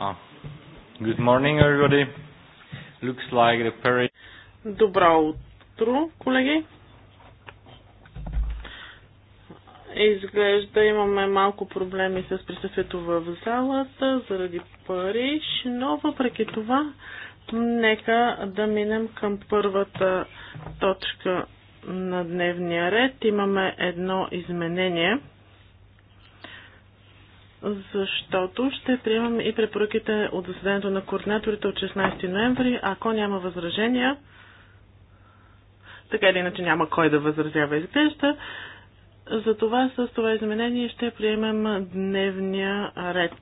Ah. Good morning, everybody. Looks like the parade... Добро утро, колеги. Изглежда имаме малко проблеми с присъствието в залата заради Париж, но въпреки това нека да минем към първата точка на дневния ред. Имаме едно изменение – защото ще приемам и препоръките от заседанието на координаторите от 16 ноември. Ако няма възражения, така или иначе няма кой да възразява изглежда, това с това изменение ще приемем дневния ред.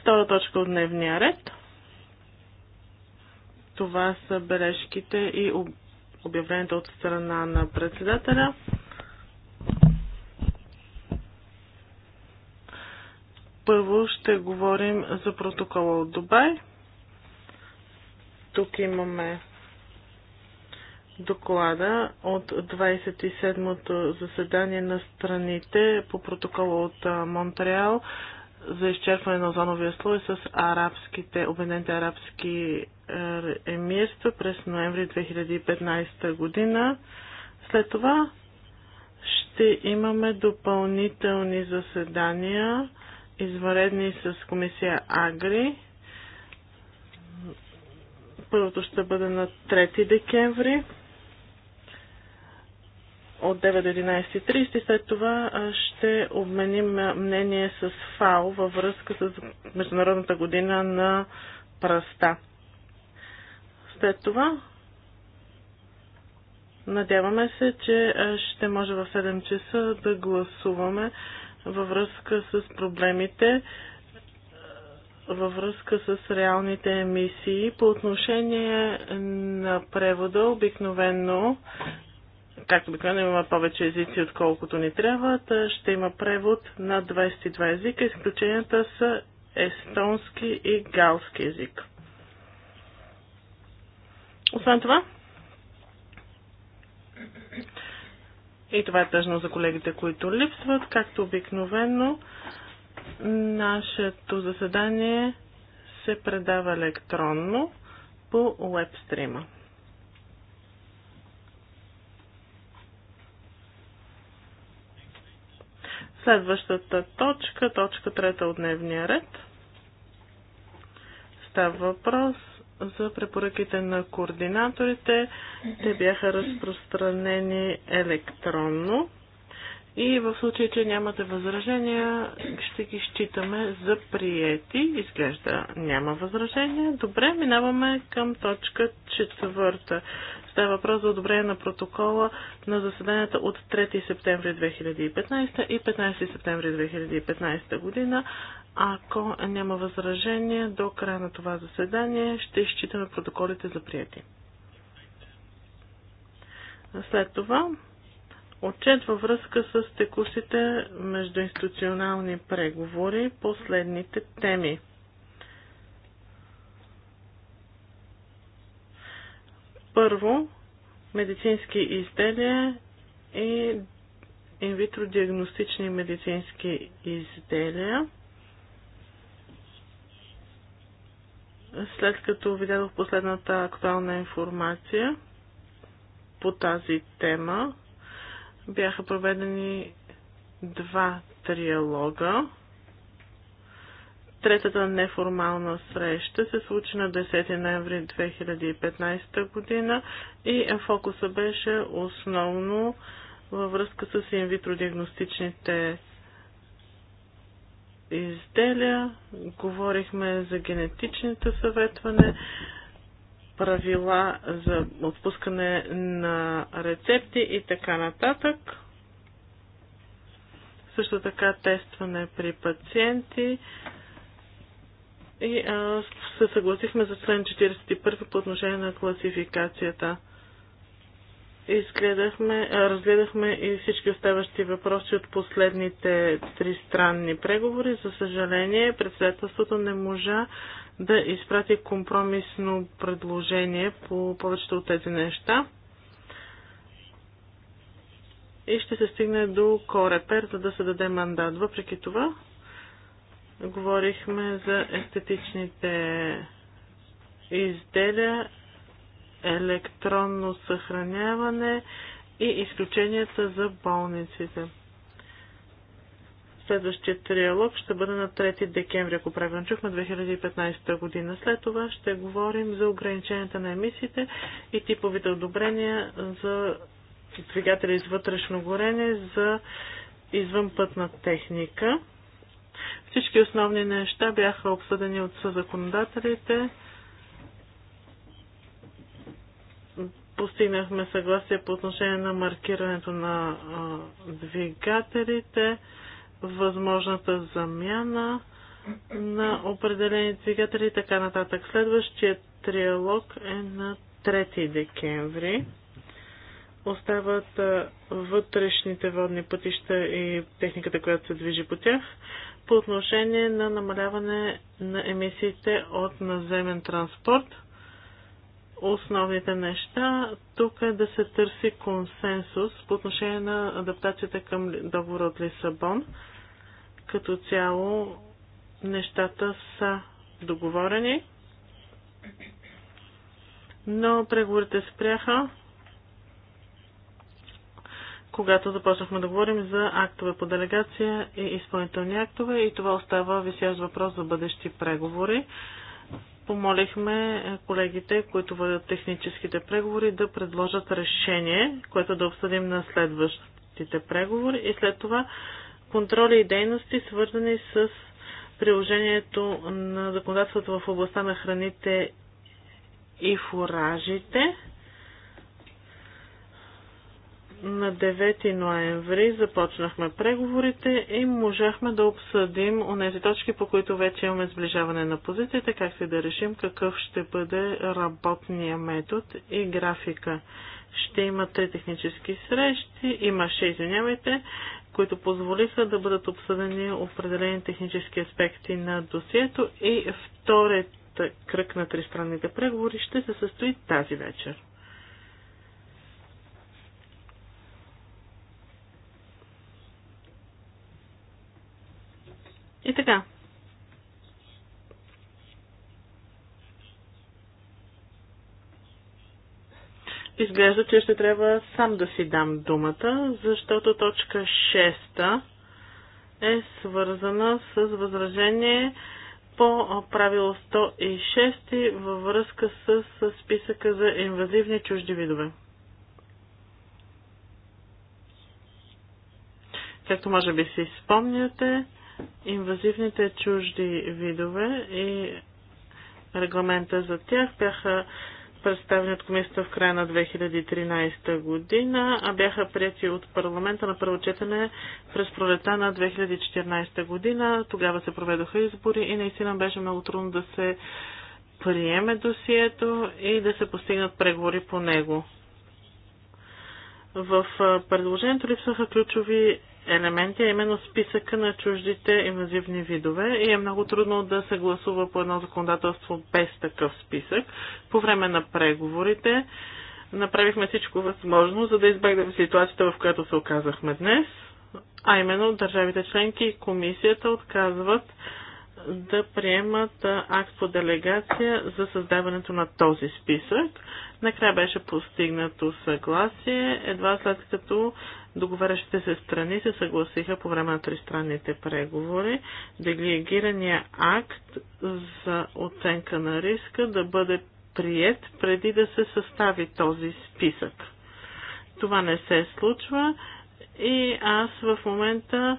Втора точка от дневния ред. Това са бележките и обявленията от страна на председателя. Първо ще говорим за протокола от Дубай. Тук имаме доклада от 27-то заседание на страните по протокола от Монтреал за изчерпване на зоновия слой с арабските, Обединените арабски е, емирства през ноември 2015 година. След това ще имаме допълнителни заседания извънредни с комисия Агри. Първото ще бъде на 3 декември от 9 до 11.30. След това ще обменим мнение с ФАО във връзка с Международната година на пръста. След това надяваме се, че ще може в 7 часа да гласуваме във връзка с проблемите, във връзка с реалните емисии. По отношение на превода, обикновено, както обикновено има повече езици, отколкото ни трябва, ще има превод на 22 езика. Изключенията са естонски и галски език. Освен това, И това е тъжно за колегите, които липсват. Както обикновено, нашето заседание се предава електронно по вебстрима. Следващата точка, точка трета от дневния ред. Става въпрос за препоръките на координаторите. Те бяха разпространени електронно. И в случай, че нямате възражения, ще ги считаме за приети. Изглежда няма възражения. Добре, минаваме към точка четвърта. Става въпрос за одобрение на протокола на заседанията от 3 септември 2015 и 15 септември 2015 година. Ако няма възражение до края на това заседание, ще изчитаме протоколите за прияти. След това отчет във връзка с текущите междуинституционални преговори по следните теми. Първо, медицински изделия и инвитро диагностични медицински изделия. След като видях последната актуална информация по тази тема, бяха проведени два триалога. Третата неформална среща се случи на 10 ноември 2015 година и фокуса беше основно във връзка с инвитро диагностичните изделия, говорихме за генетичните съветване, правила за отпускане на рецепти и така нататък. Също така тестване при пациенти. И а, се съгласихме за член 41 по отношение на класификацията. Изгледахме, разгледахме и всички оставащи въпроси от последните три странни преговори. За съжаление, председателството не можа да изпрати компромисно предложение по повечето от тези неща. И ще се стигне до корепер, за да се даде мандат. Въпреки това, говорихме за естетичните изделия електронно съхраняване и изключенията за болниците. Следващия триалог ще бъде на 3 декември, ако правилно чухме, 2015 година. След това ще говорим за ограниченията на емисиите и типовите одобрения за двигатели с вътрешно горение за извънпътна техника. Всички основни неща бяха обсъдени от съзаконодателите. Постигнахме съгласие по отношение на маркирането на а, двигателите, възможната замяна на определени двигатели и така нататък. Следващият триалог е на 3 декември. Остават вътрешните водни пътища и техниката, която се движи по тях, по отношение на намаляване на емисиите от наземен транспорт – основните неща. Тук е да се търси консенсус по отношение на адаптацията към договора от Лисабон. Като цяло нещата са договорени, но преговорите спряха, когато започнахме да говорим за актове по делегация и изпълнителни актове и това остава висящ въпрос за бъдещи преговори помолихме е, колегите, които водят техническите преговори, да предложат решение, което да обсъдим на следващите преговори и след това контроли и дейности, свързани с приложението на законодателството в областта на храните и фуражите. На 9 ноември започнахме преговорите и можахме да обсъдим онези точки, по които вече имаме сближаване на позициите, как се да решим какъв ще бъде работния метод и графика. Ще има три технически срещи, имаше, извинявайте, които позволиха да бъдат обсъдени определени технически аспекти на досието и вторият кръг на тристранните преговори ще се състои тази вечер. И така. Изглежда, че ще трябва сам да си дам думата, защото точка 6 е свързана с възражение по правило 106 във връзка с списъка за инвазивни чужди видове. Както може би си спомняте, инвазивните чужди видове и регламента за тях бяха представени от комисията в края на 2013 година, а бяха прияти от парламента на първо четене през пролета на 2014 година. Тогава се проведоха избори и наистина беше много трудно да се приеме досието и да се постигнат преговори по него. В предложението липсваха ключови елемент е именно списъка на чуждите инвазивни видове и е много трудно да се гласува по едно законодателство без такъв списък. По време на преговорите направихме всичко възможно, за да избегнем ситуацията, в която се оказахме днес, а именно държавите членки и комисията отказват да приемат акт по делегация за създаването на този списък. Накрая беше постигнато съгласие, едва след като договарящите се страни се съгласиха по време на тристранните преговори делегирания акт за оценка на риска да бъде прият преди да се състави този списък. Това не се случва и аз в момента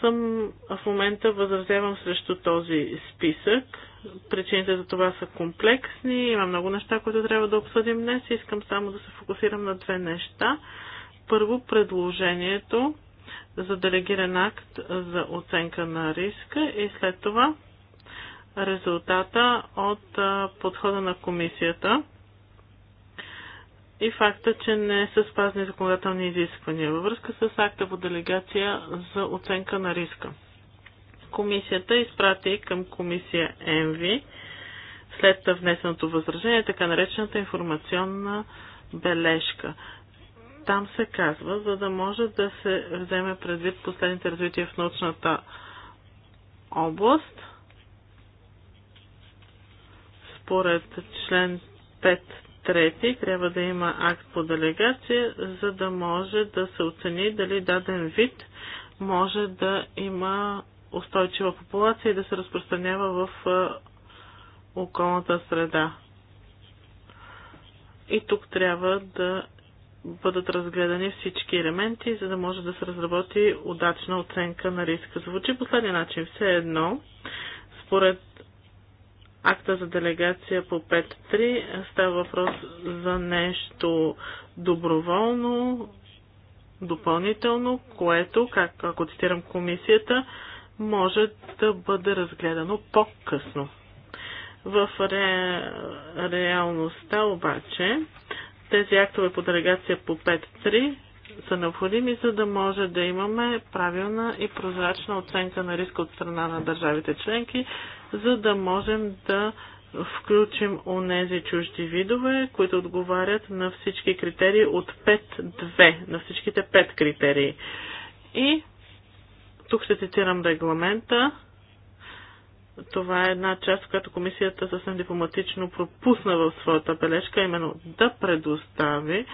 съм в момента възразявам срещу този списък. Причините за това са комплексни, има много неща, които трябва да обсъдим днес. Искам само да се фокусирам на две неща. Първо, предложението за делегиран акт за оценка на риска и след това резултата от подхода на комисията и факта, че не са спазни законодателни изисквания във връзка с акта по делегация за оценка на риска. Комисията изпрати към комисия ЕНВИ след внесеното възражение така наречената информационна бележка. Там се казва, за да може да се вземе предвид последните развития в научната област, според член 5 трети трябва да има акт по делегация, за да може да се оцени дали даден вид може да има устойчива популация и да се разпространява в околната среда. И тук трябва да бъдат разгледани всички елементи, за да може да се разработи удачна оценка на риска. Звучи последния начин. Все едно, според акта за делегация по 5.3 става въпрос за нещо доброволно, допълнително, което, как, ако цитирам комисията, може да бъде разгледано по-късно. В ре... реалността обаче тези актове по делегация по 5.3 са необходими, за да може да имаме правилна и прозрачна оценка на риска от страна на държавите членки, за да можем да включим онези чужди видове, които отговарят на всички критерии от 5-2, на всичките 5 критерии. И тук ще цитирам регламента. Това е една част, която комисията съвсем дипломатично пропусна в своята бележка, именно да предостави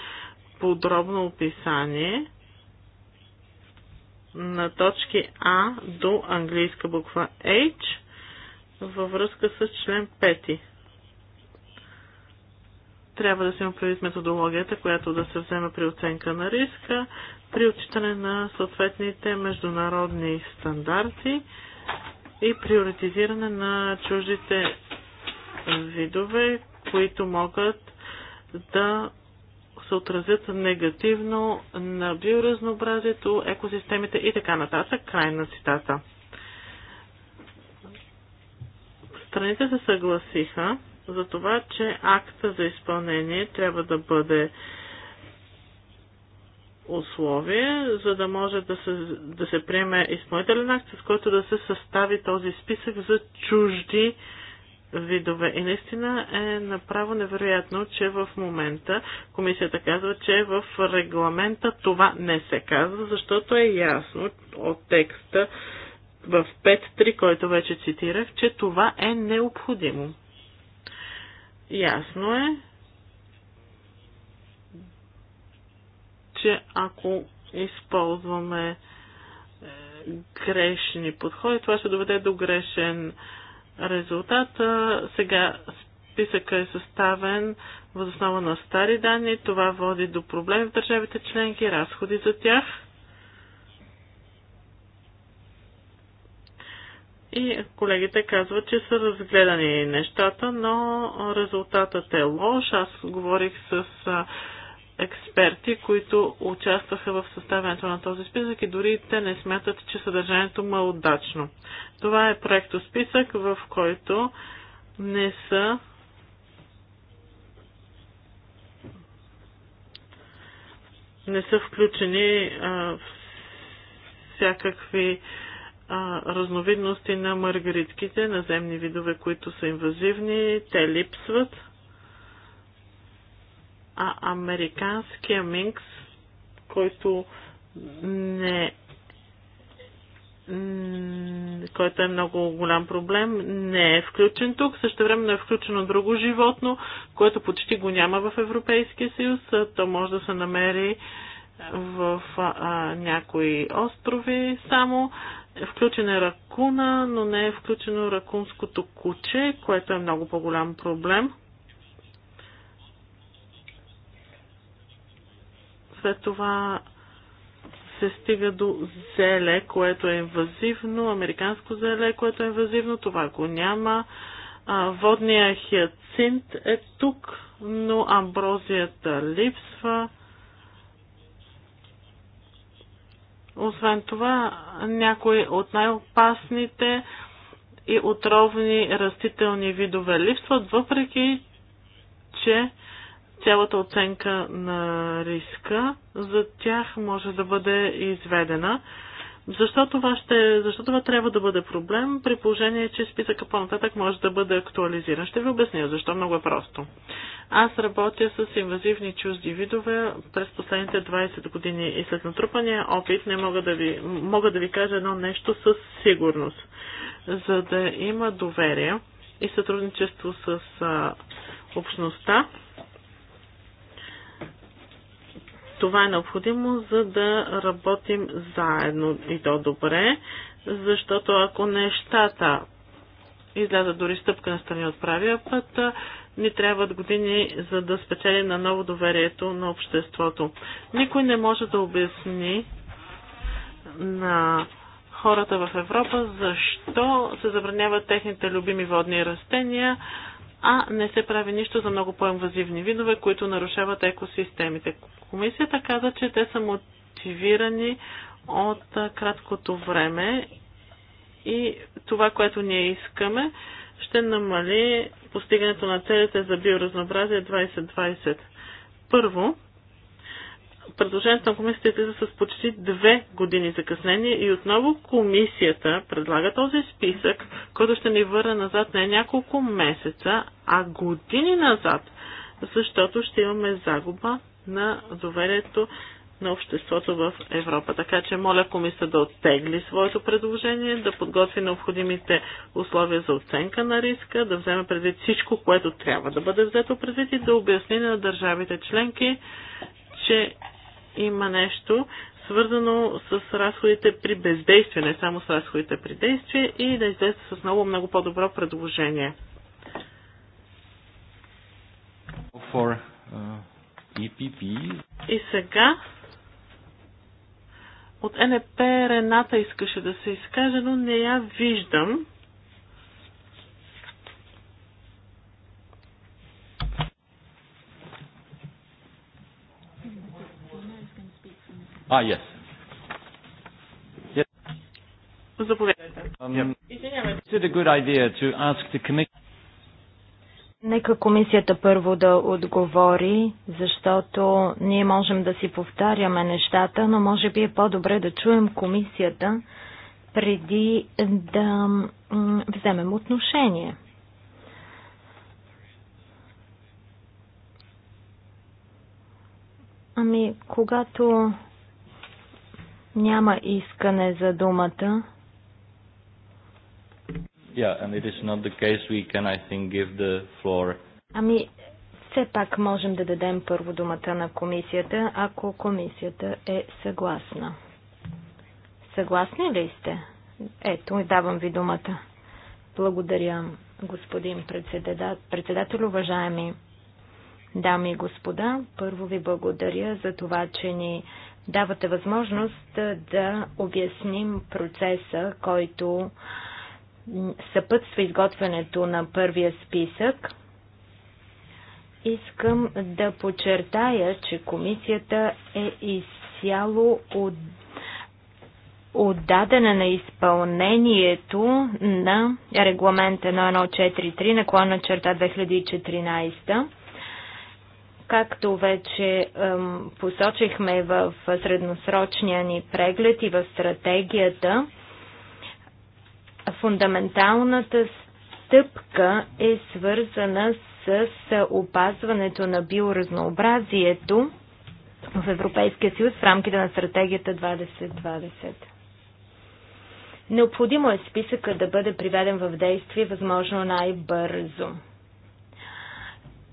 подробно описание на точки А до английска буква H – във връзка с член 5. Трябва да се има предвид методологията, която да се взема при оценка на риска, при отчитане на съответните международни стандарти и приоритизиране на чуждите видове, които могат да се отразят негативно на биоразнообразието, екосистемите и така нататък. Край на цитата. Страните се съгласиха за това, че акта за изпълнение трябва да бъде условие, за да може да се, да се приеме изпълнителен акт, с който да се състави този списък за чужди видове. И наистина е направо невероятно, че в момента комисията казва, че в регламента това не се казва, защото е ясно от текста в 5.3, който вече цитирах, че това е необходимо. Ясно е, че ако използваме е, грешни подходи, това ще доведе до грешен резултат. Сега списъка е съставен възоснова на стари данни. Това води до проблем в държавите членки, разходи за тях – И колегите казват, че са разгледани нещата, но резултатът е лош. Аз говорих с експерти, които участваха в съставянето на този списък и дори те не смятат, че съдържанието му е удачно. Това е проекто списък, в който не са не са включени а, всякакви а, а, разновидности на маргаритките, наземни видове, които са инвазивни, те липсват. А американския минкс, който не който е много голям проблем, не е включен тук. Също време е включено друго животно, което почти го няма в Европейския съюз. То може да се намери в а, някои острови само. Включен е ракуна, но не е включено ракунското куче, което е много по-голям проблем. След това се стига до зеле, което е инвазивно, американско зеле, което е инвазивно, това го няма. Водният водния хиацинт е тук, но амброзията липсва. Освен това, някои от най-опасните и отровни растителни видове липсват, въпреки че цялата оценка на риска за тях може да бъде изведена. Защо това, ще, защо това трябва да бъде проблем, при положение, че списъка по-нататък може да бъде актуализиран? Ще ви обясня защо. Много е просто. Аз работя с инвазивни чужди видове през последните 20 години и след натрупания опит не мога да ви, мога да ви кажа едно нещо със сигурност. За да има доверие и сътрудничество с а, общността, Това е необходимо, за да работим заедно и то добре, защото ако нещата излязат дори стъпка на страни от правия път, ни трябват години, за да спечели на ново доверието на обществото. Никой не може да обясни на хората в Европа защо се забраняват техните любими водни растения, а не се прави нищо за много по-инвазивни видове, които нарушават екосистемите. Комисията каза, че те са мотивирани от краткото време и това, което ние искаме, ще намали постигането на целите за биоразнообразие 2020. Първо, предложението на комисията излиза с почти две години закъснение и отново комисията предлага този списък, който ще ни върне назад не няколко месеца, а години назад, защото ще имаме загуба на доверието на обществото в Европа. Така че моля комисията да оттегли своето предложение, да подготви необходимите условия за оценка на риска, да вземе предвид всичко, което трябва да бъде взето предвид и да обясни на държавите членки, че има нещо свързано с разходите при бездействие, не само с разходите при действие и да излезе с много, много по-добро предложение. For, uh, EPP. И сега от НП Рената искаше да се изкаже, но не я виждам. А, yes. Заповядайте. Um, Нека комисията първо да отговори, защото ние можем да си повтаряме нещата, но може би е по-добре да чуем комисията преди да вземем отношение. Ами, когато няма искане за думата. Yeah, and it is not the case we can, I think, give the floor. Ами, все пак можем да дадем първо думата на комисията, ако комисията е съгласна. Съгласни ли сте? Ето, давам ви думата. Благодаря, господин председател, председател уважаеми дами и господа. Първо ви благодаря за това, че ни давате възможност да обясним процеса, който съпътства изготвянето на първия списък. Искам да подчертая, че комисията е изцяло от отдадена на изпълнението на регламента регламент на наклона черта 2014 Както вече ем, посочихме в средносрочния ни преглед и в стратегията, фундаменталната стъпка е свързана с опазването на биоразнообразието в Европейския съюз в рамките на стратегията 2020. Необходимо е списъка да бъде приведен в действие възможно най-бързо.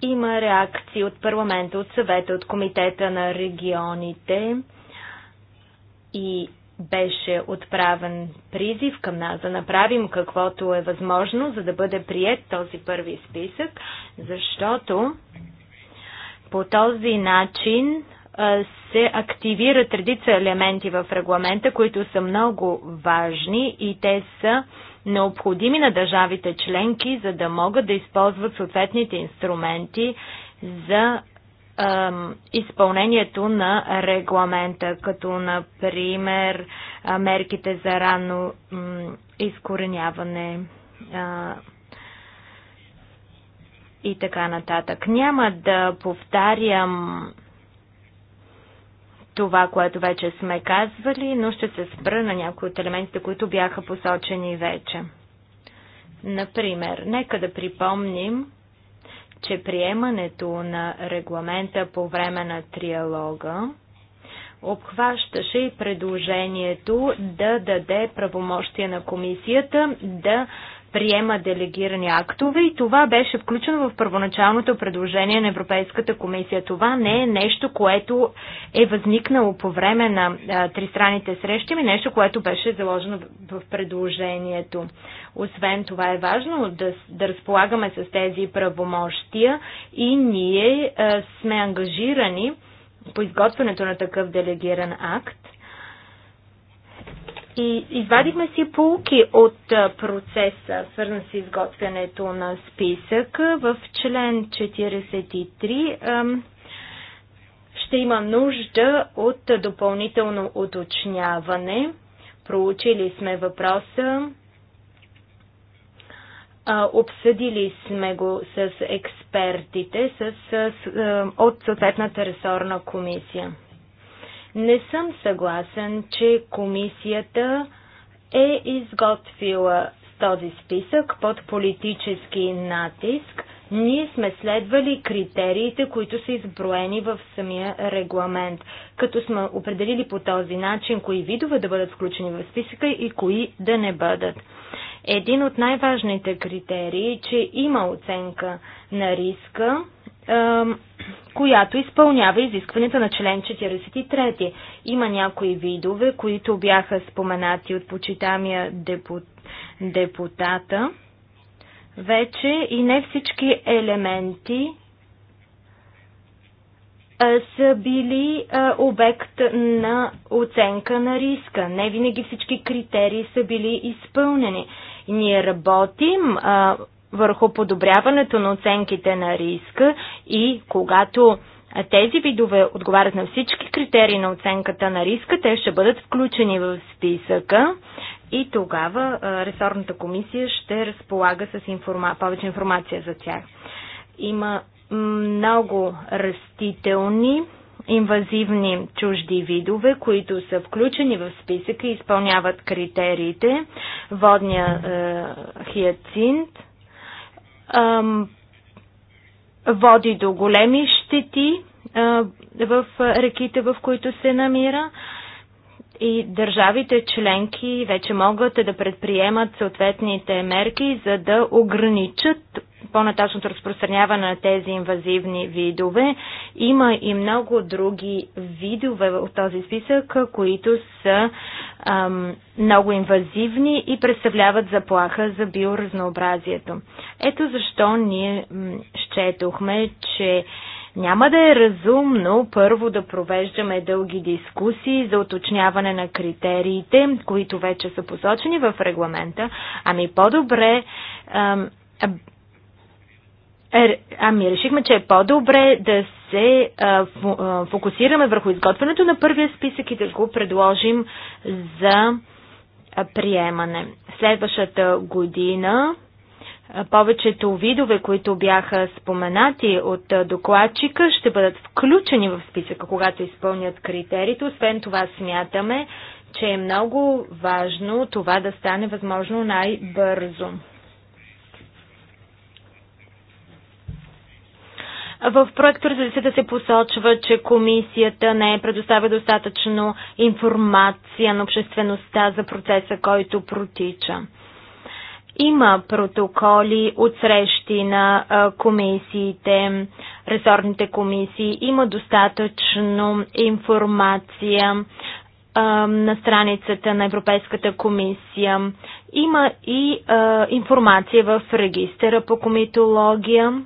Има реакции от парламента, от съвета, от комитета на регионите и беше отправен призив към нас да направим каквото е възможно, за да бъде прият този първи списък, защото по този начин се активират редица елементи в регламента, които са много важни и те са необходими на държавите членки, за да могат да използват съответните инструменти за изпълнението на регламента, като например мерките за ранно изкореняване и така нататък. Няма да повтарям това, което вече сме казвали, но ще се спра на някои от елементите, които бяха посочени вече. Например, нека да припомним, че приемането на регламента по време на триалога обхващаше и предложението да даде правомощие на комисията да приема делегирани актове и това беше включено в първоначалното предложение на Европейската комисия. Това не е нещо, което е възникнало по време на а, тристраните срещи, ми нещо, което беше заложено в предложението. Освен това е важно да, да разполагаме с тези правомощия и ние а, сме ангажирани по изготвянето на такъв делегиран акт и извадихме си полуки от процеса, свързан с изготвянето на списък. В член 43 ще има нужда от допълнително уточняване. Проучили сме въпроса, обсъдили сме го с експертите с, от съответната ресорна комисия. Не съм съгласен, че комисията е изготвила този списък под политически натиск. Ние сме следвали критериите, които са изброени в самия регламент, като сме определили по този начин кои видове да бъдат включени в списъка и кои да не бъдат. Един от най-важните критерии, е, че има оценка на риска, която изпълнява изискванията на член 43. Има някои видове, които бяха споменати от почитамия депутата. Вече и не всички елементи са били обект на оценка на риска. Не винаги всички критерии са били изпълнени. Ние работим върху подобряването на оценките на риска и когато тези видове отговарят на всички критерии на оценката на риска, те ще бъдат включени в списъка и тогава ресорната комисия ще разполага с информа... повече информация за тях. Има много растителни инвазивни чужди видове, които са включени в списъка и изпълняват критериите. Водния е, хиацинт, води до големи щети в реките, в които се намира и държавите членки вече могат да предприемат съответните мерки, за да ограничат по-нататъчното разпространяване на тези инвазивни видове. Има и много други видове от този списък, които са ам, много инвазивни и представляват заплаха за биоразнообразието. Ето защо ние счетохме, че няма да е разумно първо да провеждаме дълги дискусии за уточняване на критериите, които вече са посочени в регламента, ами по-добре Ами, решихме, че е по-добре да се фокусираме върху изготвянето на първия списък и да го предложим за приемане. Следващата година повечето видове, които бяха споменати от докладчика, ще бъдат включени в списъка, когато изпълнят критериите. Освен това смятаме, че е много важно това да стане възможно най-бързо. В проекта резолюцията се посочва, че комисията не е предоставя достатъчно информация на обществеността за процеса, който протича. Има протоколи от срещи на комисиите, ресорните комисии, има достатъчно информация на страницата на Европейската комисия. Има и информация в регистъра по комитология.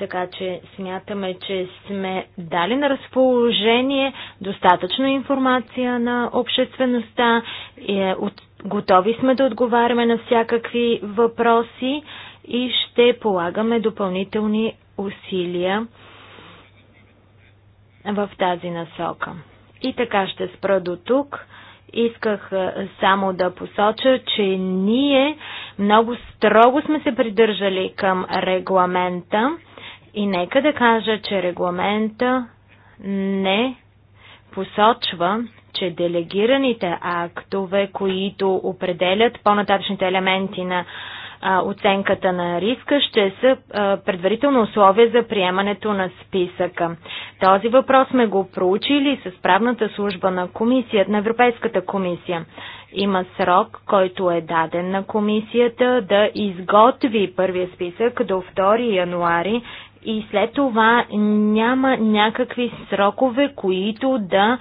Така че смятаме, че сме дали на разположение достатъчно информация на обществеността. Е, от, готови сме да отговаряме на всякакви въпроси и ще полагаме допълнителни усилия в тази насока. И така ще спра до тук. Исках е, само да посоча, че ние много строго сме се придържали към регламента и нека да кажа, че регламента не посочва, че делегираните актове, които определят по-нататъчните елементи на а, оценката на риска, ще са а, предварително условие за приемането на списъка. Този въпрос сме го проучили с правната служба на комисията, на Европейската комисия. Има срок, който е даден на комисията да изготви първия списък до 2 януари и след това няма някакви срокове, които да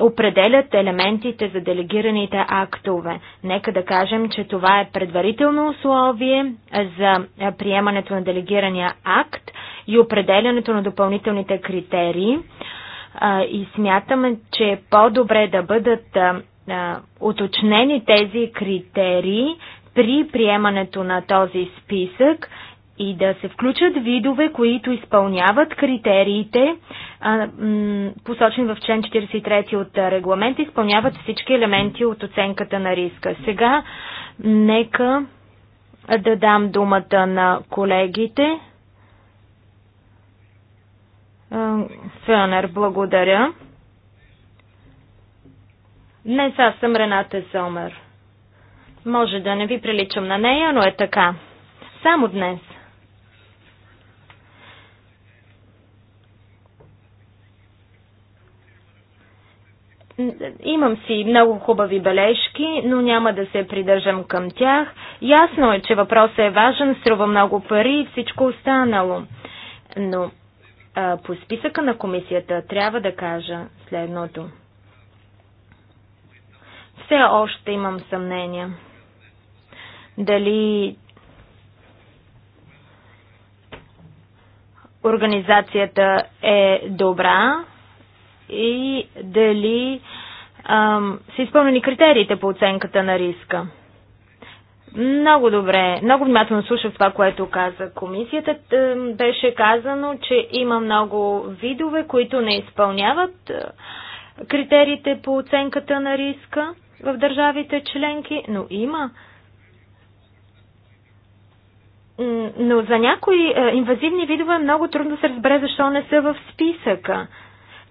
определят елементите за делегираните актове. Нека да кажем, че това е предварително условие за приемането на делегирания акт и определянето на допълнителните критерии. И смятаме, че е по-добре да бъдат уточнени тези критерии при приемането на този списък и да се включат видове, които изпълняват критериите, посочени в член 43 от регламента, изпълняват всички елементи от оценката на риска. Сега нека да дам думата на колегите. Фенер, благодаря. Днес аз съм Рената Сомер. Може да не ви приличам на нея, но е така. Само днес. Имам си много хубави бележки, но няма да се придържам към тях. Ясно е, че въпросът е важен, струва много пари и всичко останало. Но а, по списъка на комисията трябва да кажа следното. Все още имам съмнения. Дали организацията е добра, и дали ам, са изпълнени критериите по оценката на риска. Много добре, много внимателно слушах това, което каза комисията. Беше казано, че има много видове, които не изпълняват критериите по оценката на риска в държавите членки, но има. Но за някои инвазивни видове е много трудно да се разбере защо не са в списъка.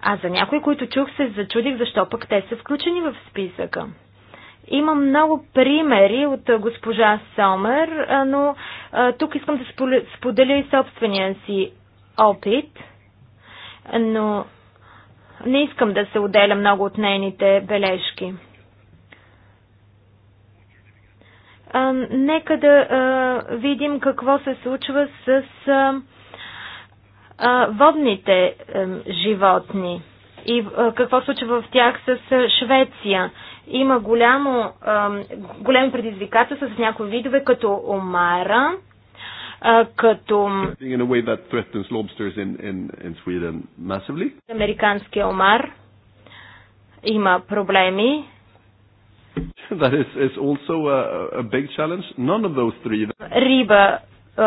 А за някои, които чух, се зачудих защо пък те са включени в списъка. Има много примери от госпожа Сомер, но тук искам да споделя и собствения си опит, но не искам да се отделя много от нейните бележки. нека да видим какво се случва с водните животни и какво случва в тях с Швеция. Има голямо, големи предизвикателства с някои видове, като омара, като американския омар има проблеми. That is, is also a, a big challenge. None of those three. Риба, е,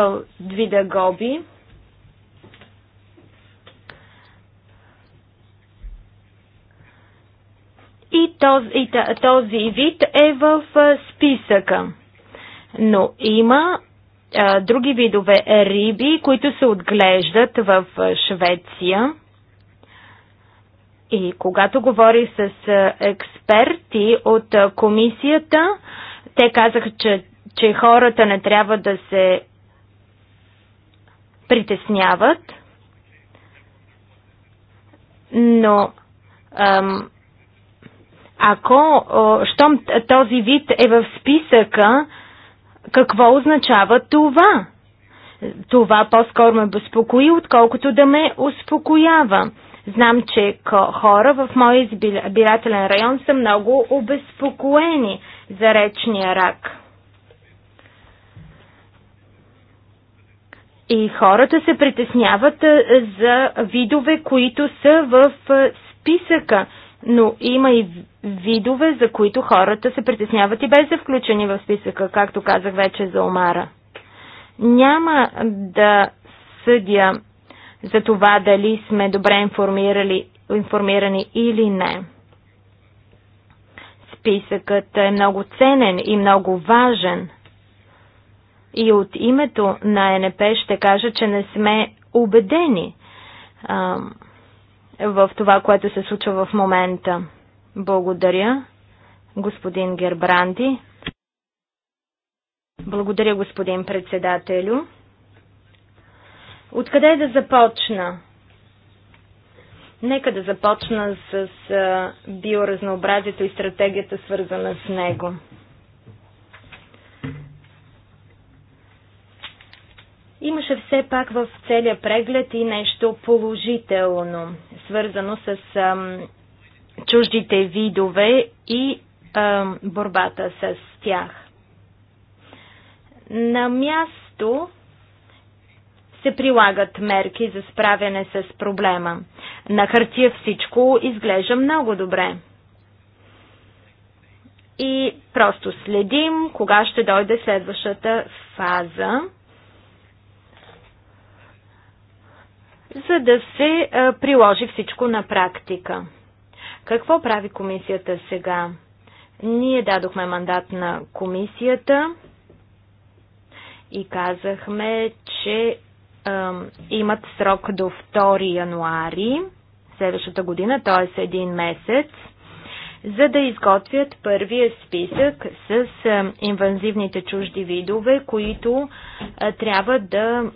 вида гоби. и този, и този вид е в списъка. Но има а, други видове риби, които се отглеждат в Швеция. И когато говори с експерти от комисията, те казаха, че, че хората не трябва да се притесняват, но ам, ако, щом този вид е в списъка, какво означава това? Това по-скоро ме безпокои, отколкото да ме успокоява. Знам, че хора в моя избирателен район са много обезпокоени за речния рак. И хората се притесняват е, за видове, които са в е, списъка но има и видове, за които хората се притесняват и без да включени в списъка, както казах вече за омара. Няма да съдя за това дали сме добре информирали, информирани или не. Списъкът е много ценен и много важен. И от името на НП ще кажа, че не сме убедени. Ам в това, което се случва в момента. Благодаря, господин Гербранди. Благодаря, господин председателю. Откъде да започна? Нека да започна с биоразнообразието и стратегията, свързана с него. Имаше все пак в целия преглед и нещо положително, свързано с ам, чуждите видове и ам, борбата с тях. На място се прилагат мерки за справяне с проблема. На хартия всичко изглежда много добре. И просто следим кога ще дойде следващата фаза за да се приложи всичко на практика. Какво прави комисията сега? Ние дадохме мандат на комисията и казахме, че имат срок до 2 януари следващата година, т.е. един месец, за да изготвят първия списък с инвазивните чужди видове, които трябва да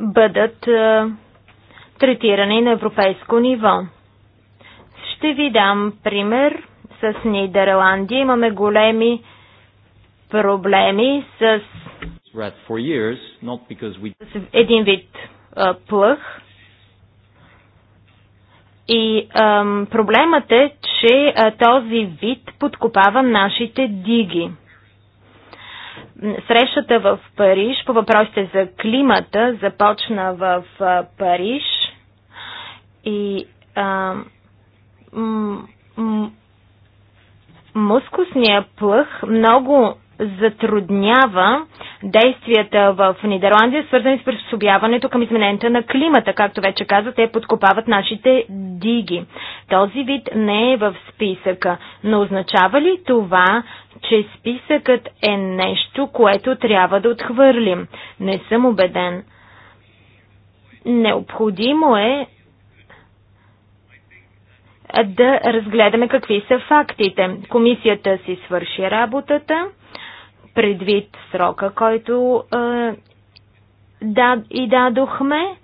бъдат третирани на европейско ниво. Ще ви дам пример с Нидерландия. Имаме големи проблеми с един вид плъх. И ам, проблемът е, че а, този вид подкопава нашите диги. Срещата в Париж по въпросите за климата започна в Париж и а, мускусния плъх много затруднява действията в Нидерландия, свързани с приспособяването към изменението на климата. Както вече каза, те подкопават нашите диги. Този вид не е в списъка, но означава ли това, че списъкът е нещо, което трябва да отхвърлим? Не съм убеден. Необходимо е да разгледаме какви са фактите. Комисията си свърши работата предвид срока, който е, да, и дадохме,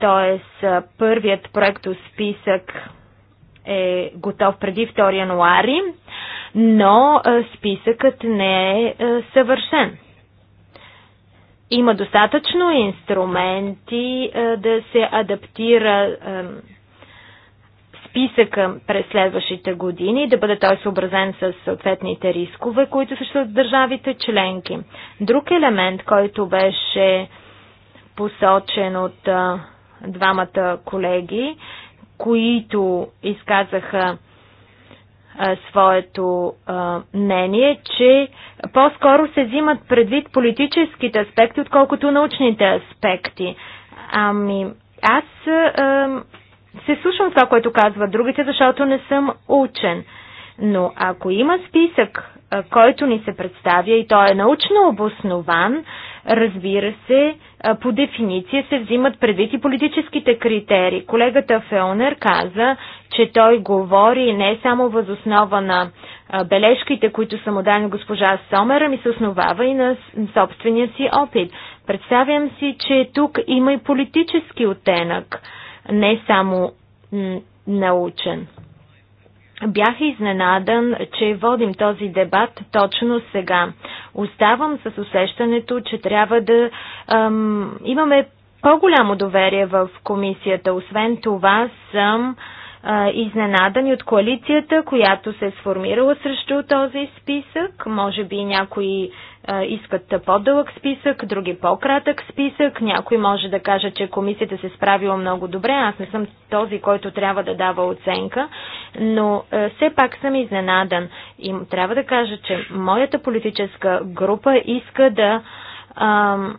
т.е. Е, първият проект списък е готов преди 2 януари, но е, списъкът не е съвършен. Има достатъчно инструменти да се адаптира списъка през следващите години, да бъде той съобразен с съответните рискове, които съществуват държавите членки. Друг елемент, който беше посочен от а, двамата колеги, които изказаха а, своето а, мнение, че по-скоро се взимат предвид политическите аспекти, отколкото научните аспекти. Ами, аз а, се слушам това, което казват другите, защото не съм учен. Но ако има списък, който ни се представя и той е научно обоснован, разбира се, по дефиниция се взимат предвид и политическите критерии. Колегата Фелнер каза, че той говори не само възоснова на бележките, които са му дали госпожа Сомер, ами се основава и на собствения си опит. Представям си, че тук има и политически оттенък не само научен. Бях изненадан, че водим този дебат точно сега. Оставам с усещането, че трябва да ам, имаме по-голямо доверие в комисията. Освен това съм а, изненадан и от коалицията, която се е сформирала срещу този списък. Може би някои искат по-дълъг списък, други по-кратък списък. Някой може да каже, че комисията се справила много добре. Аз не съм този, който трябва да дава оценка, но все пак съм изненадан. И трябва да кажа, че моята политическа група иска да ам,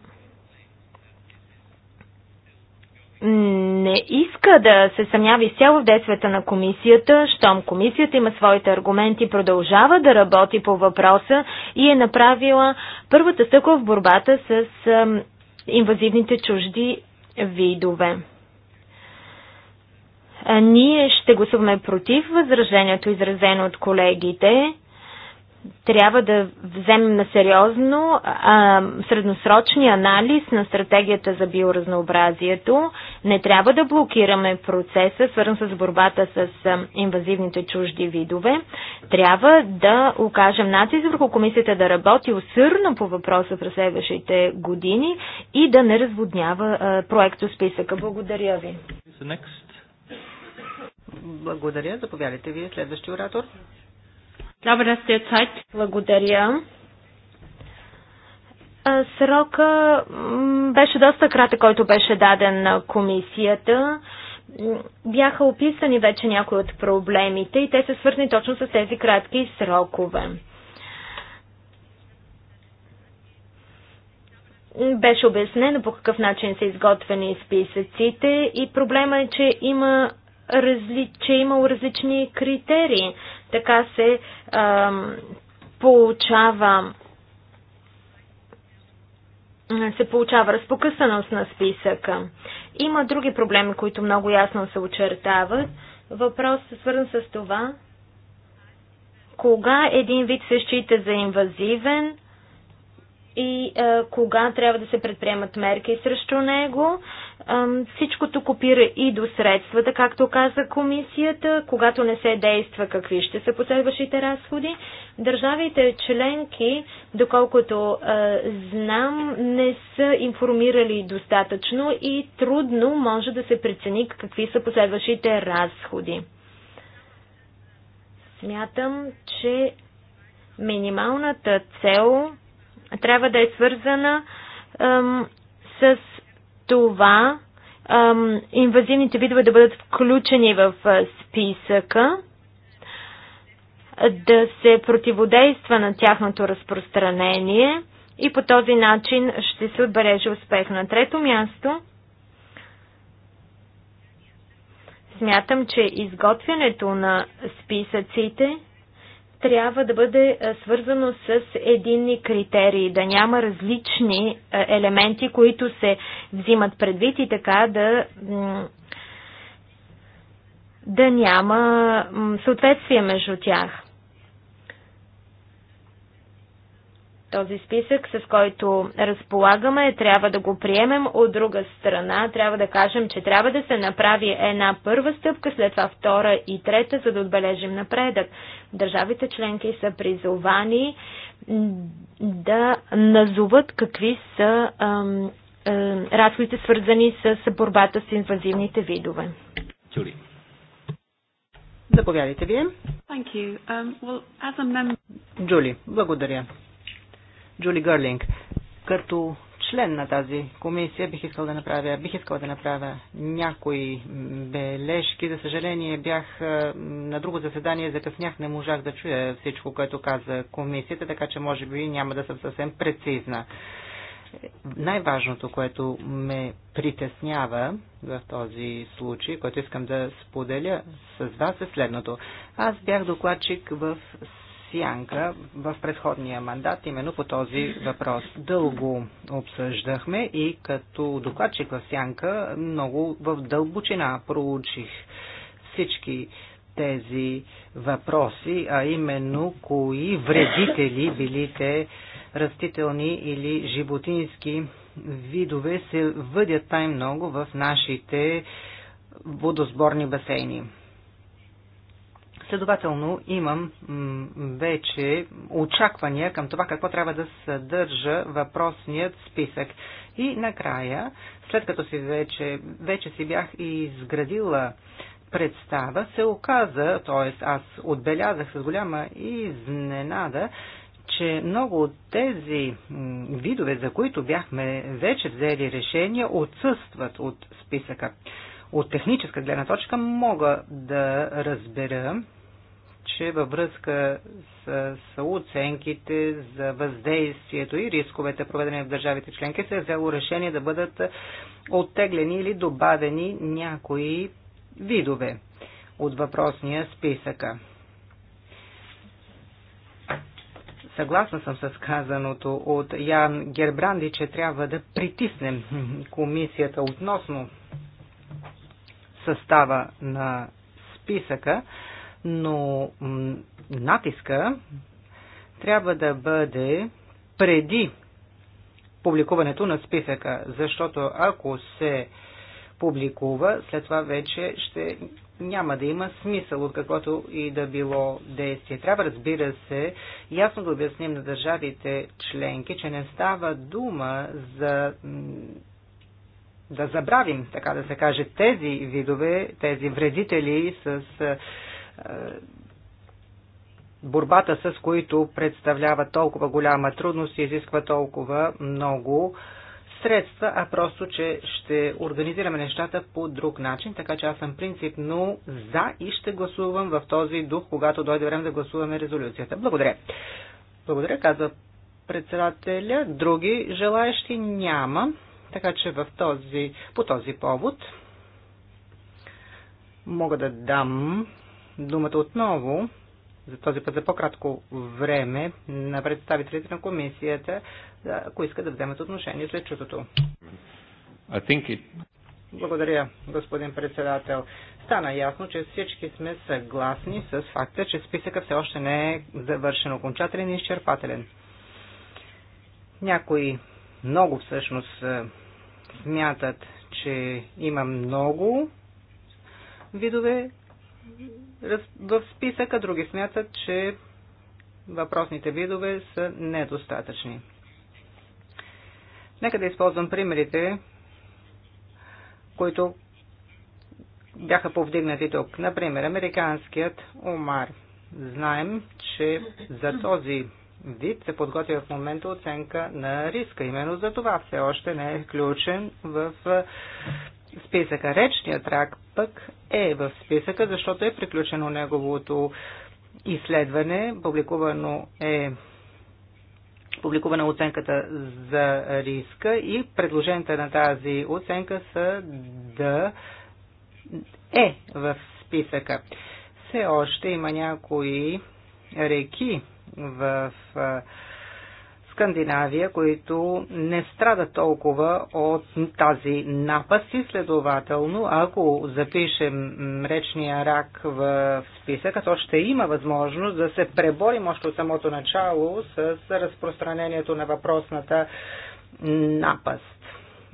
не иска да се съмнява изцяло в действията на комисията, щом комисията има своите аргументи, продължава да работи по въпроса и е направила първата стъкла в борбата с инвазивните чужди видове. Ние ще гласуваме против възражението, изразено от колегите трябва да вземем на сериозно а, средносрочния анализ на стратегията за биоразнообразието. Не трябва да блокираме процеса, свързан с борбата с а, инвазивните чужди видове. Трябва да окажем натиск върху комисията да работи усърно по въпроса през следващите години и да не разводнява а, проекто списъка. Благодаря ви. Благодаря. Заповядайте вие, следващия оратор. Благодаря. Срока беше доста кратък, който беше даден на комисията. Бяха описани вече някои от проблемите и те са свързани точно с тези кратки срокове. Беше обяснено по какъв начин са изготвени списъците и проблема е, че има разли... че е имал различни критерии. Така се а, получава се получава разпокъсаност на списъка. Има други проблеми, които много ясно се очертават. Въпросът се свързан с това, кога един вид се счита за инвазивен и а, кога трябва да се предприемат мерки срещу него. Всичкото копира и до средствата, както каза комисията, когато не се действа какви ще са последващите разходи. Държавите членки, доколкото знам, не са информирали достатъчно и трудно може да се прецени какви са последващите разходи. Смятам, че минималната цел трябва да е свързана с това ам, инвазивните видове да бъдат включени в списъка, да се противодейства на тяхното разпространение и по този начин ще се отбележи успех. На трето място смятам, че изготвянето на списъците трябва да бъде е, свързано с единни критерии, да няма различни е, елементи, които се взимат предвид и така да, да няма съответствие между тях. този списък, с който разполагаме, трябва да го приемем. От друга страна, трябва да кажем, че трябва да се направи една първа стъпка, след това втора и трета, за да отбележим напредък. Държавите членки са призовани да назоват какви са ам, ам, разходите, свързани с борбата с инвазивните видове. Чули. Заповядайте вие. Um, well, member... Джули, благодаря. Джули Гърлинг. Като член на тази комисия бих искал да направя, бих искал да направя някои бележки. За съжаление бях на друго заседание, закъснях, не можах да чуя всичко, което каза комисията, така че може би няма да съм съвсем прецизна. Най-важното, което ме притеснява в този случай, което искам да споделя с вас е следното. Аз бях докладчик в сянка в предходния мандат, именно по този въпрос. Дълго обсъждахме и като докладчик в сянка много в дълбочина проучих всички тези въпроси, а именно кои вредители били те растителни или животински видове се въдят най-много в нашите водосборни басейни. Следователно имам вече очаквания към това какво трябва да съдържа въпросният списък. И накрая, след като си вече, вече си бях изградила представа, се оказа, т.е. аз отбелязах с голяма изненада, че много от тези видове, за които бяхме вече взели решения, отсъстват от списъка. От техническа гледна точка мога да разбера, че във връзка с, с оценките за въздействието и рисковете, проведени в държавите членки, се е взело решение да бъдат оттеглени или добавени някои видове от въпросния списъка. Съгласна съм с казаното от Ян Гербранди, че трябва да притиснем комисията относно състава на списъка, но натиска трябва да бъде преди публикуването на списъка, защото ако се публикува, след това вече ще няма да има смисъл от каквото и да било действие. Трябва, разбира се, ясно да обясним на държавите членки, че не става дума за да забравим, така да се каже, тези видове, тези вредители с е, борбата с които представлява толкова голяма трудност и изисква толкова много средства, а просто, че ще организираме нещата по друг начин, така че аз съм принципно за и ще гласувам в този дух, когато дойде време да гласуваме резолюцията. Благодаря. Благодаря, каза председателя. Други желаящи няма, така че в този, по този повод мога да дам думата отново, за този път за по-кратко време, на представителите на комисията, ако искат да вземат отношение след чутото. It... Благодаря, господин председател. Стана ясно, че всички сме съгласни с факта, че списъкът все още не е завършен окончателен и изчерпателен. Някои много всъщност е, смятат, че има много видове в списъка, други смятат, че въпросните видове са недостатъчни. Нека да използвам примерите, които бяха повдигнати тук. Например, американският омар. Знаем, че за този вид се подготвя в момента оценка на риска. Именно за това все още не е включен в списъка. Речният рак пък е в списъка, защото е приключено неговото изследване. Публикувано е публикувана е оценката за риска и предложенията на тази оценка са да е в списъка. Все още има някои реки в Скандинавия, които не страдат толкова от тази напаст и следователно, ако запишем мречния рак в списъка, то ще има възможност да се преборим още от самото начало с разпространението на въпросната напаст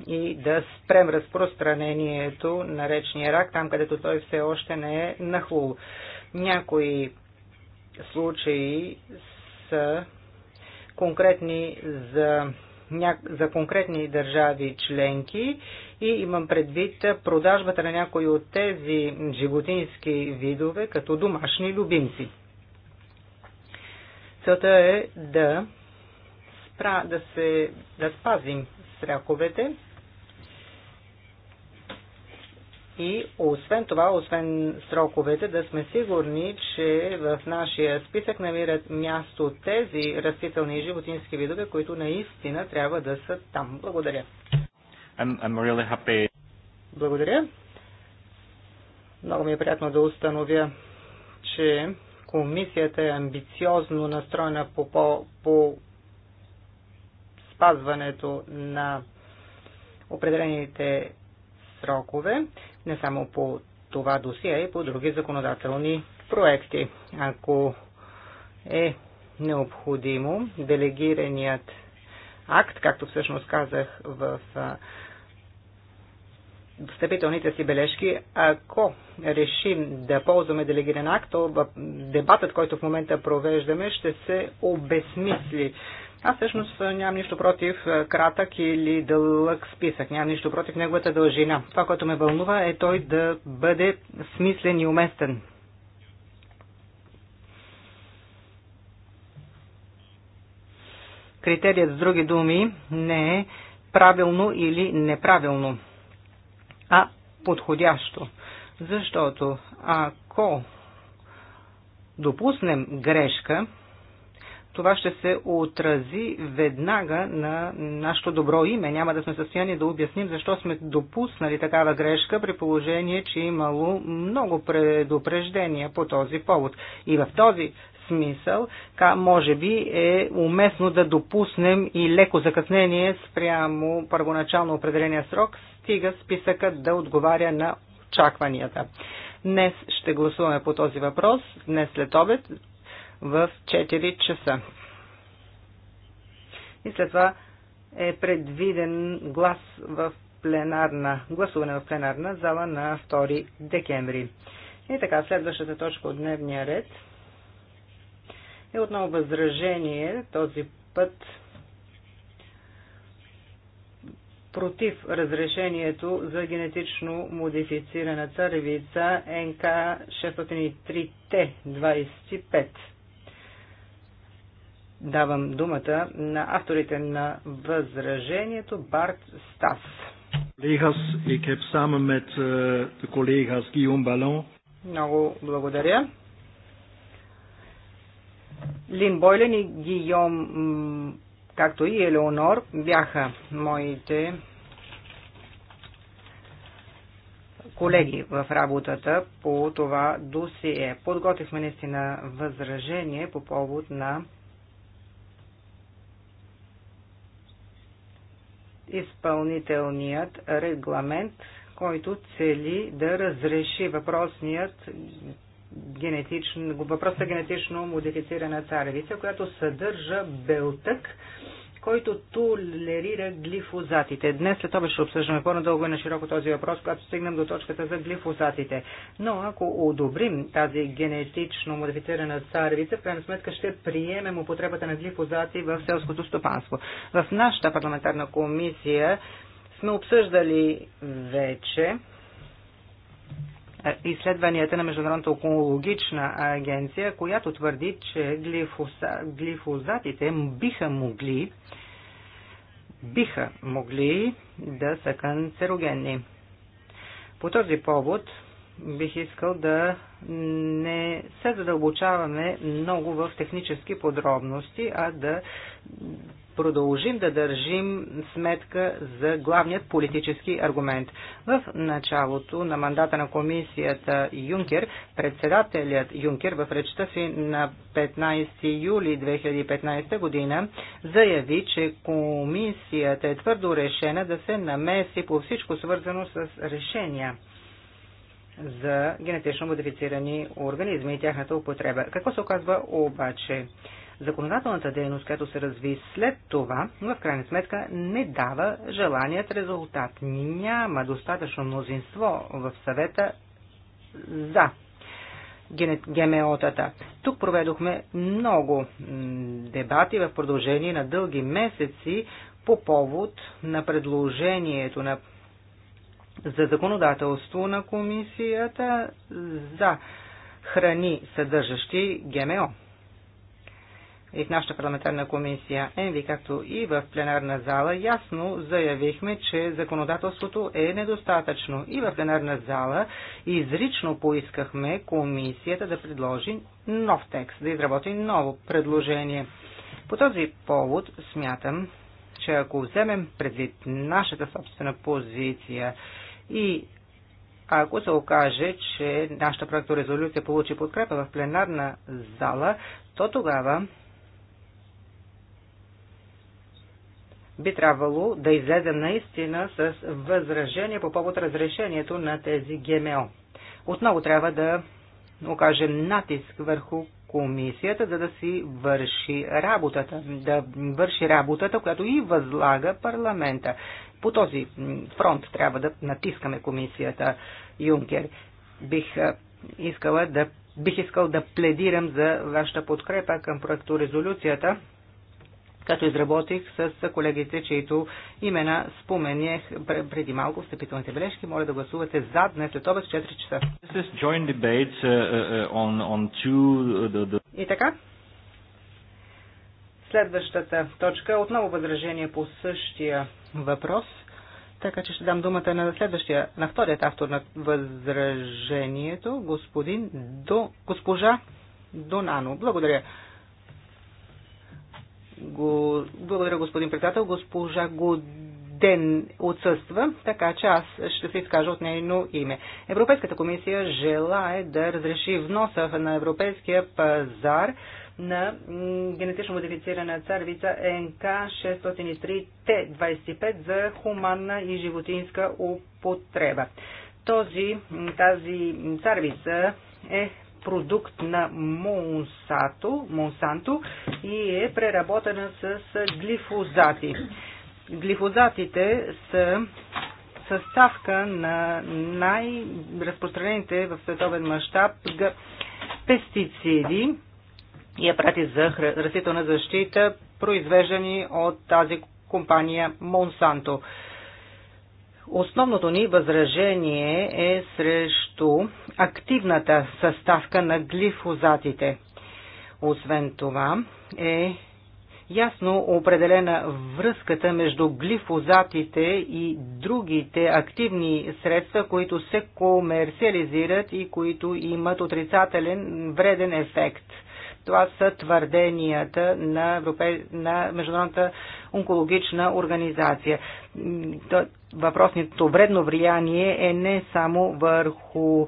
и да спрем разпространението на речния рак, там където той все още не е нахлул. Някои случаи са конкретни за, ня... за конкретни държави членки и имам предвид продажбата на някои от тези животински видове като домашни любимци. Целта е да, спра... да, се... да спазим сряковете, и освен това, освен сроковете, да сме сигурни, че в нашия списък намират място тези растителни и животински видове, които наистина трябва да са там. Благодаря. I'm, I'm really happy. Благодаря. Много ми е приятно да установя, че комисията е амбициозно настроена по, по, по спазването на определените срокове не само по това досие, а и по други законодателни проекти. Ако е необходимо, делегираният акт, както всъщност казах в встъпителните си бележки, ако решим да ползваме делегиран акт, то дебатът, който в момента провеждаме, ще се обесмисли. Аз всъщност нямам нищо против кратък или дълъг списък. Нямам нищо против неговата дължина. Това, което ме вълнува е той да бъде смислен и уместен. Критерият, с други думи, не е правилно или неправилно, а подходящо. Защото ако допуснем грешка, това ще се отрази веднага на нашето добро име. Няма да сме в състояние да обясним защо сме допуснали такава грешка при положение, че е имало много предупреждения по този повод. И в този смисъл, ка, може би е уместно да допуснем и леко закъснение спрямо първоначално определения срок, стига списъкът да отговаря на очакванията. Днес ще гласуваме по този въпрос, днес след обед, в 4 часа. И след това е предвиден глас в пленарна, гласуване в пленарна зала на 2 декември. И така, следващата точка от дневния ред е отново възражение, този път против разрешението за генетично модифицирана царевица НК 603Т25 давам думата на авторите на възражението Барт Стас. Eh, Много благодаря. Лин Бойлен и Гийом, както и Елеонор, бяха моите колеги в работата по това досие. Подготвихме наистина възражение по повод на изпълнителният регламент, който цели да разреши въпросният генетично, въпроса генетично модифицирана царевица, която съдържа белтък, който толерира глифозатите. Днес след това ще обсъждаме по-надълго и на широко този въпрос, когато стигнем до точката за глифозатите. Но ако одобрим тази генетично модифицирана царевица, в крайна сметка ще приемем употребата на глифозати в селското стопанство. В нашата парламентарна комисия сме обсъждали вече изследванията на Международната окологична агенция, която твърди, че глифозатите биха могли биха могли да са канцерогенни. По този повод бих искал да не се задълбочаваме много в технически подробности, а да продължим да държим сметка за главният политически аргумент. В началото на мандата на комисията Юнкер, председателят Юнкер в речта си на 15 юли 2015 година заяви, че комисията е твърдо решена да се намеси по всичко свързано с решения за генетично модифицирани организми и тяхната употреба. Какво се оказва обаче? законодателната дейност, която се разви след това, в крайна сметка не дава желаният резултат. Няма достатъчно мнозинство в съвета за ГМО-тата. Тук проведохме много дебати в продължение на дълги месеци по повод на предложението на за законодателство на комисията за храни, съдържащи ГМО и в нашата парламентарна комисия ЕНВИ, както и в пленарна зала, ясно заявихме, че законодателството е недостатъчно. И в пленарна зала изрично поискахме комисията да предложи нов текст, да изработи ново предложение. По този повод смятам, че ако вземем предвид нашата собствена позиция и ако се окаже, че нашата проекторезолюция получи подкрепа в пленарна зала, то тогава би трябвало да излезе наистина с възражение по повод разрешението на тези ГМО. Отново трябва да окажем натиск върху комисията, за да си върши работата, да върши работата, която и възлага парламента. По този фронт трябва да натискаме комисията Юнкер. Бих искала да бих искал да пледирам за вашата подкрепа към резолюцията като изработих с колегите, чието имена споменях преди малко в встъпителните бележки. Моля да гласувате за днес след обед в 4 часа. Uh, uh, uh, И така, следващата точка, отново възражение по същия въпрос, така че ще дам думата на следващия, на вторият автор на възражението, господин До, госпожа Донано. Благодаря. Го... Благодаря, господин председател. Госпожа Годен отсъства, така че аз ще се изкажа от нейно име. Европейската комисия желае да разреши вноса на европейския пазар на генетично модифицирана царвица НК 603Т25 за хуманна и животинска употреба. Този, тази царвица е продукт на Монсато, Монсанто и е преработена с глифозати. Глифозатите са съставка на най-разпространените в световен мащаб пестициди и апарати за растителна защита, произвеждани от тази компания Монсанто. Основното ни възражение е срещу активната съставка на глифозатите. Освен това е ясно определена връзката между глифозатите и другите активни средства, които се комерциализират и които имат отрицателен вреден ефект – това са твърденията на, Европе... на Международната онкологична организация. Въпросното вредно влияние е не само върху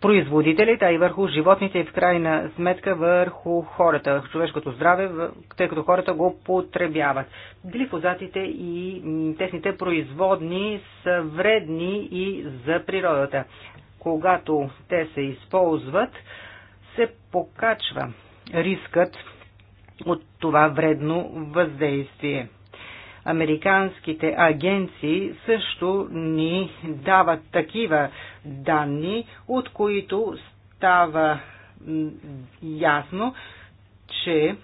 производителите, а и върху животните и в крайна сметка върху хората, човешкото здраве, тъй като хората го потребяват. Глифозатите и техните производни са вредни и за природата. Когато те се използват, се покачва рискът от това вредно въздействие. Американските агенции също ни дават такива данни, от които става ясно, че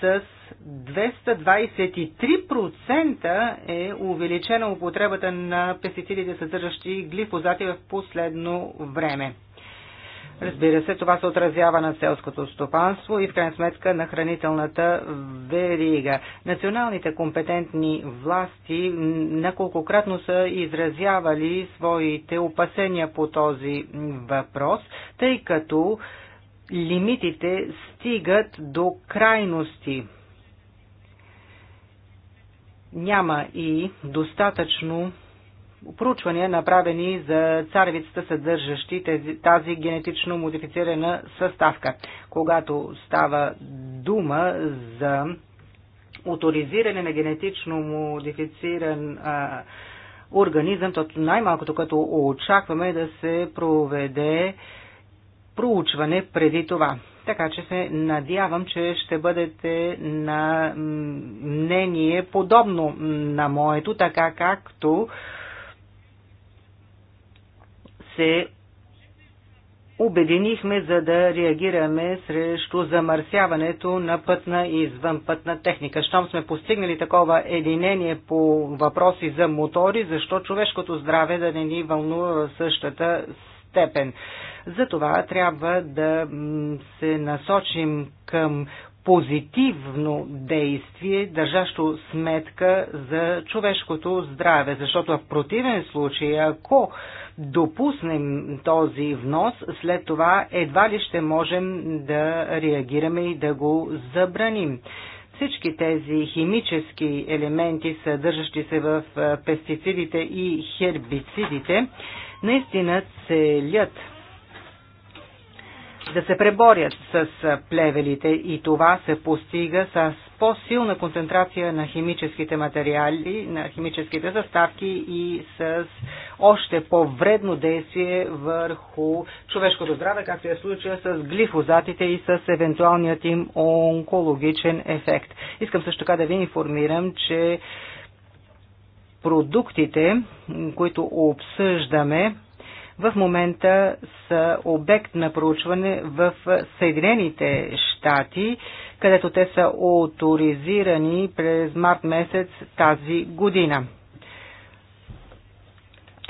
с 223% е увеличена употребата на пестицидите, съдържащи глифозати в последно време. Разбира се, това се отразява на селското стопанство и в крайна сметка на хранителната верига. Националните компетентни власти неколкократно са изразявали своите опасения по този въпрос, тъй като лимитите стигат до крайности. Няма и достатъчно проучвания, направени за царевицата, съдържащи тези, тази генетично модифицирана съставка. Когато става дума за авторизиране на генетично модифициран а, организъм, то най-малкото като очакваме да се проведе проучване преди това. Така че се надявам, че ще бъдете на мнение подобно на моето, така както се обединихме за да реагираме срещу замърсяването на пътна и извънпътна техника. Щом сме постигнали такова единение по въпроси за мотори, защо човешкото здраве да не ни вълнува в същата степен. Затова трябва да се насочим към позитивно действие, държащо сметка за човешкото здраве. Защото в противен случай, ако допуснем този внос, след това едва ли ще можем да реагираме и да го забраним. Всички тези химически елементи, съдържащи се в пестицидите и хербицидите, наистина целят да се преборят с плевелите и това се постига с по-силна концентрация на химическите материали, на химическите съставки и с още по-вредно действие върху човешкото здраве, както е случая с глифозатите и с евентуалният им онкологичен ефект. Искам също така да ви информирам, че продуктите, които обсъждаме, в момента са обект на проучване в Съединените щати, където те са авторизирани през март месец тази година.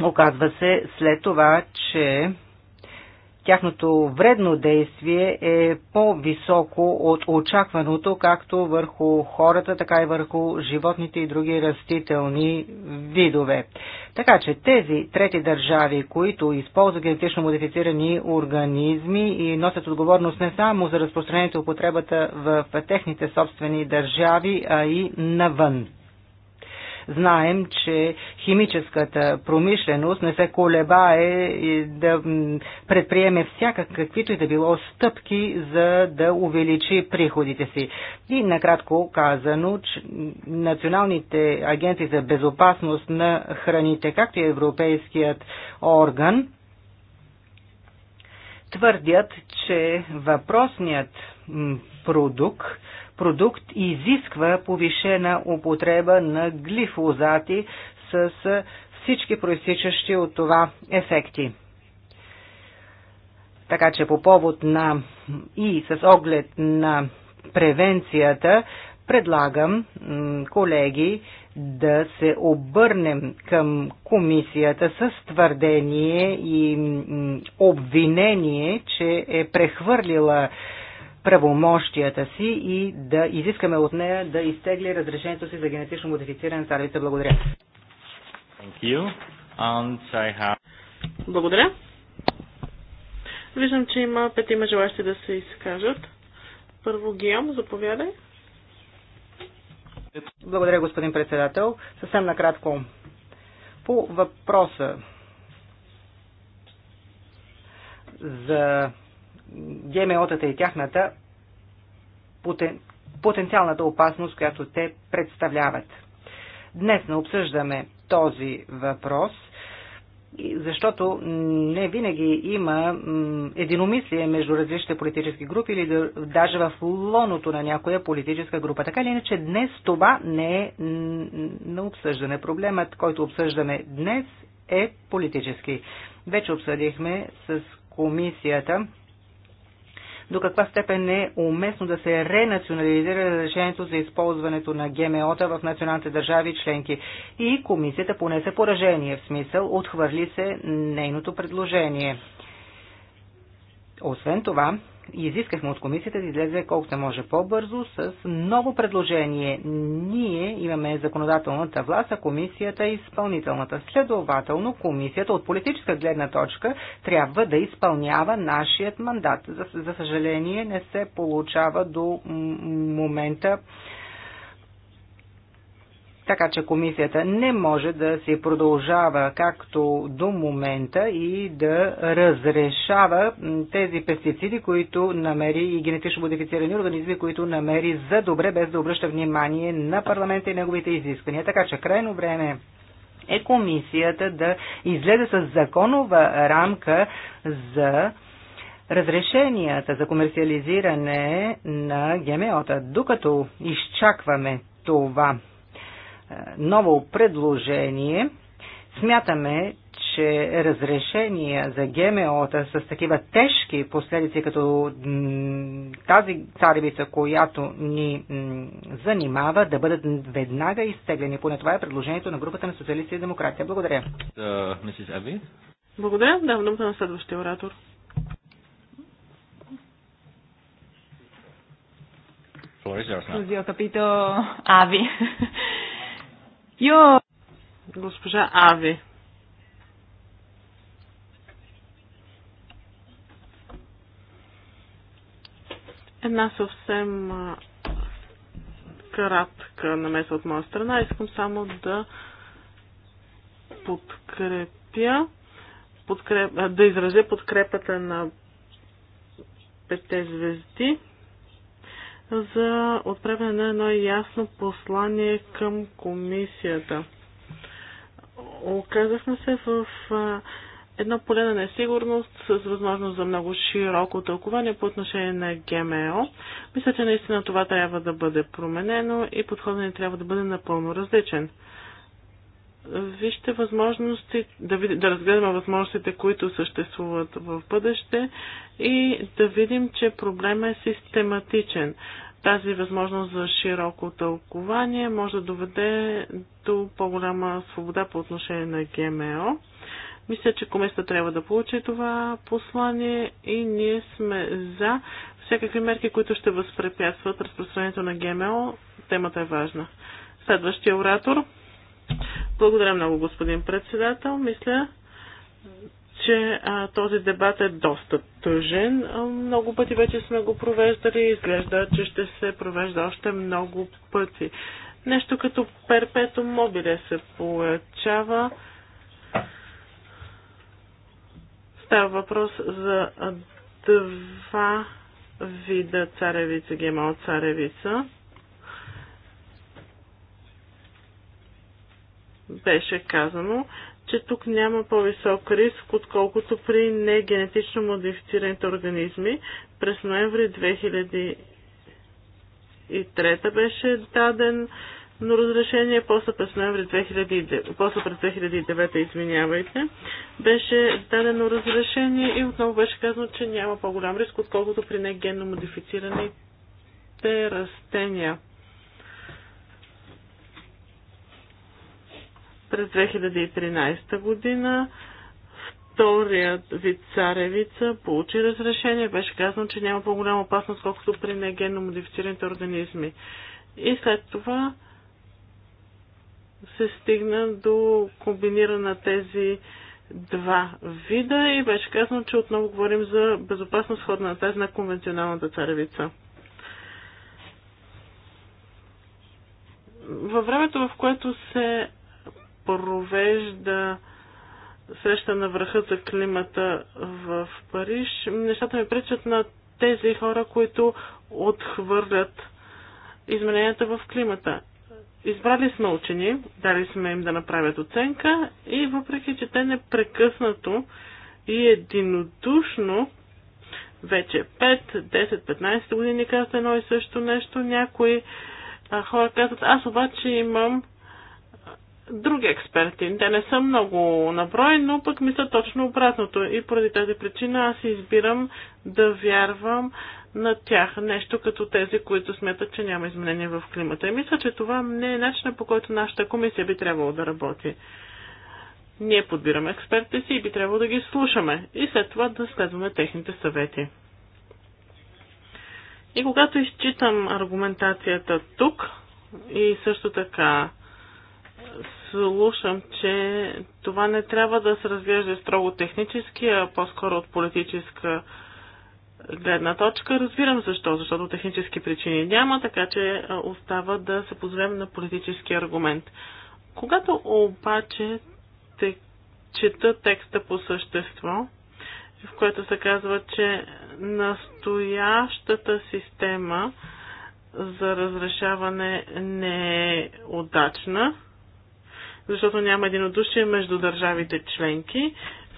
Оказва се след това, че тяхното вредно действие е по-високо от очакваното както върху хората, така и върху животните и други растителни видове. Така че тези трети държави, които използват генетично модифицирани организми и носят отговорност не само за разпространението употребата в техните собствени държави, а и навън. Знаем, че химическата промишленост не се колебае и да предприеме всякаквито и да било стъпки, за да увеличи приходите си. И накратко казано, че националните агенции за безопасност на храните, както и Европейският орган, твърдят, че въпросният продукт продукт изисква повишена употреба на глифозати с всички проистичащи от това ефекти. Така че по повод на и с оглед на превенцията, предлагам, колеги, да се обърнем към комисията с твърдение и обвинение, че е прехвърлила правомощията си и да изискаме от нея да изтегли разрешението си за генетично модифициране на царевица. Благодаря. Thank you. And I have... Благодаря. Виждам, че има петима желащи да се изкажат. Първо Гиом, заповядай. Благодаря, господин председател. Съвсем накратко. По въпроса за ГМО-тата и тяхната потен... потенциалната опасност, която те представляват. Днес не обсъждаме този въпрос, защото не винаги има единомислие между различните политически групи или даже в лоното на някоя политическа група. Така или иначе, днес това не е на обсъждане. Проблемът, който обсъждаме днес е политически. Вече обсъдихме с комисията до каква степен е уместно да се ренационализира разрешението за използването на ГМО-та в националните държави членки. И комисията понесе поражение, в смисъл отхвърли се нейното предложение. Освен това, и изискахме от комисията да излезе колкото може по-бързо с ново предложение. Ние имаме законодателната власт, а комисията е изпълнителната. Следователно, комисията от политическа гледна точка трябва да изпълнява нашият мандат. За, за съжаление, не се получава до момента така че комисията не може да се продължава както до момента и да разрешава тези пестициди, които намери и генетично модифицирани организми, които намери за добре, без да обръща внимание на парламента и неговите изисквания. Така че крайно време е комисията да излезе с законова рамка за разрешенията за комерциализиране на ГМО-та, докато изчакваме това е, ново предложение, смятаме, че разрешения за ГМО-та с такива тежки последици, като тази царевица, която ни занимава, да бъдат веднага изтеглени. Поне това е предложението на групата на социалисти и демократия. Благодаря. Uh, Благодаря. Давам думата на следващия оратор. Floor Ави. Йо! Госпожа Ави. Една съвсем кратка намеса от моя страна. Искам само да подкрепя, подкреп, да изразя подкрепата на пете звезди за отправяне на едно ясно послание към комисията. Оказахме се в едно поле на несигурност с възможност за много широко тълкуване по отношение на ГМО. Мисля, че наистина това трябва да бъде променено и подходът ни трябва да бъде напълно различен вижте възможности, да, види, да разгледаме възможностите, които съществуват в бъдеще и да видим, че проблема е систематичен. Тази възможност за широко тълкование може да доведе до по-голяма свобода по отношение на ГМО. Мисля, че комисията трябва да получи това послание и ние сме за всякакви мерки, които ще възпрепятстват разпространението на ГМО. Темата е важна. Следващия оратор. Благодаря много, господин председател. Мисля, че а, този дебат е доста тъжен. много пъти вече сме го провеждали и изглежда, че ще се провежда още много пъти. Нещо като перпето мобиле се получава. Става въпрос за два вида царевица, гемал царевица. беше казано, че тук няма по-висок риск, отколкото при негенетично модифицираните организми. През ноември 2003 беше даден но разрешение, после през ноември 2009, после през 2009 извинявайте, беше дадено разрешение и отново беше казано, че няма по-голям риск, отколкото при негенно модифицираните растения. през 2013 година. Вторият вид царевица получи разрешение. Беше казано, че няма по-голяма опасност, колкото при негенно модифицираните организми. И след това се стигна до комбинирана на тези два вида и беше казано, че отново говорим за безопасна сходна на тази на конвенционалната царевица. Във времето, в което се провежда среща на върха за климата в Париж, нещата ми пречат на тези хора, които отхвърлят измененията в климата. Избрали сме учени, дали сме им да направят оценка и въпреки, че те непрекъснато и единодушно вече 5, 10, 15 години казват едно и също нещо, някои а, хора казват, аз обаче имам други експерти. Те не са много наброй, но пък мисля точно обратното. И поради тази причина аз избирам да вярвам на тях. Нещо като тези, които смятат, че няма изменение в климата. И мисля, че това не е начинът по който нашата комисия би трябвало да работи. Ние подбираме експерти си и би трябвало да ги слушаме. И след това да следваме техните съвети. И когато изчитам аргументацията тук и също така слушам, че това не трябва да се разглежда строго технически, а по-скоро от политическа гледна точка. Разбирам защо, защото технически причини няма, така че остава да се позовем на политически аргумент. Когато обаче те, чета текста по същество, в което се казва, че настоящата система за разрешаване не е удачна, защото няма единодушие между държавите членки,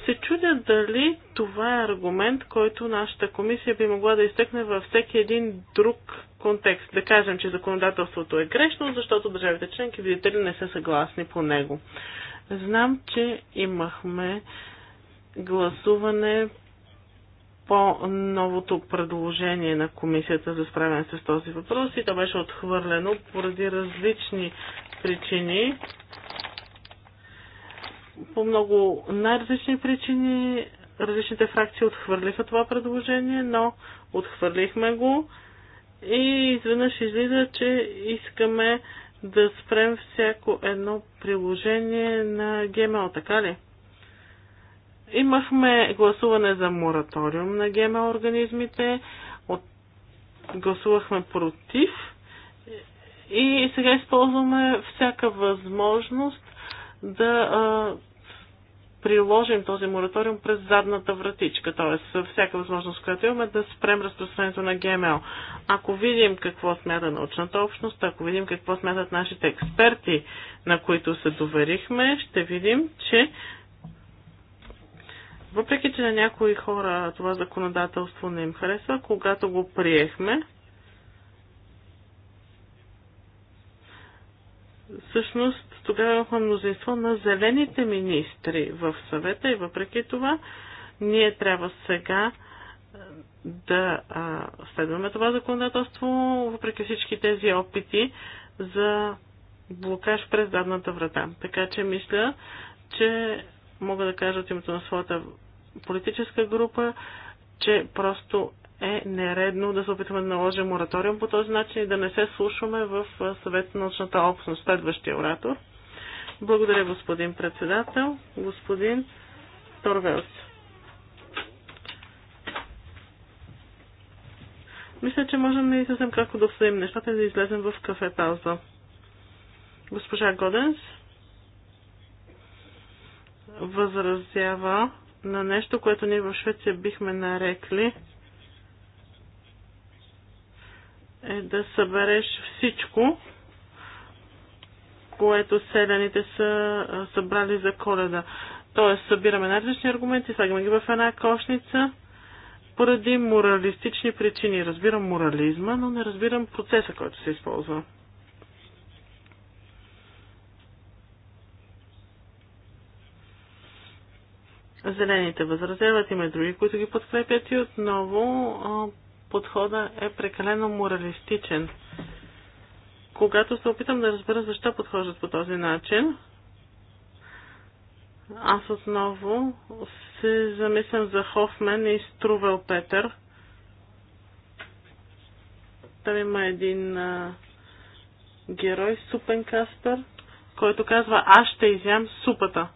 се чудя дали това е аргумент, който нашата комисия би могла да изтъкне във всеки един друг контекст. Да кажем, че законодателството е грешно, защото държавите членки, видите ли, не са съгласни по него. Знам, че имахме гласуване по новото предложение на комисията за справяне с този въпрос и то беше отхвърлено поради различни причини по много най-различни причини различните фракции отхвърлиха това предложение, но отхвърлихме го и изведнъж излиза, че искаме да спрем всяко едно приложение на ГМО, така ли? Имахме гласуване за мораториум на ГМО организмите, от... гласувахме против и сега използваме всяка възможност да а, приложим този мораториум през задната вратичка, т.е. всяка възможност, която имаме, да спрем разпространението на ГМО. Ако видим какво смята научната общност, ако видим какво смятат нашите експерти, на които се доверихме, ще видим, че въпреки, че на някои хора това законодателство не им харесва, когато го приехме, всъщност тогава имахме мнозинство на зелените министри в съвета и въпреки това ние трябва сега да а, следваме това законодателство, въпреки всички тези опити за блокаж през задната врата. Така че мисля, че мога да кажа от името на своята политическа група, че просто е нередно да се опитваме да наложим мораториум по този начин и да не се слушаме в съвет на научната общност. Следващия оратор. Благодаря, господин председател. Господин Торвелс. Мисля, че можем да излезем кратко да обсъдим нещата и да излезем в кафе пауза. Госпожа Годенс възразява на нещо, което ние в Швеция бихме нарекли е да събереш всичко което селяните са събрали за коледа. Тоест, събираме най-различни аргументи, слагаме ги в една кошница, поради моралистични причини. Разбирам морализма, но не разбирам процеса, който се използва. Зелените възразяват, има и други, които ги подкрепят и отново подхода е прекалено моралистичен когато се опитам да разбера защо подхождат по този начин, аз отново се замислям за Хофмен и Струвел Петър. Там има един а, герой, Супен Каспер, който казва, аз ще изям супата.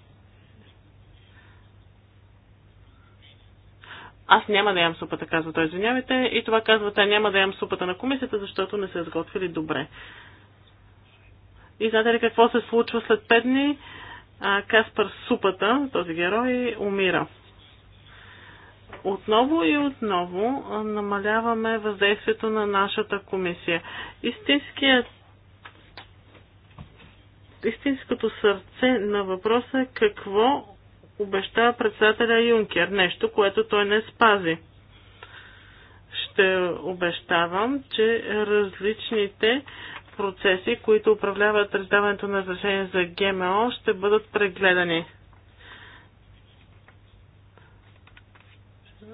Аз няма да ям супата, казва той, извинявайте. И това казва, те няма да ям супата на комисията, защото не са изготвили добре. И знаете ли какво се случва след 5 дни? А, Каспар Супата, този герой, умира. Отново и отново намаляваме въздействието на нашата комисия. Истинският истинското сърце на въпроса е какво обещава председателя Юнкер. Нещо, което той не спази. Ще обещавам, че различните процеси, които управляват раздаването на разрешение за ГМО, ще бъдат прегледани.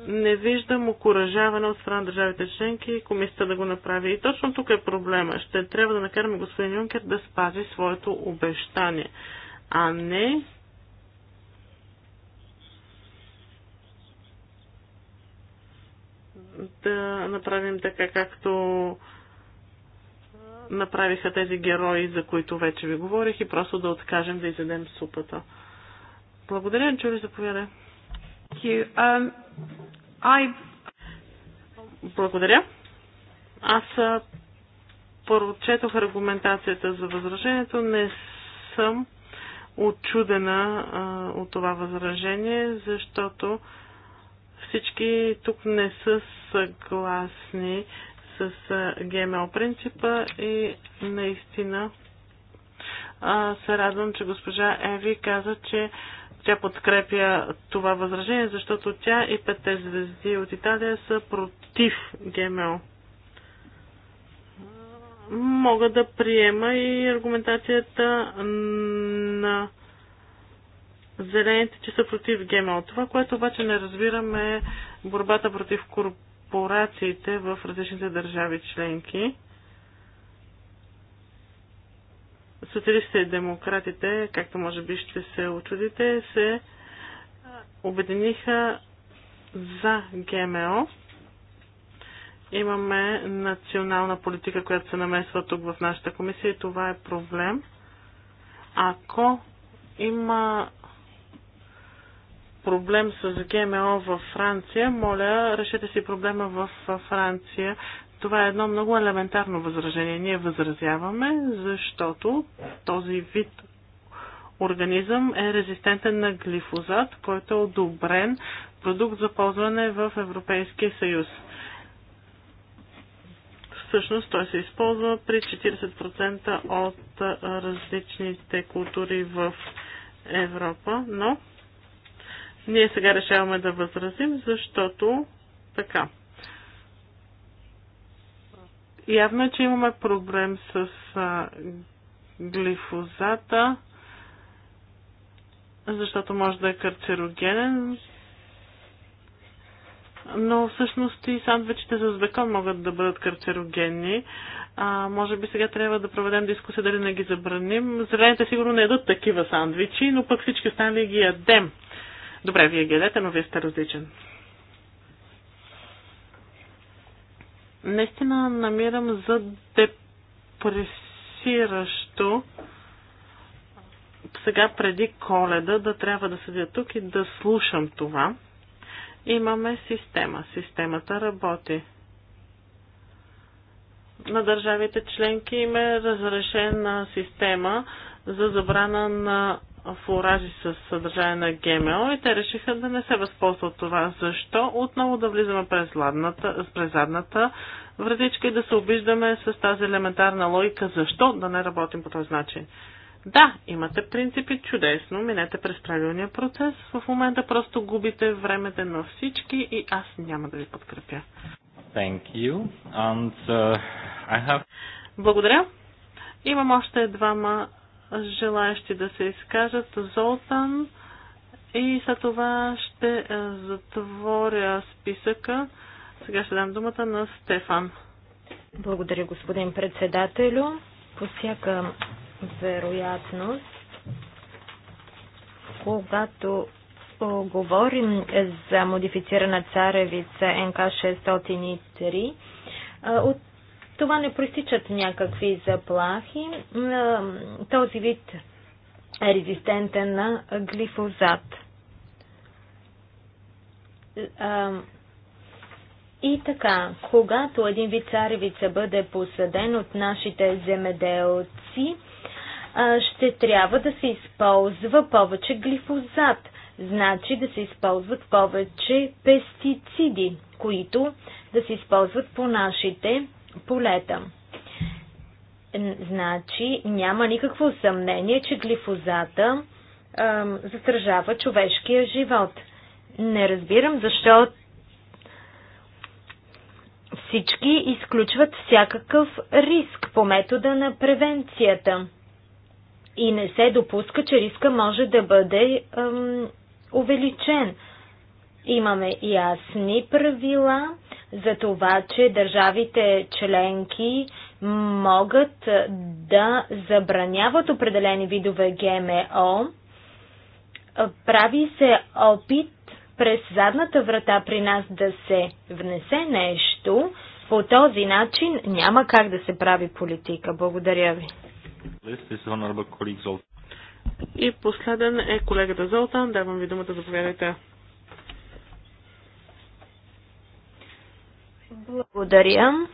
Не виждам окоръжаване от страна на държавите членки и комисията да го направи. И точно тук е проблема. Ще трябва да накараме господин Юнкер да спази своето обещание, а не да направим така, както направиха тези герои, за които вече ви говорих и просто да откажем да изедем супата. Благодаря, Джули, заповядай. Um, I... Благодаря. Аз прочетох аргументацията за възражението. Не съм очудена а, от това възражение, защото всички тук не са съгласни с ГМО принципа и наистина се радвам, че госпожа Еви каза, че тя подкрепя това възражение, защото тя и петте звезди от Италия са против ГМО. Мога да приема и аргументацията на зелените, че са против ГМО. Това, което обаче не разбираме е борбата против корупцията корпорациите в различните държави членки. Социалистите и демократите, както може би ще се очудите, се обединиха за ГМО. Имаме национална политика, която се намесва тук в нашата комисия и това е проблем. Ако има проблем с ГМО във Франция, моля, решете си проблема в Франция. Това е едно много елементарно възражение. Ние възразяваме, защото този вид организъм е резистентен на глифозат, който е одобрен продукт за ползване в Европейския съюз. Всъщност той се използва при 40% от различните култури в Европа, но ние сега решаваме да възразим, защото така. Явно е, че имаме проблем с а, глифозата, защото може да е карцерогенен, но всъщност и сандвичите с бекон могат да бъдат карцерогенни. А, може би сега трябва да проведем дискусия дали не ги забраним. Зелените сигурно не едат такива сандвичи, но пък всички останали ги ядем. Добре, вие ги но вие сте различен. Наистина намирам за депресиращо сега преди коледа да трябва да седя тук и да слушам това. Имаме система. Системата работи. На държавите членки им е разрешена система за забрана на фуражи с съдържание на ГМО и те решиха да не се възползват това. Защо отново да влизаме през, ладната, през задната вратичка и да се обиждаме с тази елементарна логика? Защо да не работим по този начин? Да, имате принципи, чудесно, минете през правилния процес. В момента просто губите времето на всички и аз няма да ви подкрепя. Thank you. And, uh, I have... Благодаря. Имам още двама желаящи да се изкажат. Золтан и след това ще е, затворя списъка. Сега ще дам думата на Стефан. Благодаря, господин председателю. По всяка вероятност, когато говорим за модифицирана царевица НК 603, от това не проистичат някакви заплахи. Този вид е резистентен на глифозат. И така, когато един вид царевица бъде посаден от нашите земеделци, ще трябва да се използва повече глифозат, значи да се използват повече пестициди, които да се използват по нашите полета. Значи няма никакво съмнение, че глифозата а, застрашава човешкия живот. Не разбирам защо всички изключват всякакъв риск по метода на превенцията и не се допуска, че риска може да бъде ам, увеличен. Имаме ясни правила, за това, че държавите членки могат да забраняват определени видове ГМО. Прави се опит през задната врата при нас да се внесе нещо. По този начин няма как да се прави политика. Благодаря ви. И последен е колегата Золтан. Давам ви думата. Заповядайте. Благодаря.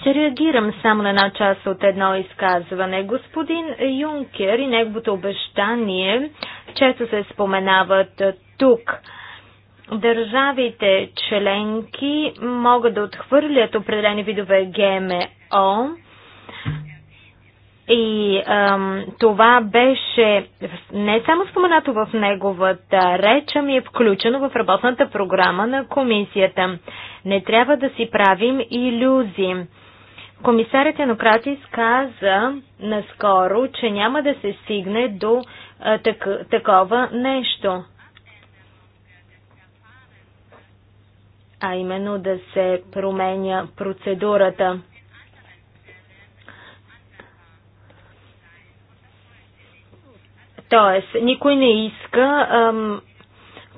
Ще реагирам само на една част от едно изказване. Господин Юнкер и неговото обещание често се споменават тук. Държавите членки могат да отхвърлят определени видове ГМО, и ам, това беше не само споменато в неговата реч, ами е включено в работната програма на комисията. Не трябва да си правим иллюзии. Комисарят Янократис каза наскоро, че няма да се стигне до а, так, такова нещо. А именно да се променя процедурата. Тоест, никой не иска ам,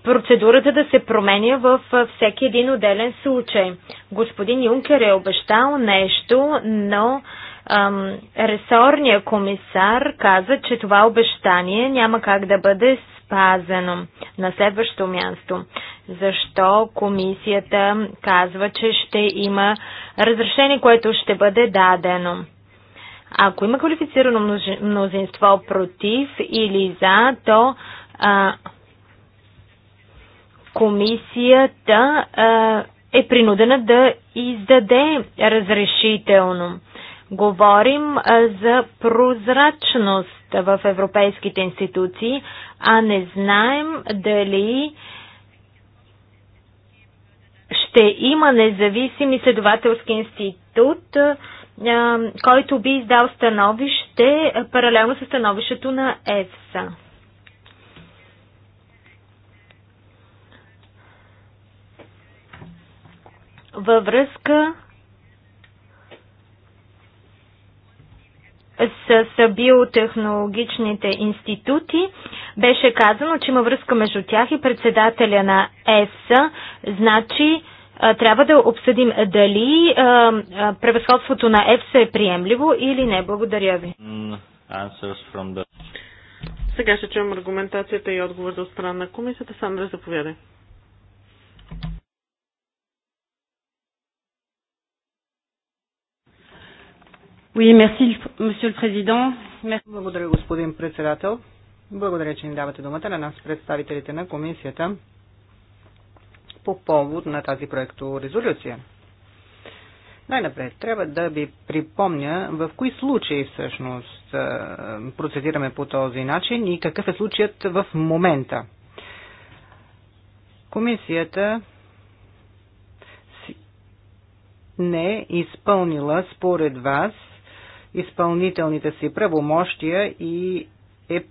процедурата да се променя в всеки един отделен случай. Господин Юнкер е обещал нещо, но ам, ресорния комисар каза, че това обещание няма как да бъде спазено. На следващо място, защо комисията казва, че ще има разрешение, което ще бъде дадено? Ако има квалифицирано мнозинство против или за, то а, комисията а, е принудена да издаде разрешително. Говорим а, за прозрачност в европейските институции, а не знаем дали ще има независим изследователски институт, който би издал становище паралелно с становището на ЕФСА. Във връзка с биотехнологичните институти беше казано, че има връзка между тях и председателя на ЕСА, Значи, трябва да обсъдим дали превъзходството на ЕФСА е приемливо или не. Благодаря ви. Сега ще чуем аргументацията и отговор от страна на комисията. Сандра, заповядай. Oui, merci, monsieur le président. Merci. Благодаря, господин председател. Благодаря, че ни давате думата на нас, представителите на комисията по повод на тази проекторезолюция. Най-напред трябва да ви припомня в кои случаи всъщност процедираме по този начин и какъв е случаят в момента. Комисията не е изпълнила според вас изпълнителните си правомощия и е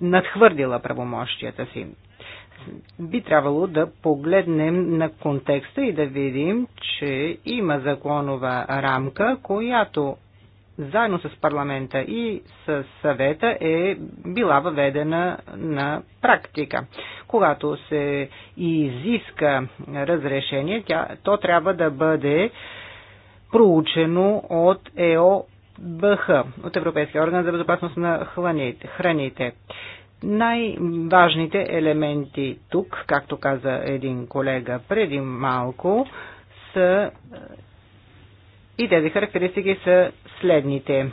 надхвърдила правомощията си би трябвало да погледнем на контекста и да видим, че има законова рамка, която заедно с парламента и с съвета е била въведена на практика. Когато се изиска разрешение, тя, то трябва да бъде проучено от ЕОБХ, от Европейския орган за безопасност на храните. Най-важните елементи тук, както каза един колега преди малко, са е, и тези характеристики са следните.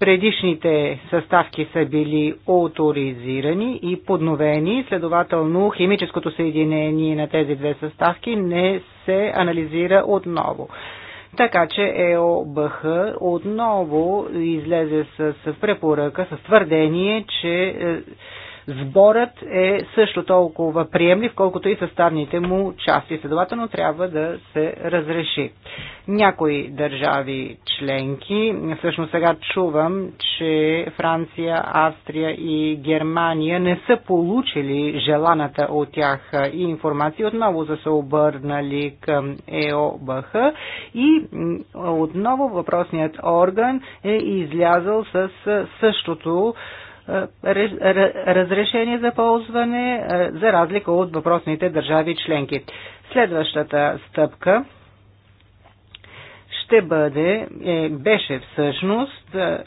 Предишните съставки са били авторизирани и подновени, следователно химическото съединение на тези две съставки не се анализира отново. Така че ЕОБХ отново излезе с препоръка, с твърдение, че е, Сборът е също толкова приемлив, колкото и съставните му части. Следователно трябва да се разреши. Някои държави членки, всъщност сега чувам, че Франция, Австрия и Германия не са получили желаната от тях и информация. Отново са се обърнали към ЕОБХ и отново въпросният орган е излязъл с същото е, разрешение за ползване, е, за разлика от въпросните държави членки. Следващата стъпка ще бъде, е, беше всъщност е,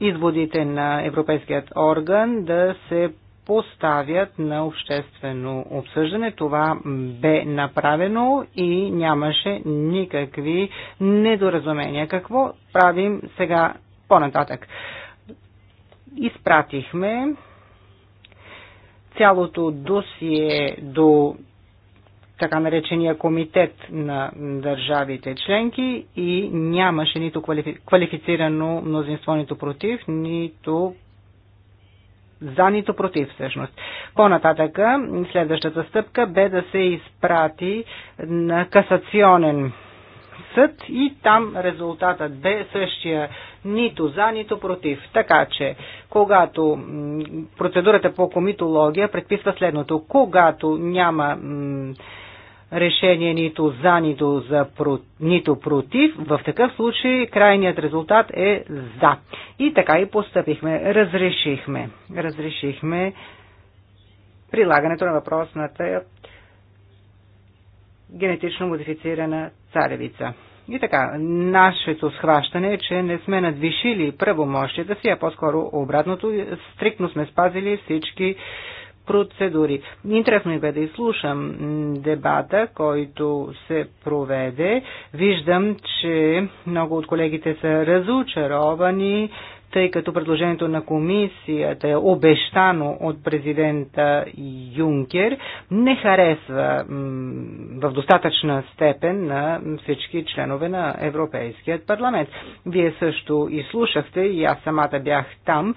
изводите на Европейският орган да се поставят на обществено обсъждане. Това бе направено и нямаше никакви недоразумения. Какво правим сега по-нататък? изпратихме цялото досие до така наречения комитет на държавите членки и нямаше нито квалифицирано мнозинство, нито против, нито за, нито против всъщност. По-нататъка, следващата стъпка бе да се изпрати на касационен съд и там резултатът бе същия нито за, нито против. Така че, когато процедурата по комитология предписва следното, когато няма решение нито за, нито, за, нито против, в такъв случай крайният резултат е за. И така и постъпихме, разрешихме, разрешихме прилагането на въпросната генетично модифицирана царевица. И така, нашето схващане е, че не сме надвишили правомощията си, а по-скоро обратното, стриктно сме спазили всички процедури. Интересно е бе да изслушам дебата, който се проведе. Виждам, че много от колегите са разочаровани, тъй като предложението на комисията е обещано от президента Юнкер, не харесва в достатъчна степен на всички членове на Европейският парламент. Вие също и слушахте, и аз самата бях там,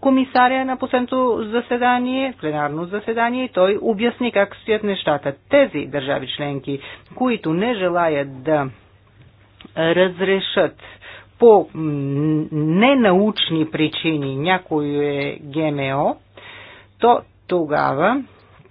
комисаря е на последното заседание, пленарно заседание, и той обясни как стоят нещата. Тези държави членки, които не желаят да разрешат по ненаучни причини някой е ГМО, то тогава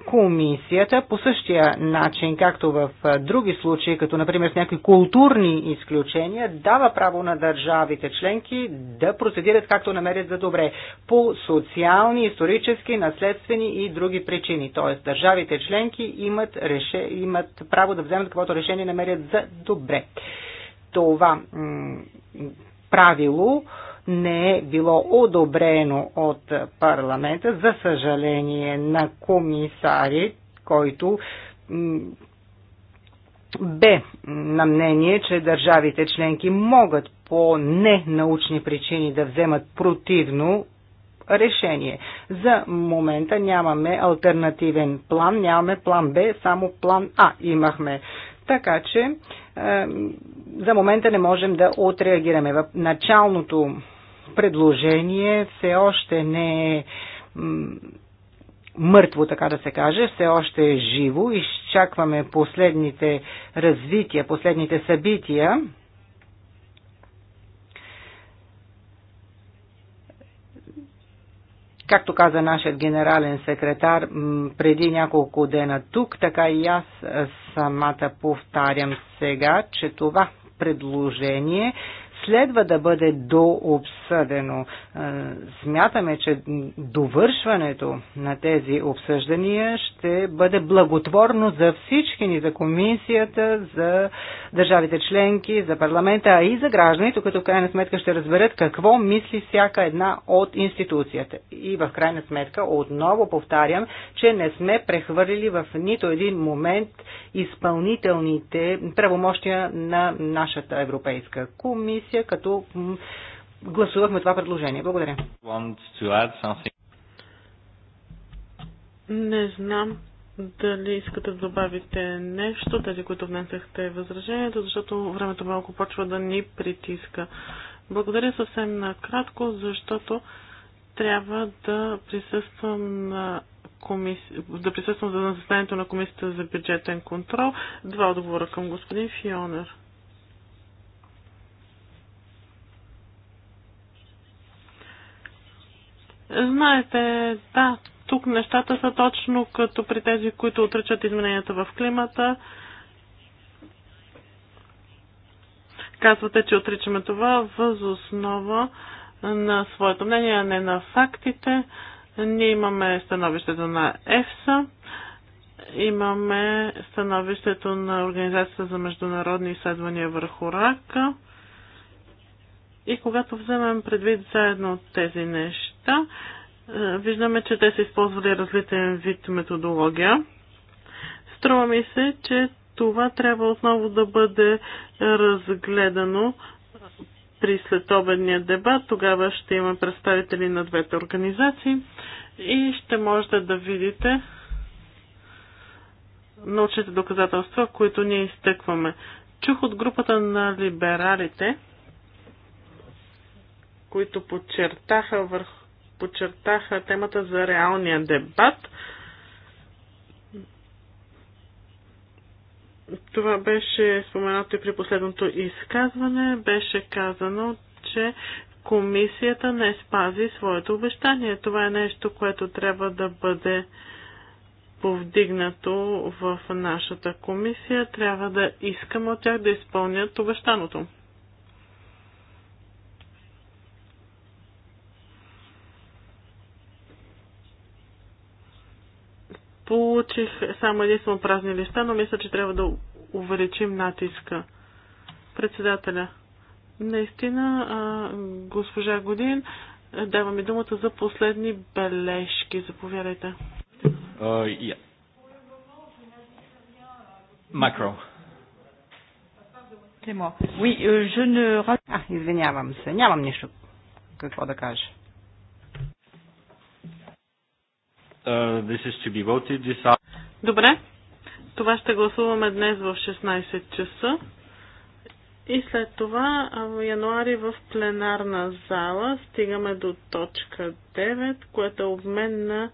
комисията по същия начин, както в други случаи, като например с някои културни изключения, дава право на държавите членки да процедират както намерят за добре по социални, исторически, наследствени и други причини. Тоест държавите членки имат, реше... имат право да вземат каквото решение намерят за добре това правило не е било одобрено от парламента, за съжаление на комисари, който бе на мнение, че държавите членки могат по ненаучни причини да вземат противно решение. За момента нямаме альтернативен план, нямаме план Б, само план А имахме. Така че за момента не можем да отреагираме. В началното предложение все още не е мъртво, така да се каже, все още е живо. Изчакваме последните развития, последните събития. Както каза нашият генерален секретар преди няколко дена тук, така и аз самата повтарям сега, че това предложение следва да бъде дообсъдено. Е, смятаме, че довършването на тези обсъждания ще бъде благотворно за всички ни, за комисията, за държавите членки, за парламента, а и за гражданите, които в крайна сметка ще разберат какво мисли всяка една от институцията. И в крайна сметка, отново повтарям, че не сме прехвърлили в нито един момент изпълнителните правомощия на нашата Европейска комисия комисия, като гласувахме това предложение. Благодаря. Не знам дали искате да добавите нещо, тези, които внесахте възражението, защото времето малко почва да ни притиска. Благодаря съвсем накратко, защото трябва да присъствам на комис... да присъствам за заседанието на комисията за бюджетен контрол. Два отговора към господин Фионер. Знаете, да, тук нещата са точно като при тези, които отричат измененията в климата. Казвате, че отричаме това възоснова на своето мнение, а не на фактите. Ние имаме становището на ЕФСА, имаме становището на Организацията за международни изследвания върху рака. И когато вземем предвид заедно тези неща, проекта. Виждаме, че те са използвали различен вид методология. Струва ми се, че това трябва отново да бъде разгледано при следобедния дебат. Тогава ще има представители на двете организации и ще можете да видите научните доказателства, които ние изтъкваме. Чух от групата на либералите, които подчертаха върху подчертаха темата за реалния дебат. Това беше споменато и при последното изказване. Беше казано, че комисията не спази своето обещание. Това е нещо, което трябва да бъде повдигнато в нашата комисия. Трябва да искаме от тях да изпълнят обещаното. Получих само единствено празни листа, но мисля, че трябва да увеличим натиска. Председателя. Наистина, госпожа Годин, давам ми думата за последни бележки. Заповядайте. Макро. Oui, euh, je ne... извинявам се. Нямам нищо какво да кажа. Uh, this is to be voted this Добре. Това ще гласуваме днес в 16 часа. И след това в януари в пленарна зала стигаме до точка 9, което е обмен на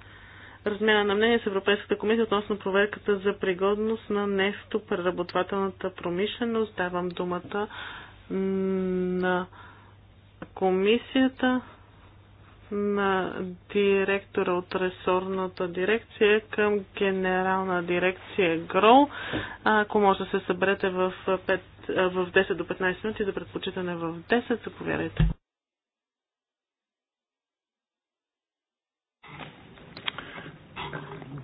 размяна на мнение с Европейската комисия относно проверката за пригодност на преработвателната промишленост. Давам думата на комисията на директора от ресорната дирекция към генерална дирекция ГРО. Ако може да се съберете в, 5, в 10 до 15 минути за предпочитане в 10, заповядайте.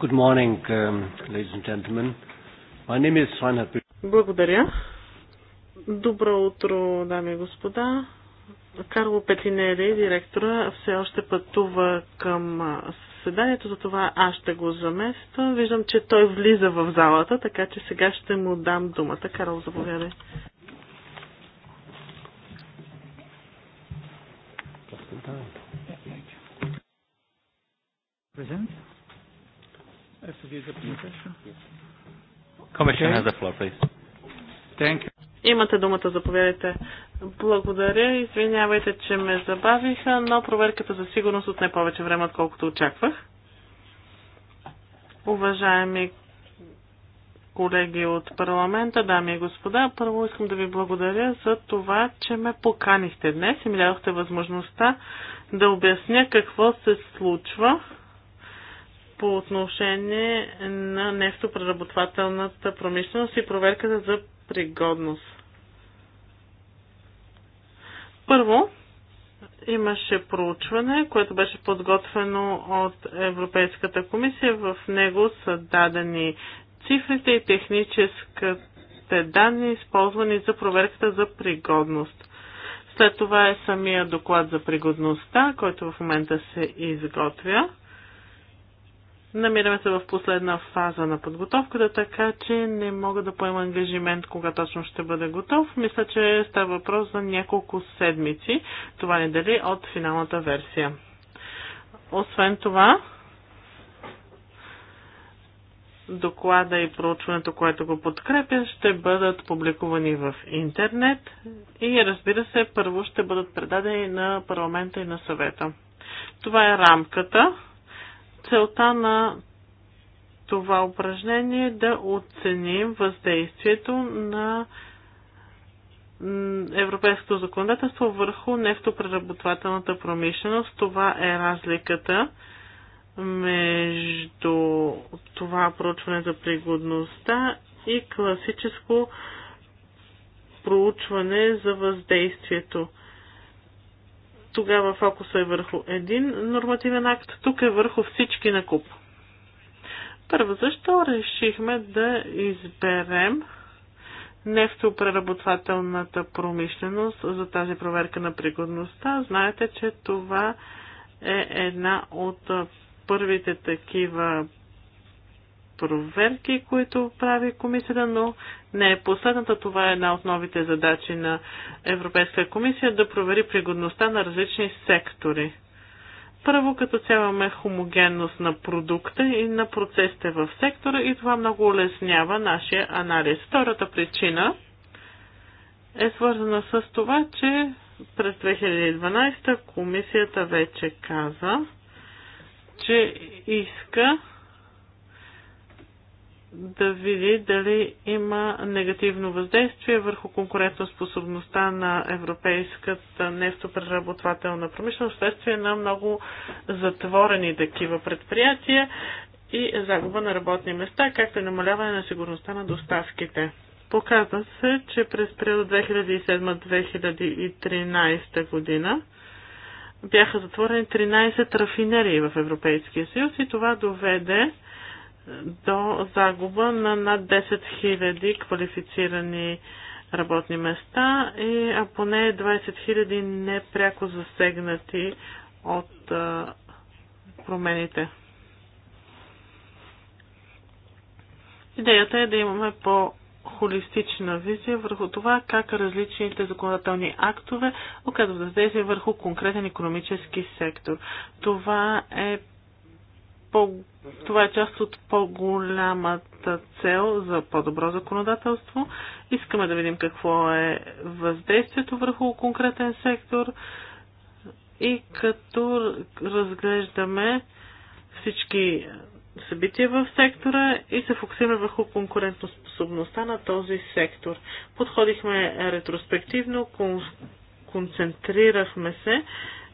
Good morning, um, ladies and gentlemen. My name is Reinhard Благодаря. Добро утро, дами и господа. Карло Петинери, директора, все още пътува към съседанието, затова аз ще го замествам. Виждам, че той влиза в залата, така че сега ще му дам думата. Карл, заповядай. Имате думата, заповядайте. Благодаря. Извинявайте, че ме забавиха, но проверката за сигурност отне повече време, отколкото очаквах. Уважаеми колеги от парламента, дами и господа, първо искам да ви благодаря за това, че ме поканихте днес и ми дадохте възможността да обясня какво се случва по отношение на нефтопреработвателната промишленост и проверката за пригодност. Първо, имаше проучване, което беше подготвено от Европейската комисия. В него са дадени цифрите и техническите данни, използвани за проверката за пригодност. След това е самия доклад за пригодността, който в момента се изготвя. Намираме се в последна фаза на подготовката, така че не мога да поема ангажимент кога точно ще бъде готов. Мисля, че става въпрос за няколко седмици. Това не дали от финалната версия. Освен това, доклада и проучването, което го подкрепя, ще бъдат публикувани в интернет и разбира се, първо ще бъдат предадени на парламента и на съвета. Това е рамката. Целта на това упражнение е да оценим въздействието на европейското законодателство върху нефтопреработвателната промишленост. Това е разликата между това проучване за пригодността и класическо проучване за въздействието. Тогава фокуса е върху един нормативен акт, тук е върху всички на куп. Първо, защо решихме да изберем нефтопреработвателната промишленост за тази проверка на пригодността? Знаете, че това е една от първите такива проверки, които прави комисията, но не е последната. Това е една от новите задачи на Европейска комисия да провери пригодността на различни сектори. Първо, като цяло имаме хомогенност на продукта и на процесите в сектора и това много улеснява нашия анализ. Втората причина е свързана с това, че през 2012 комисията вече каза, че иска да види дали има негативно въздействие върху конкурентоспособността на европейската нефтопреработвателна промишленост следствие на много затворени такива предприятия и загуба на работни места, както и намаляване на сигурността на доставките. Показва се, че през период 2007-2013 година бяха затворени 13 рафинерии в Европейския съюз и това доведе до загуба на над 10 000 квалифицирани работни места и а поне 20 000 непряко засегнати от а, промените. Идеята е да имаме по-холистична визия върху това как различните законодателни актове оказват въздействие върху конкретен економически сектор. Това е по... това е част от по-голямата цел за по-добро законодателство. Искаме да видим какво е въздействието върху конкретен сектор и като разглеждаме всички събития в сектора и се фокусираме върху конкурентоспособността на този сектор. Подходихме ретроспективно, концентрирахме се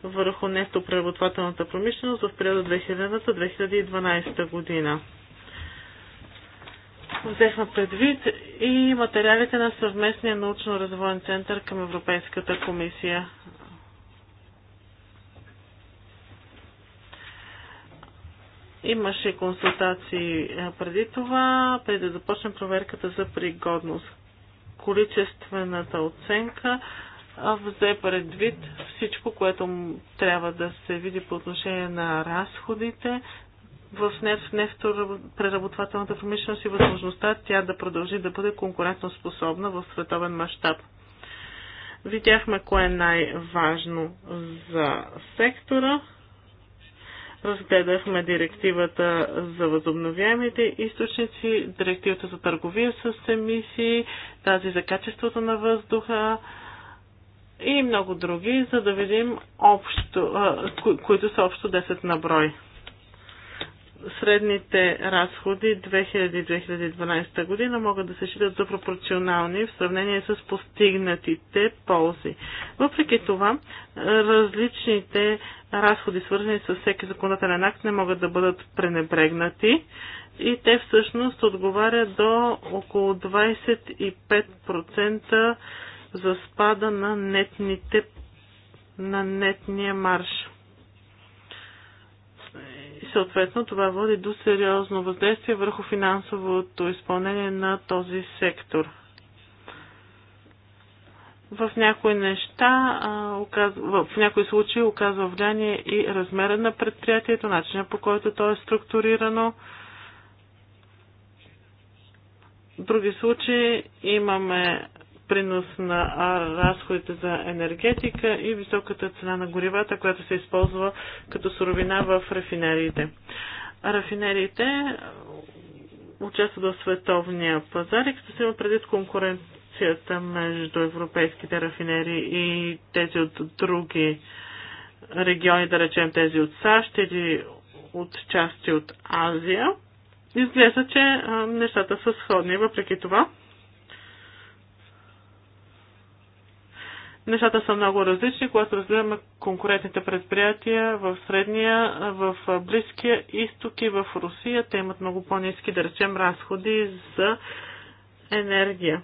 върху нефтопреработвателната промишленост в периода 2000 2012 година. Взехме предвид и материалите на съвместния научно-развоен център към Европейската комисия. Имаше консултации преди това, преди да започнем проверката за пригодност. Количествената оценка взе предвид всичко, което трябва да се види по отношение на разходите в нефтопреработвателната промишленост и възможността тя да продължи да бъде конкурентоспособна в световен мащаб. Видяхме кое е най-важно за сектора. Разгледахме директивата за възобновяемите източници, директивата за търговия с емисии, тази за качеството на въздуха, и много други, за да видим общо, които са общо 10 на брой. Средните разходи 2000-2012 година могат да се считат за пропорционални в сравнение с постигнатите ползи. Въпреки това, различните разходи, свързани с всеки законодателен акт, не могат да бъдат пренебрегнати и те всъщност отговарят до около 25% за спада на нетните на нетния марш. И съответно това води до сериозно въздействие върху финансовото изпълнение на този сектор. В някои неща, в някои случаи оказва влияние и размера на предприятието, начина по който то е структурирано. В други случаи имаме принос на разходите за енергетика и високата цена на горивата, която се използва като суровина в рафинериите. Рафинериите участват в световния пазар и като се има предвид конкуренцията между европейските рафинери и тези от други региони, да речем тези от САЩ или от части от Азия, изглежда, че нещата са сходни. Въпреки това, Нещата са много различни, когато разгледаме конкурентните предприятия в Средния, в Близкия изток и в Русия. Те имат много по-низки, да речем, разходи за енергия.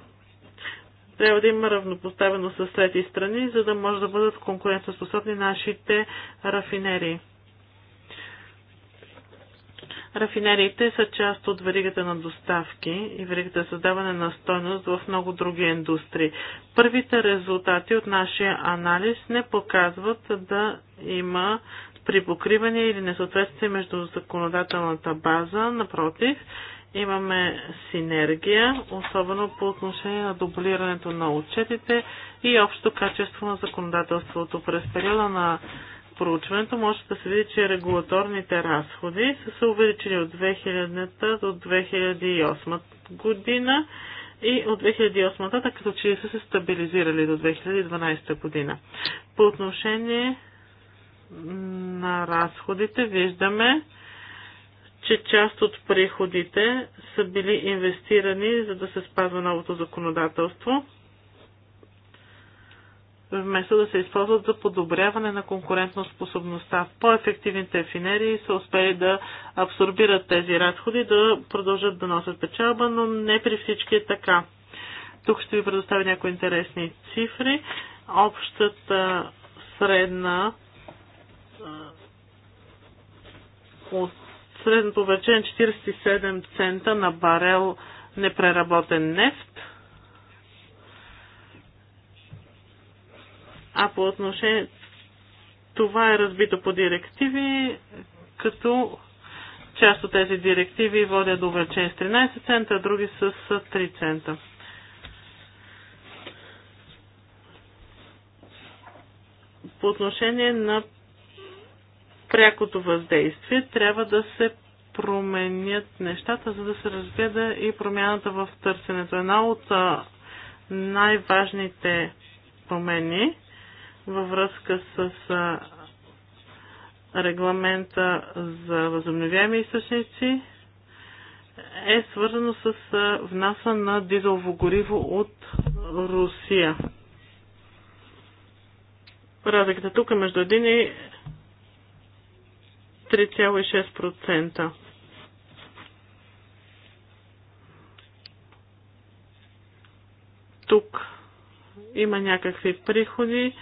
Трябва да има равнопоставено с трети страни, за да може да бъдат конкурентоспособни нашите рафинерии. Рафинериите са част от веригата на доставки и веригата за създаване на стойност в много други индустрии. Първите резултати от нашия анализ не показват да има припокриване или несъответствие между законодателната база. Напротив, имаме синергия, особено по отношение на дублирането на отчетите и общо качество на законодателството. През периода на проучването може да се види, че регулаторните разходи са се увеличили от 2000 та до 2008 година и от 2008 та като че са се стабилизирали до 2012 година. По отношение на разходите виждаме, че част от приходите са били инвестирани, за да се спазва новото законодателство вместо да се използват за подобряване на конкурентоспособността. По-ефективните ефинерии са успели да абсорбират тези разходи, да продължат да носят печалба, но не при всички е така. Тук ще ви предоставя някои интересни цифри. Общата средна от средно повече 47 цента на барел непреработен нефт – А по отношение това е разбито по директиви, като част от тези директиви водят до увеличение с 13 цента, а други с 3 цента. По отношение на прякото въздействие, трябва да се променят нещата, за да се разгледа и промяната в търсенето. Една от най-важните промени във връзка с регламента за възобновяеми източници е свързано с внаса на дизелово гориво от Русия. Разликата тук е между 1 и 3,6%. Тук има някакви приходи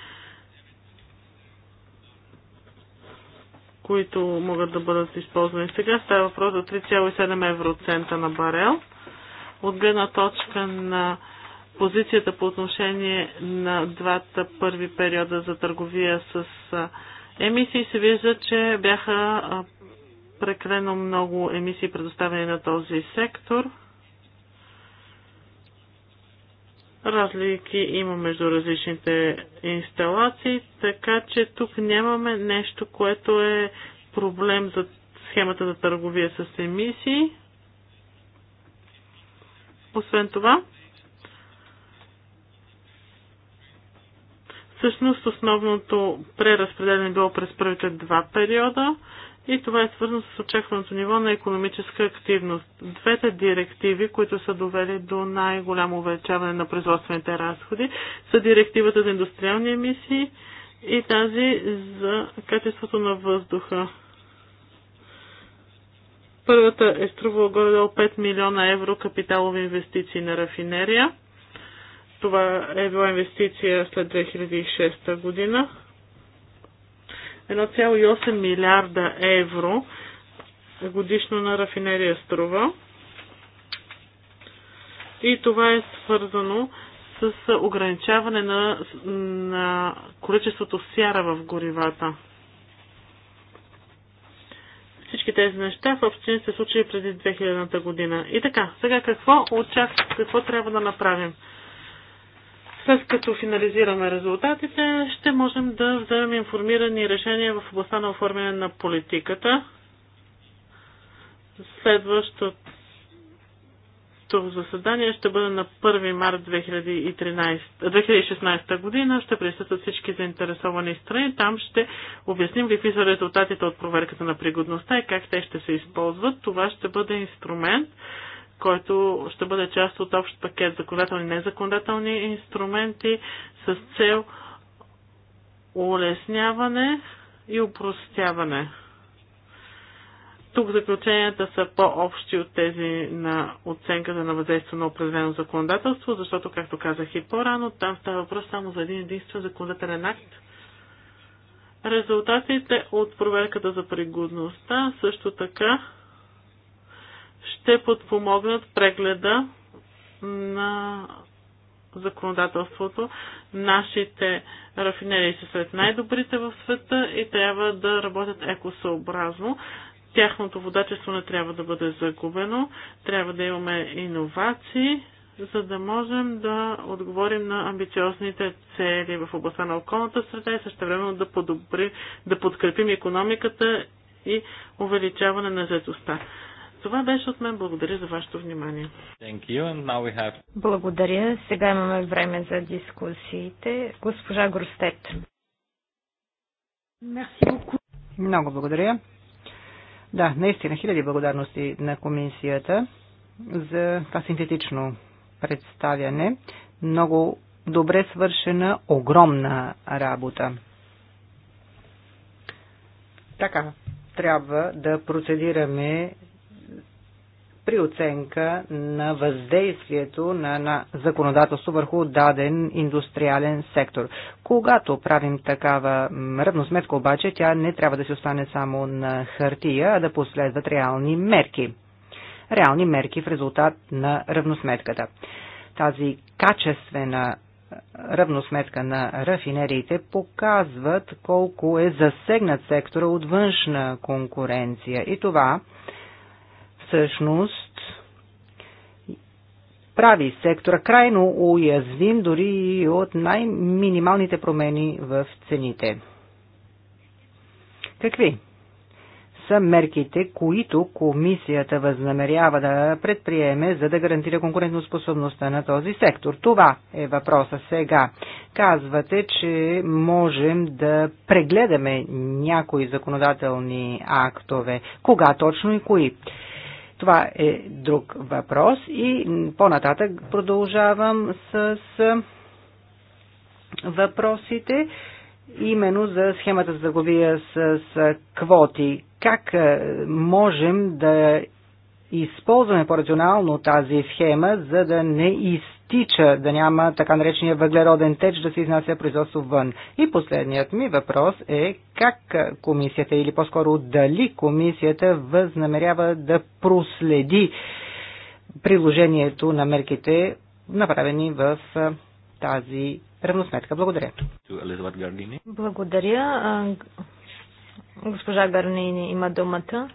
които могат да бъдат използвани. Сега става въпрос за 3,7 евроцента на барел. От гледна точка на позицията по отношение на двата първи периода за търговия с емисии се вижда, че бяха прекалено много емисии предоставени на този сектор – разлики има между различните инсталации, така че тук нямаме нещо, което е проблем за схемата за търговия с емисии. Освен това, всъщност основното преразпределение било през първите два периода и това е свързано с очакваното ниво на економическа активност. Двете директиви, които са довели до най-голямо увеличаване на производствените разходи, са директивата за индустриални емисии и тази за качеството на въздуха. Първата е струвала горе-долу 5 милиона евро капиталови инвестиции на рафинерия. Това е била инвестиция след 2006 година. 1,8 милиарда евро годишно на рафинерия струва. И това е свързано с ограничаване на, на количеството сяра в горивата. Всички тези неща в общини се случили преди 2000-та година. И така, сега какво, очак, какво трябва да направим? След като финализираме резултатите, ще можем да вземем информирани решения в областта на оформяне на политиката. Следващото заседание ще бъде на 1 март 2013, 2016 година. Ще присъстват всички заинтересовани страни. Там ще обясним какви са резултатите от проверката на пригодността и как те ще се използват. Това ще бъде инструмент, който ще бъде част от общ пакет законодателни и незаконодателни инструменти с цел улесняване и упростяване. Тук заключенията са по-общи от тези на оценката на въздействие на определено законодателство, защото, както казах и по-рано, там става въпрос само за един единствен законодателен акт. Резултатите от проверката за пригодността също така ще подпомогнат прегледа на законодателството. Нашите рафинерии са сред най-добрите в света и трябва да работят екосъобразно. Тяхното водачество не трябва да бъде загубено. Трябва да имаме иновации, за да можем да отговорим на амбициозните цели в областта на околната среда и също време да, подобри, да подкрепим економиката и увеличаване на заедостта. Това беше от мен. Благодаря за вашето внимание. Have... Благодаря. Сега имаме време за дискусиите. Госпожа Гростет. Много благодаря. Да, наистина хиляди благодарности на комисията за това синтетично представяне. Много добре свършена, огромна работа. Така, трябва да процедираме при оценка на въздействието на, на законодателство върху даден индустриален сектор. Когато правим такава равносметка обаче, тя не трябва да се остане само на хартия, а да последват реални мерки. Реални мерки в резултат на равносметката. Тази качествена равносметка на рафинериите показват колко е засегнат сектора от външна конкуренция и това всъщност прави сектора крайно уязвим дори и от най-минималните промени в цените. Какви са мерките, които комисията възнамерява да предприеме, за да гарантира конкурентоспособността на този сектор? Това е въпроса сега. Казвате, че можем да прегледаме някои законодателни актове. Кога точно и кои? Това е друг въпрос и по-нататък продължавам с въпросите именно за схемата за заговия с квоти. Как е, можем да използваме по-рационално тази схема, за да не изтъкваме изтича, да няма така наречения въглероден теч да се изнася производство вън. И последният ми въпрос е как комисията или по-скоро дали комисията възнамерява да проследи приложението на мерките, направени в тази равносметка. Благодаря. Благодаря. Госпожа Гарнини има думата.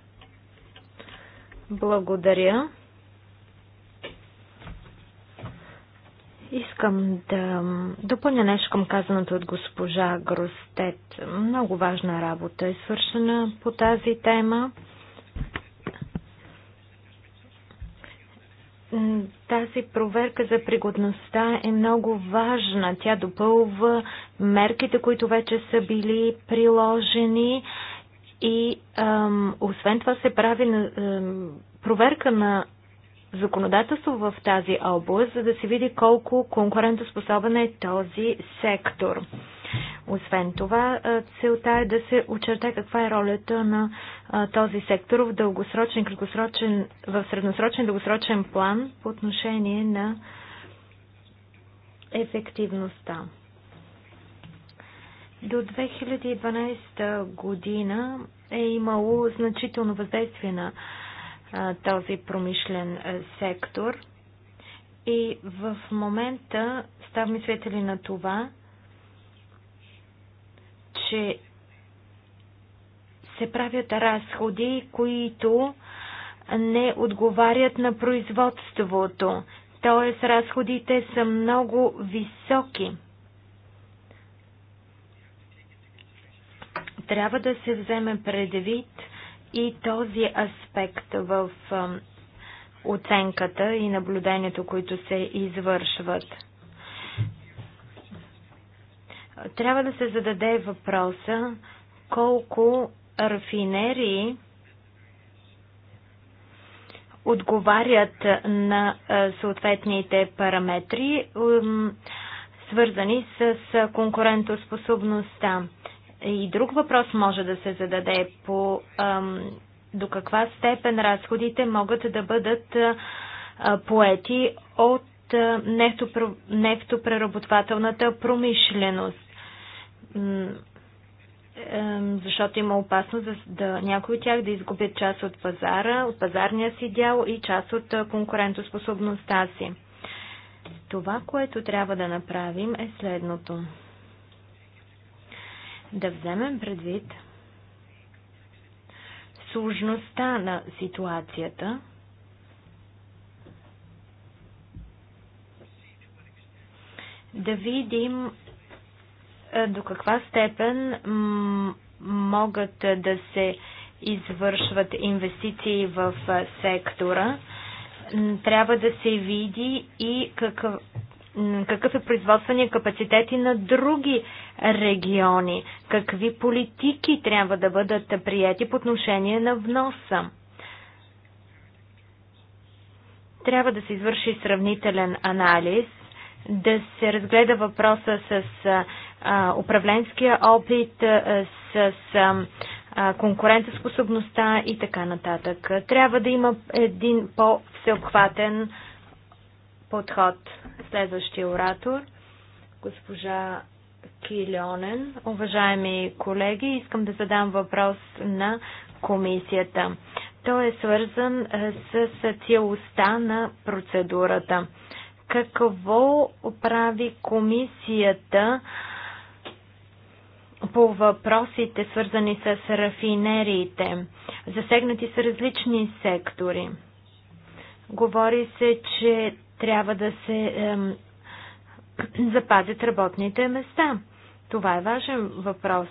Благодаря. Искам да допълня нещо към казаното от госпожа Гростет. Много важна работа е свършена по тази тема. Тази проверка за пригодността е много важна. Тя допълва мерките, които вече са били приложени и ам, освен това се прави ам, проверка на законодателство в тази област, за да се види колко конкурентоспособен е този сектор. Освен това, целта е да се очерта каква е ролята на този сектор в дългосрочен, краткосрочен, в средносрочен, дългосрочен план по отношение на ефективността. До 2012 година е имало значително въздействие на този промишлен сектор. И в момента ставаме свидетели на това, че се правят разходи, които не отговарят на производството. Тоест, разходите са много високи. Трябва да се вземе предвид и този аспект в оценката и наблюдението, които се извършват. Трябва да се зададе въпроса колко рафинерии отговарят на съответните параметри, свързани с конкурентоспособността. И друг въпрос може да се зададе по ам, до каква степен разходите могат да бъдат а, поети от а, нефтопр... нефтопреработвателната промишленост. защото има опасност да, да някои от тях да изгубят част от пазара, от пазарния си дял и част от конкурентоспособността си. Това, което трябва да направим е следното да вземем предвид сложността на ситуацията, да видим е, до каква степен могат да се извършват инвестиции в е, сектора. Трябва да се види и какъв, какъв е производствения капацитет и на други региони, какви политики трябва да бъдат прияти по отношение на вноса. Трябва да се извърши сравнителен анализ, да се разгледа въпроса с а, управленския опит, с а, конкурентоспособността и така нататък. Трябва да има един по-всеобхватен подход. Следващия оратор, госпожа Килионен. Уважаеми колеги, искам да задам въпрос на комисията. Той е свързан е, с цялостта на процедурата. Какво прави комисията по въпросите, свързани с рафинериите? Засегнати са различни сектори. Говори се, че трябва да се запазят работните места. Това е важен въпрос.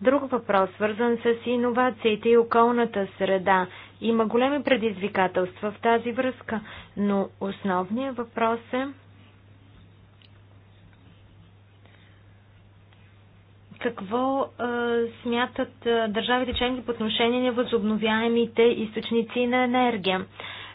Друг въпрос, свързан с иновациите и околната среда. Има големи предизвикателства в тази връзка, но основният въпрос е какво е, смятат е, държавите членки по отношение на възобновяемите източници на енергия.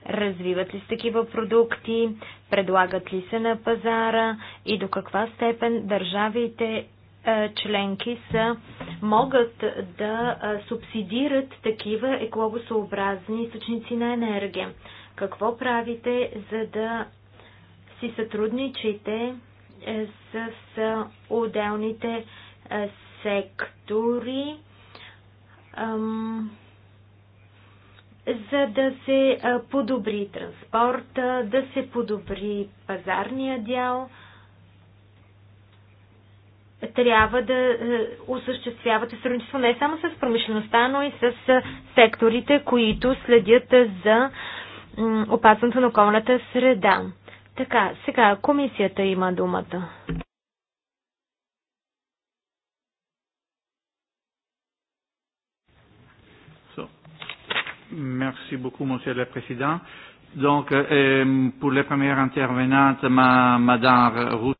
Развиват ли се такива продукти? Предлагат ли се на пазара? И до каква степен държавите е, членки са, могат да е, субсидират такива екологосообразни източници на енергия? Какво правите, за да си сътрудничите е, с отделните сектори? за да се подобри транспорта, да се подобри пазарния дял, трябва да осъществявате сътрудничество не само с промишлеността, но и с секторите, които следят за опасното на околната среда. Така, сега комисията има думата. Merci beaucoup, Monsieur le Président. Donc, euh, pour les premières intervenantes, ma, Madame Рус.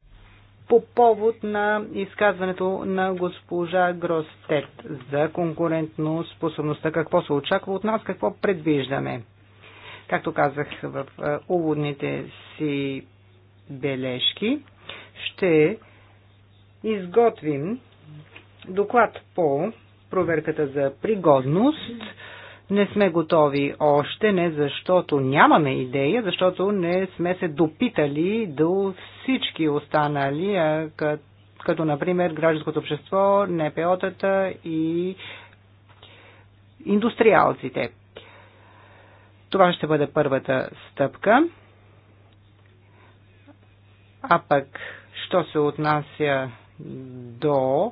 По повод на изказването на госпожа Гростет за конкурентно способността, какво се очаква от нас, какво предвиждаме. Както казах в е, уводните си бележки, ще изготвим доклад по проверката за пригодност, не сме готови още, не защото нямаме идея, защото не сме се допитали до всички останали, като, като например гражданското общество, НПО-тата и индустриалците. Това ще бъде първата стъпка. А пък, що се отнася до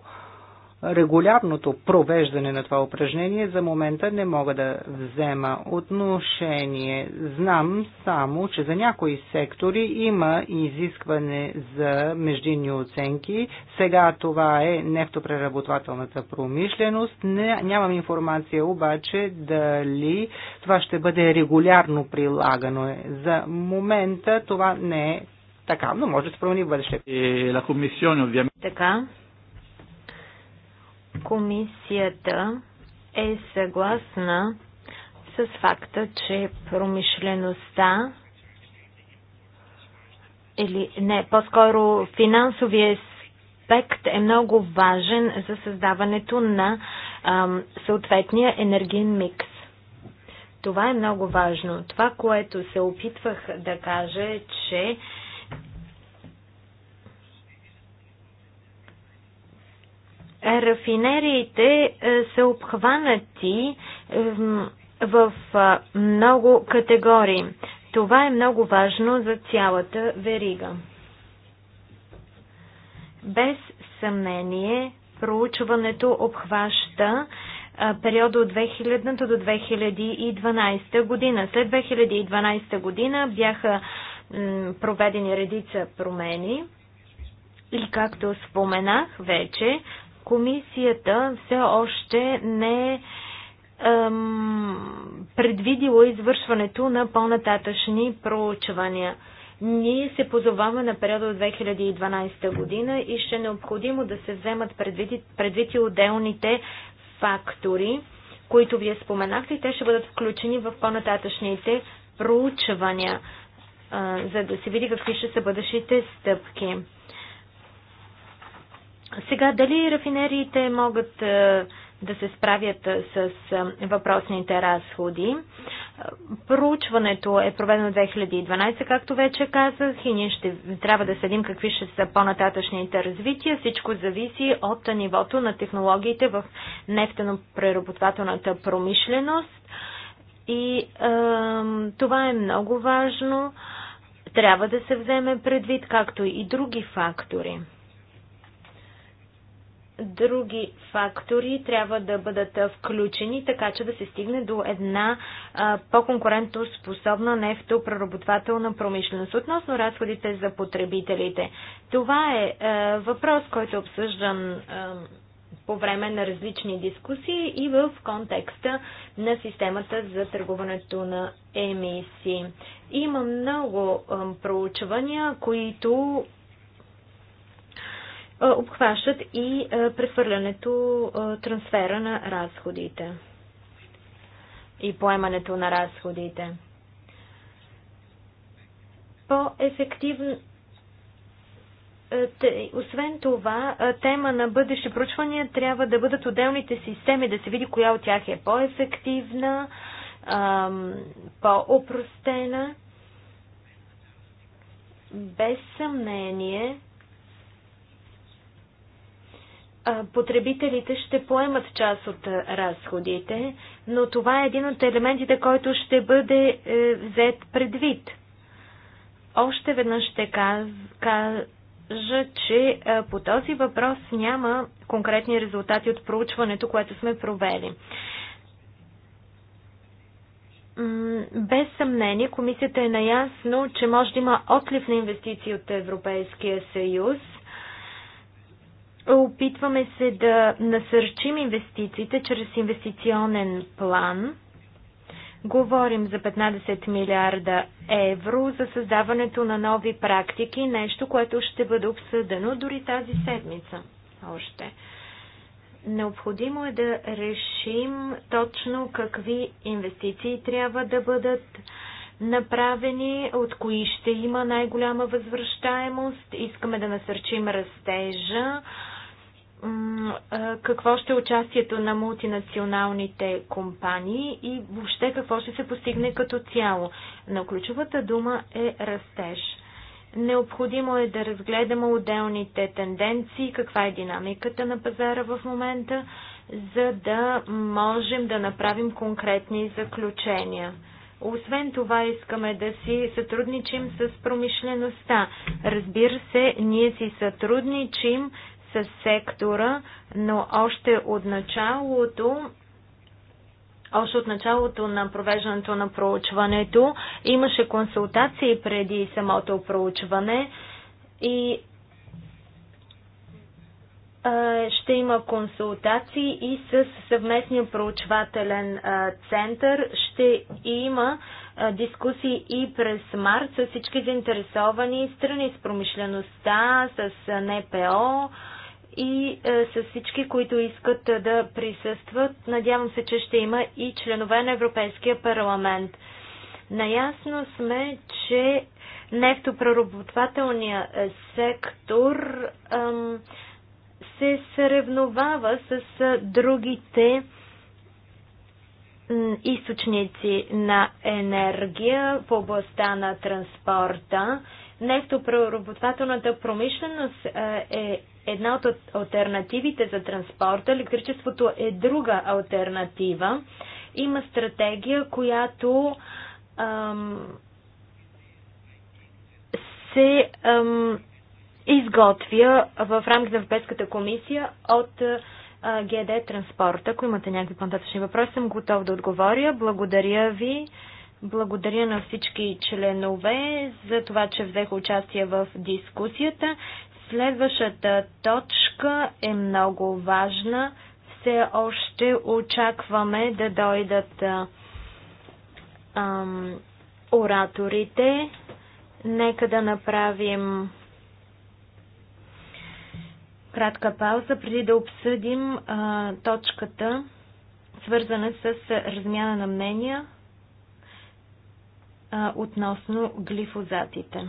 регулярното провеждане на това упражнение за момента не мога да взема отношение. Знам само, че за някои сектори има изискване за междинни оценки. Сега това е нефтопреработвателната промишленост. Не, нямам информация обаче дали това ще бъде регулярно прилагано. За момента това не е така, но може да се промени в бъдеще. Така, Комисията е съгласна с факта, че промишлеността или не, по-скоро финансовия аспект е много важен за създаването на ам, съответния енергиен микс. Това е много важно. Това, което се опитвах да кажа е, че Рафинериите е, са обхванати е, в е, много категории. Това е много важно за цялата верига. Без съмнение, проучването обхваща периода от 2000 до 2012 година. След 2012 година бяха проведени редица промени. И както споменах вече, Комисията все още не е предвидила извършването на по-нататъчни проучвания. Ние се позоваваме на периода от 2012 година и ще е необходимо да се вземат предвид, предвид и отделните фактори, които вие споменахте и те ще бъдат включени в по-нататъчните проучвания, за да се види какви ще са бъдещите стъпки. Сега, дали рафинериите могат е, да се справят е, с е, въпросните разходи? Проучването е проведено 2012, както вече казах, и ние ще трябва да следим какви ще са по-нататъчните развития. Всичко зависи от нивото на технологиите в нефтено-преработвателната промишленост. И е, това е много важно. Трябва да се вземе предвид, както и други фактори други фактори трябва да бъдат включени, така че да се стигне до една по-конкурентоспособна нефтопреработвателна промишленост. Относно разходите за потребителите, това е въпрос, който е обсъждан по време на различни дискусии и в контекста на системата за търгуването на емисии. Има много проучвания, които обхващат и прехвърлянето, трансфера на разходите и поемането на разходите. По-ефективно освен това, тема на бъдещи проучвания трябва да бъдат отделните системи, да се види коя от тях е по-ефективна, по-опростена. Без съмнение, потребителите ще поемат част от разходите, но това е един от елементите, който ще бъде е, взет предвид. Още веднъж ще кажа, че по този въпрос няма конкретни резултати от проучването, което сме провели. Без съмнение, комисията е наясно, че може да има отлив на инвестиции от Европейския съюз – Опитваме се да насърчим инвестициите чрез инвестиционен план. Говорим за 15 милиарда евро за създаването на нови практики, нещо, което ще бъде обсъдено дори тази седмица още. Необходимо е да решим точно какви инвестиции трябва да бъдат направени, от кои ще има най-голяма възвръщаемост. Искаме да насърчим растежа, какво ще е участието на мултинационалните компании и въобще какво ще се постигне като цяло. Но ключовата дума е растеж. Необходимо е да разгледаме отделните тенденции, каква е динамиката на пазара в момента, за да можем да направим конкретни заключения. Освен това искаме да си сътрудничим с промишлеността. Разбира се, ние си сътрудничим с сектора, но още от началото още от началото на провеждането на проучването имаше консултации преди самото проучване и ще има консултации и с съвместния проучвателен център. Ще има дискусии и през март с всички заинтересовани страни, с промишлеността, с НПО, и е, с всички, които искат е, да присъстват. Надявам се, че ще има и членове на Европейския парламент. Наясно сме, че нефтопреработвателния е, сектор ем, се съревновава с е, другите източници на енергия в областта на транспорта. Нефтопреработвателната промишленост е една от альтернативите за транспорта. Електричеството е друга альтернатива. Има стратегия, която ам, се ам, изготвя в рамките на Европейската комисия от а, ГД Транспорт. Ако имате някакви по-нататъчни въпроси, съм готов да отговоря. Благодаря ви. Благодаря на всички членове за това, че взеха участие в дискусията. Следващата точка е много важна. Все още очакваме да дойдат ам, ораторите. Нека да направим кратка пауза, преди да обсъдим а, точката, свързана с размяна на мнения а, относно глифозатите.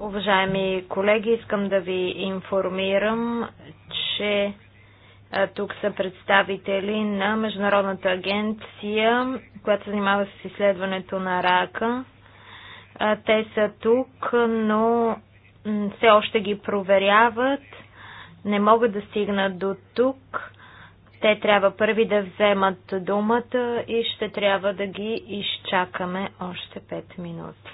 Уважаеми колеги, искам да ви информирам, че тук са представители на Международната агенция, която занимава с изследването на рака. Те са тук, но все още ги проверяват. Не могат да стигнат до тук. Те трябва първи да вземат думата и ще трябва да ги изчакаме още 5 минути.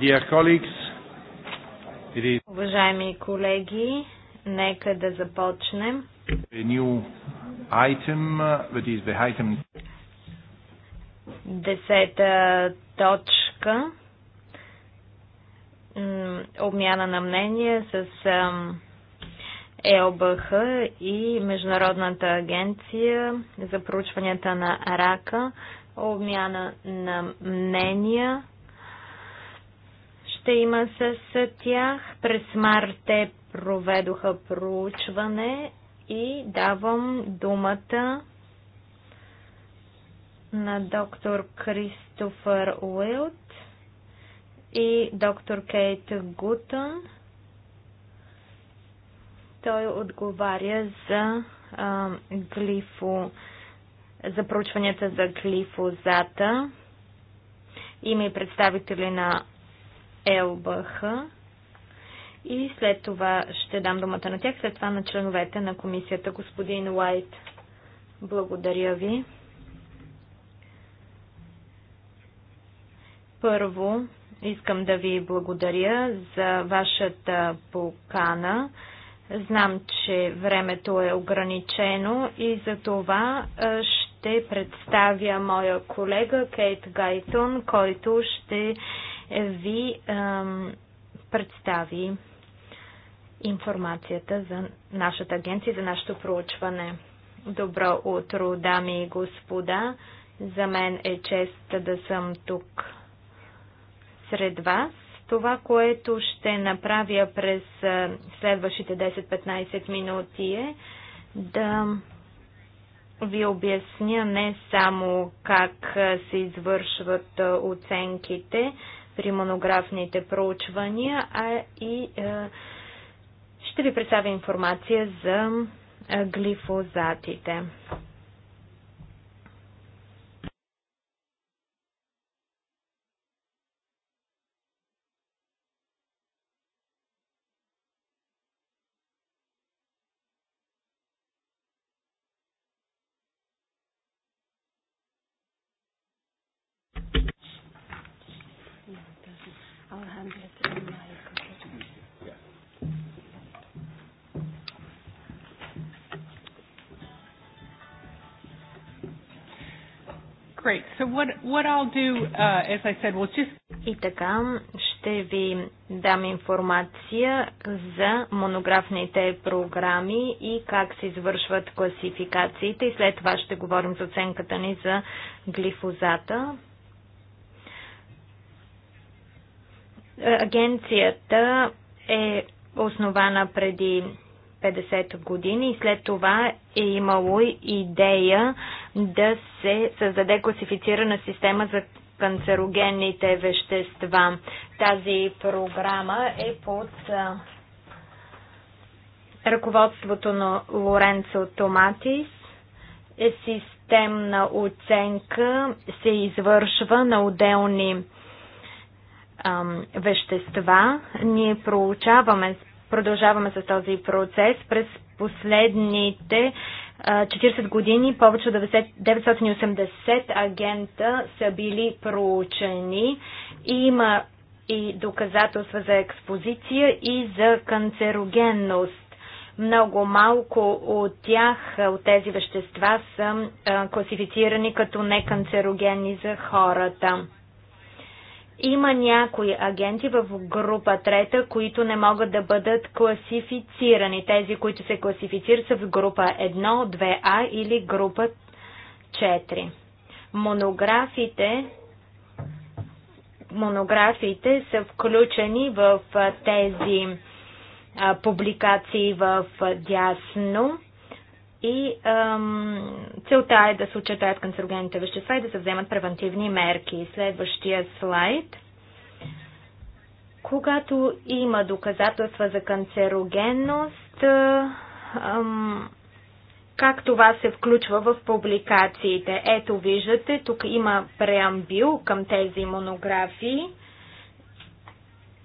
Dear colleagues, it is... Уважаеми колеги, нека да започнем. A new item, that is the item... Десета точка. Обмяна на мнение с ЕОБХ и Международната агенция за проучванията на рака. Обмяна на мнения ще има с тях. През март те проведоха проучване и давам думата на доктор Кристофър Уилт и доктор Кейт Гутън. Той отговаря за а, глифо, за проучванията за глифозата. Има и представители на ЕЛБХ и след това ще дам думата на тях, след това на членовете на комисията. Господин Уайт, благодаря ви. Първо, искам да ви благодаря за вашата покана. Знам, че времето е ограничено и за това ще представя моя колега Кейт Гайтон, който ще ви ам, представи информацията за нашата агенция, за нашето проучване. Добро утро, дами и господа! За мен е чест да съм тук сред вас. Това, което ще направя през следващите 10-15 минути е да ви обясня не само как се извършват оценките, при монографните проучвания, а и е, ще ви представя информация за е, глифозатите. Uh, и така ще ви дам информация за монографните програми и как се извършват класификациите и след това ще говорим за оценката ни за глифозата. Агенцията е основана преди 50 години и след това е имало идея да се създаде класифицирана система за канцерогенните вещества. Тази програма е под ръководството на Лоренцо Томатис. Е системна оценка се извършва на отделни вещества. Ние проучаваме Продължаваме с този процес. През последните 40 години повече от 980 агента са били проучени и има и доказателства за експозиция и за канцерогенност. Много малко от тях, от тези вещества, са класифицирани като неканцерогенни за хората. Има някои агенти в група трета, които не могат да бъдат класифицирани. Тези, които се класифицират са в група 1, 2А или група 4. Монографите монографиите са включени в тези публикации в дясно и ам, целта е да се очертаят канцерогенните вещества и да се вземат превентивни мерки. Следващия слайд. Когато има доказателства за канцерогенност, ам, как това се включва в публикациите? Ето виждате, тук има преамбил към тези монографии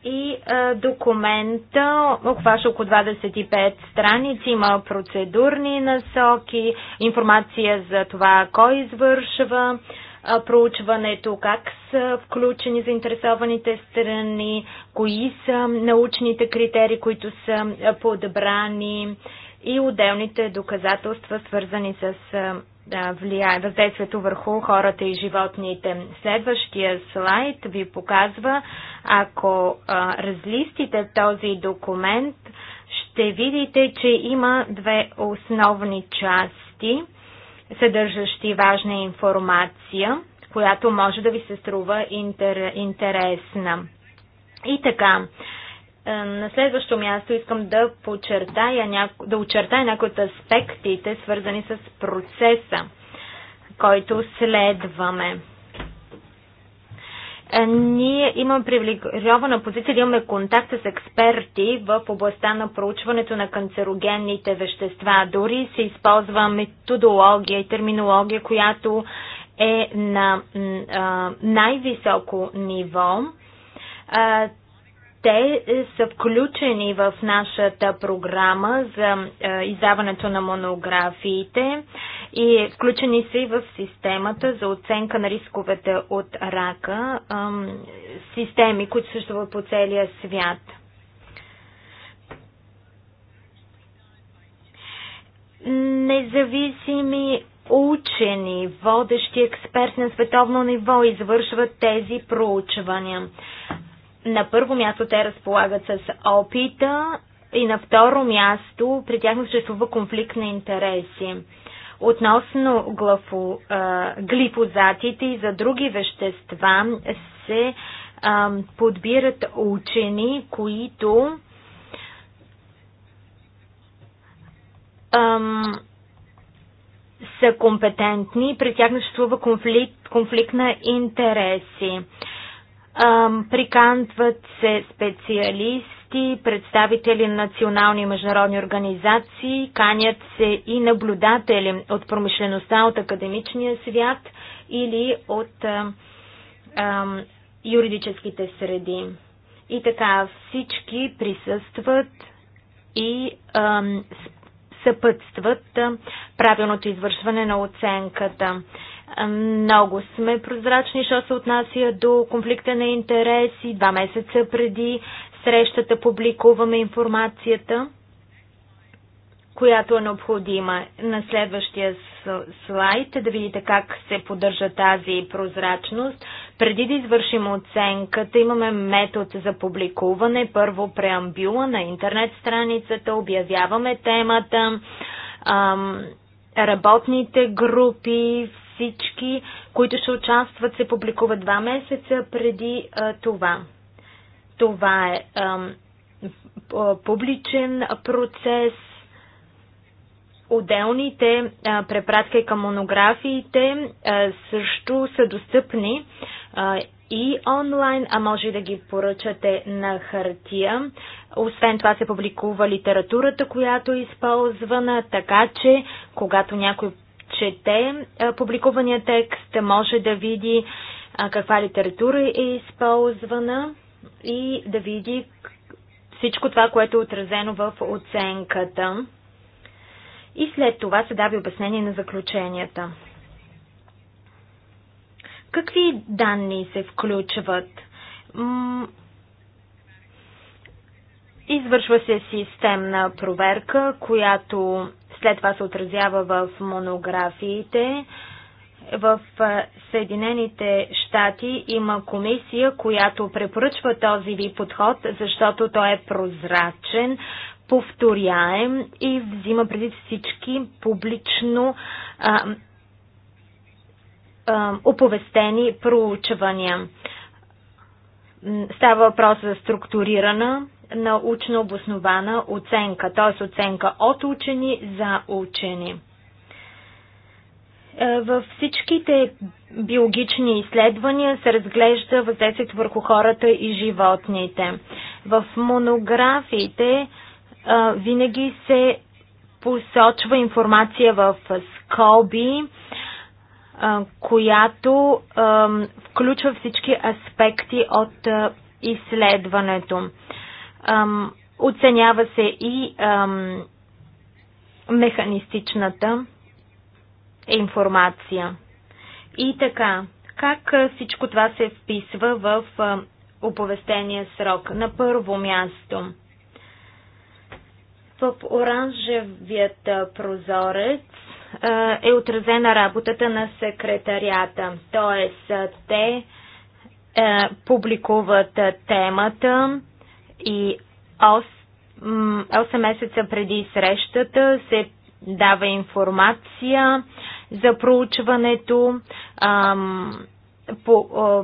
и а, документа обхваща около 25 страници, има процедурни насоки, информация за това кой извършва а, проучването, как са включени заинтересованите страни, кои са научните критерии, които са подбрани, и отделните доказателства, свързани с въздействието върху хората и животните. Следващия слайд ви показва, ако разлистите този документ, ще видите, че има две основни части, съдържащи важна информация, която може да ви се струва интер, интересна. И така, на следващо място искам да подчертая, няко... да очертая някои от аспектите, свързани с процеса, който следваме. Е, ние имаме привилегирована позиция да имаме контакт с експерти в областта на проучването на канцерогенните вещества. Дори се използва методология и терминология, която е на най-високо ниво те е, са включени в нашата програма за е, издаването на монографиите и включени са и в системата за оценка на рисковете от рака, системи, които съществуват по целия свят. Независими учени, водещи експерт на световно ниво, извършват тези проучвания. На първо място те разполагат с опита и на второ място при тях съществува конфликт на интереси. Относно глафо, а, глифозатите и за други вещества се а, подбират учени, които ам, са компетентни, при тях съществува конфликт, конфликт на интереси. Приканват се специалисти, представители на национални и международни организации, канят се и наблюдатели от промишлеността, от академичния свят или от юридическите среди. И така всички присъстват и съпътстват правилното извършване на оценката. Много сме прозрачни, що се отнася до конфликта на интереси. Два месеца преди срещата публикуваме информацията, която е необходима. На следващия слайд е да видите как се поддържа тази прозрачност. Преди да извършим оценката, имаме метод за публикуване. Първо преамбюла на интернет страницата, обявяваме темата, работните групи, всички, които ще участват, се публикуват два месеца преди а, това. Това е а, публичен процес. Отделните а, препратки към монографиите а, също са достъпни а, и онлайн, а може да ги поръчате на хартия. Освен това се публикува литературата, която е използвана, така че когато някой чете публикувания текст, може да види каква литература е използвана и да види всичко това, което е отразено в оценката. И след това се дава обяснение на заключенията. Какви данни се включват? Извършва се системна проверка, която след това се отразява в монографиите. В Съединените щати има комисия, която препоръчва този ви подход, защото той е прозрачен, повторяем и взима преди всички публично а, а, оповестени проучвания. Става въпрос за структурирана научно обоснована оценка, т.е. оценка от учени за учени. Е, във всичките биологични изследвания се разглежда въздействието върху хората и животните. В монографиите е, винаги се посочва информация в скоби, е, която включва всички аспекти от изследването. Ам, оценява се и ам, механистичната информация. И така, как всичко това се вписва в оповестения срок? На първо място, в оранжевият прозорец е отразена работата на секретарията, т.е. те публикуват темата, и 8, 8 месеца преди срещата се дава информация за проучването, ам, по, а,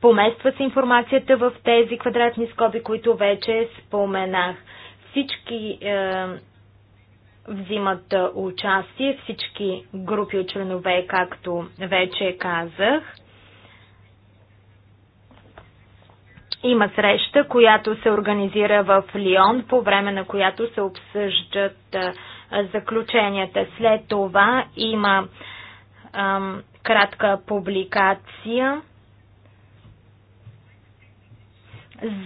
помества се информацията в тези квадратни скоби, които вече споменах. Всички е, взимат участие, всички групи от членове, както вече казах. Има среща, която се организира в Лион, по време на която се обсъждат заключенията. След това има ам, кратка публикация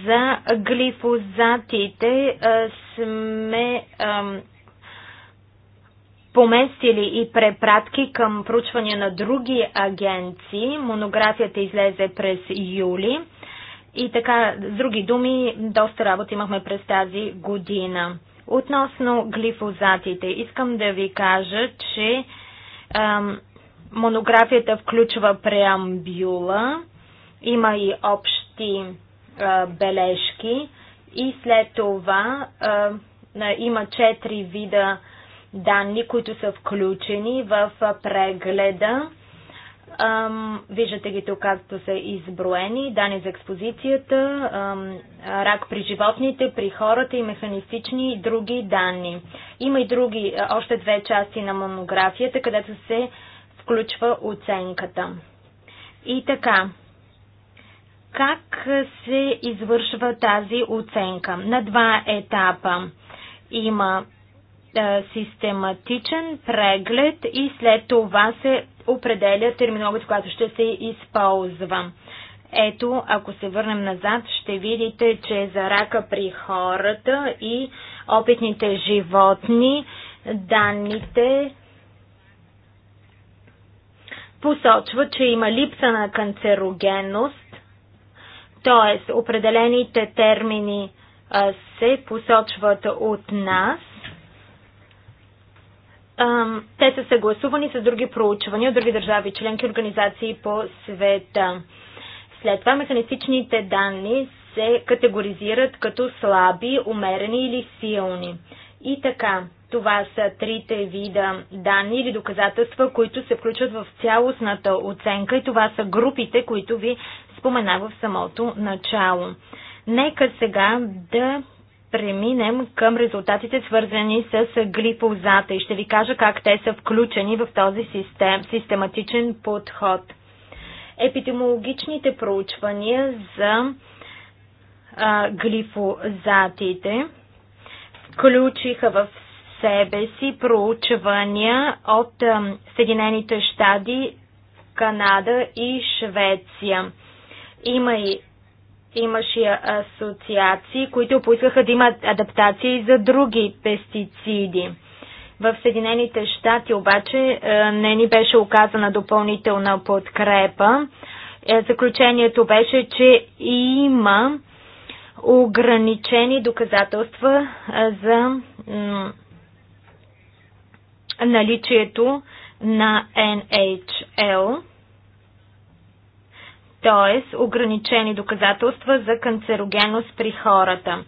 за глифозатите. А, сме ам, поместили и препратки към проучвания на други агенции. Монографията излезе през юли. И така, с други думи, доста работа имахме през тази година. Относно глифозатите, искам да ви кажа, че ам, монографията включва преамбюла, има и общи а, бележки и след това а, има четири вида данни, които са включени в прегледа Ам, виждате ги тук, както са изброени. Дани за експозицията, ам, рак при животните, при хората и механистични и други данни. Има и други, още две части на монографията, където се включва оценката. И така, как се извършва тази оценка? На два етапа има систематичен преглед и след това се определя терминологията, която ще се използва. Ето, ако се върнем назад, ще видите, че за рака при хората и опитните животни данните посочват, че има липса на канцерогенност, т.е. определените термини се посочват от нас те са съгласувани с други проучвания от други държави, членки, организации по света. След това механистичните данни се категоризират като слаби, умерени или силни. И така, това са трите вида данни или доказателства, които се включват в цялостната оценка и това са групите, които ви споменах в самото начало. Нека сега да преминем към резултатите, свързани с глифозата и ще ви кажа как те са включени в този систем, систематичен подход. Епидемиологичните проучвания за а, глифозатите включиха в себе си проучвания от а, Съединените щади, Канада и Швеция. Има и Имаше асоциации, които поискаха да имат адаптации за други пестициди. В Съединените щати обаче е, не ни беше оказана допълнителна подкрепа. Е, заключението беше, че има ограничени доказателства е, за наличието на NHL т.е. ограничени доказателства за канцерогенност при хората.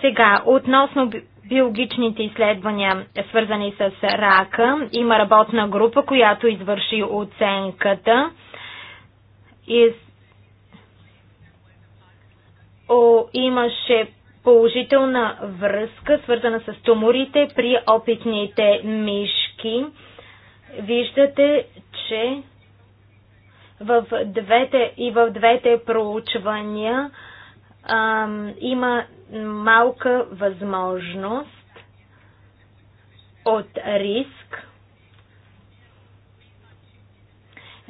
Сега, относно биологичните изследвания, свързани с рака, има работна група, която извърши оценката. И... О, имаше положителна връзка, свързана с туморите при опитните мишки. Виждате, че в двете, и в двете проучвания а, има малка възможност от риск.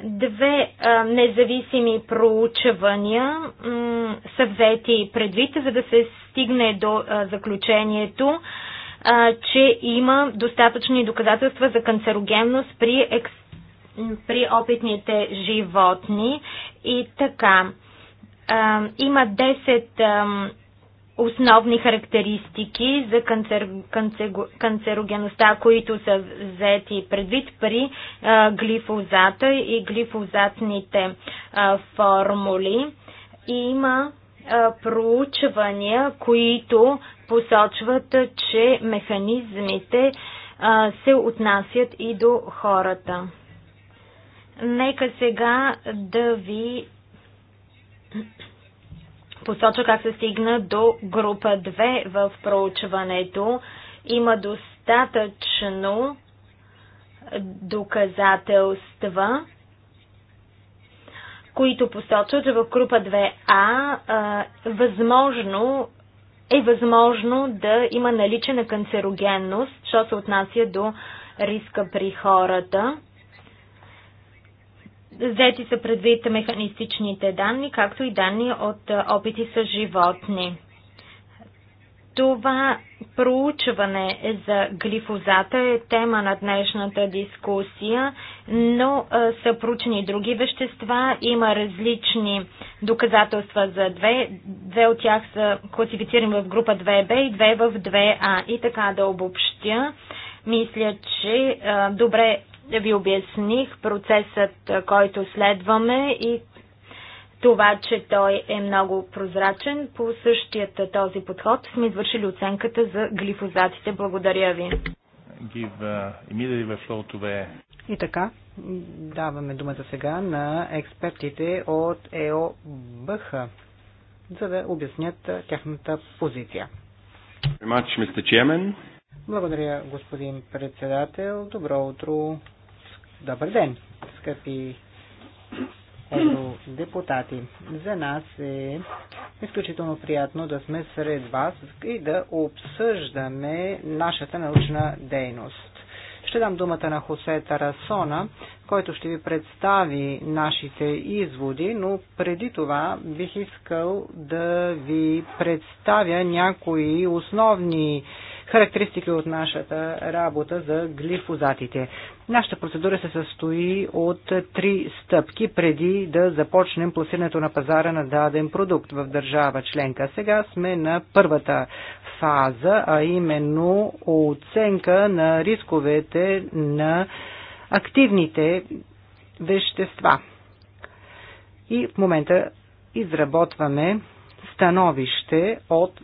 Две а, независими проучвания м, са взети предвид, за да се стигне до а, заключението, а, че има достатъчни доказателства за канцерогенност при екс, при опитните животни и така. Има 10 основни характеристики за канцер, канцер, канцерогеността, които са взети предвид при а, глифозата и глифозатните а, формули. И има а, проучвания, които посочват, че механизмите се отнасят и до хората. Нека сега да ви посоча как се стигна до група 2 в проучването. Има достатъчно доказателства, които посочват, че в група 2А възможно е възможно да има наличие на канцерогенност, що се отнася до риска при хората. Взети са предвид механистичните данни, както и данни от опити с животни. Това проучване за глифозата е тема на днешната дискусия, но са проучени други вещества. Има различни доказателства за две. Две от тях са класифицирани в група 2Б и две в 2А. И така да обобщя, мисля, че добре ви обясних процесът, който следваме и това, че той е много прозрачен. По същият този подход сме извършили оценката за глифозатите. Благодаря ви. И така, даваме думата сега на експертите от ЕОБХ, за да обяснят тяхната позиция. Благодаря, господин председател. Добро утро, Добър ден, скъпи депутати, За нас е изключително приятно да сме сред вас и да обсъждаме нашата научна дейност. Ще дам думата на Хосе Тарасона, който ще ви представи нашите изводи, но преди това бих искал да ви представя някои основни характеристики от нашата работа за глифозатите. Нашата процедура се състои от три стъпки преди да започнем пласирането на пазара на даден продукт в държава членка. Сега сме на първата фаза, а именно оценка на рисковете на активните вещества. И в момента изработваме становище от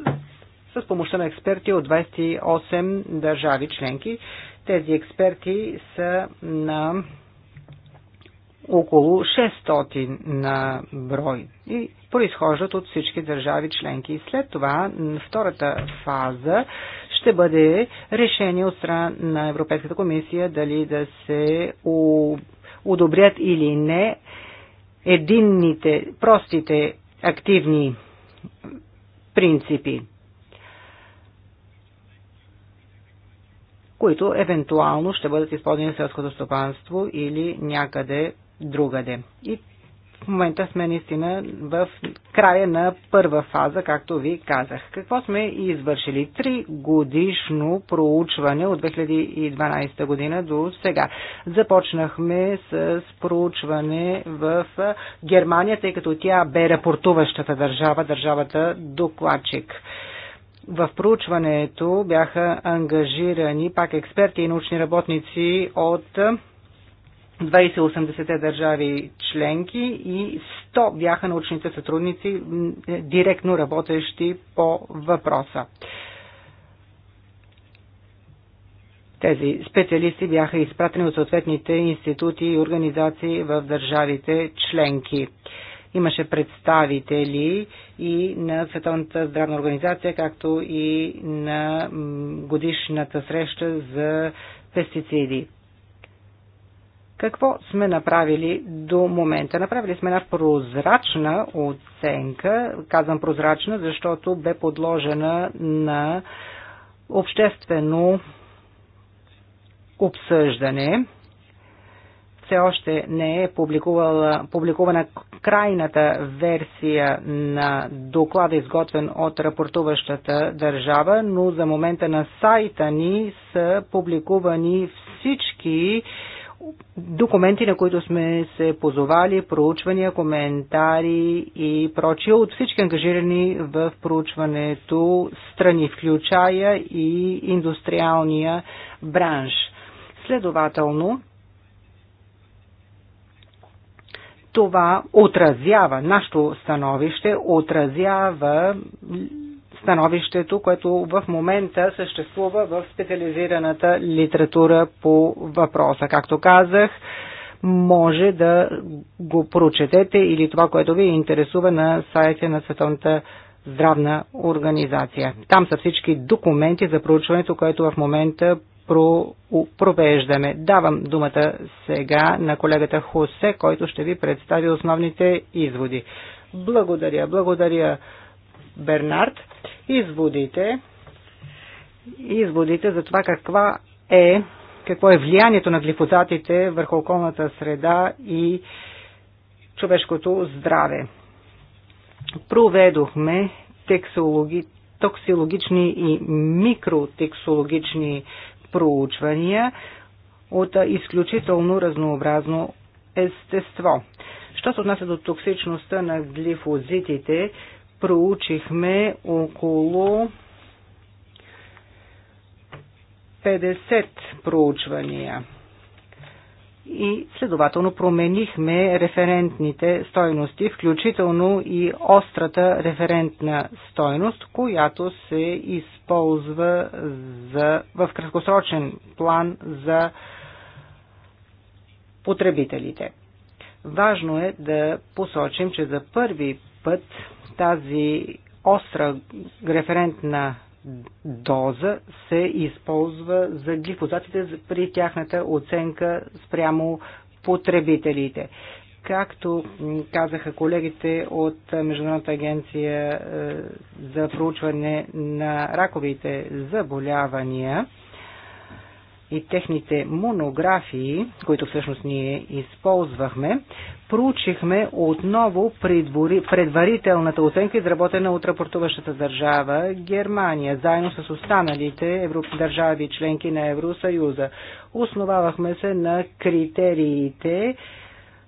с помощта на експерти от 28 държави членки. Тези експерти са на около 600 на брой и произхождат от всички държави членки. След това втората фаза ще бъде решение от страна на Европейската комисия дали да се одобрят или не единните, простите активни принципи. които евентуално ще бъдат използвани в селското стопанство или някъде другаде. И в момента сме наистина в края на първа фаза, както ви казах. Какво сме извършили? Три годишно проучване от 2012 година до сега. Започнахме с проучване в Германия, тъй като тя бе рапортуващата държава, държавата докладчик. В проучването бяха ангажирани пак експерти и научни работници от 2080-те държави членки и 100 бяха научните сътрудници, е, директно работещи по въпроса. Тези специалисти бяха изпратени от съответните институти и организации в държавите членки. Имаше представители и на Световната здравна организация, както и на годишната среща за пестициди. Какво сме направили до момента? Направили сме една прозрачна оценка, казвам прозрачна, защото бе подложена на обществено обсъждане все още не е публикувана крайната версия на доклада, изготвен от рапортуващата държава, но за момента на сайта ни са публикувани всички документи, на които сме се позовали, проучвания, коментари и прочие от всички ангажирани в проучването страни, включая и индустриалния бранш. Следователно, това отразява, нашето становище отразява становището, което в момента съществува в специализираната литература по въпроса. Както казах, може да го прочетете или това, което ви интересува на сайта на Световната здравна организация. Там са всички документи за проучването, което в момента провеждаме. Давам думата сега на колегата Хосе, който ще ви представи основните изводи. Благодаря, благодаря, Бернард. Изводите, изводите за това каква е, какво е влиянието на глифозатите върху околната среда и човешкото здраве. Проведохме токсилогични и микротексологични проучвания от изключително разнообразно естество. Що се отнася до токсичността на глифозитите, проучихме около 50 проучвания и следователно променихме референтните стойности, включително и острата референтна стойност, която се използва за, в краткосрочен план за потребителите. Важно е да посочим, че за първи път тази остра референтна доза се използва за глифозатите при тяхната оценка спрямо потребителите. Както казаха колегите от Международната агенция е, за проучване на раковите заболявания, и техните монографии, които всъщност ние използвахме, проучихме отново предварителната оценка, изработена от рапортуващата държава Германия, заедно с останалите държави членки на Евросъюза. Основавахме се на критериите,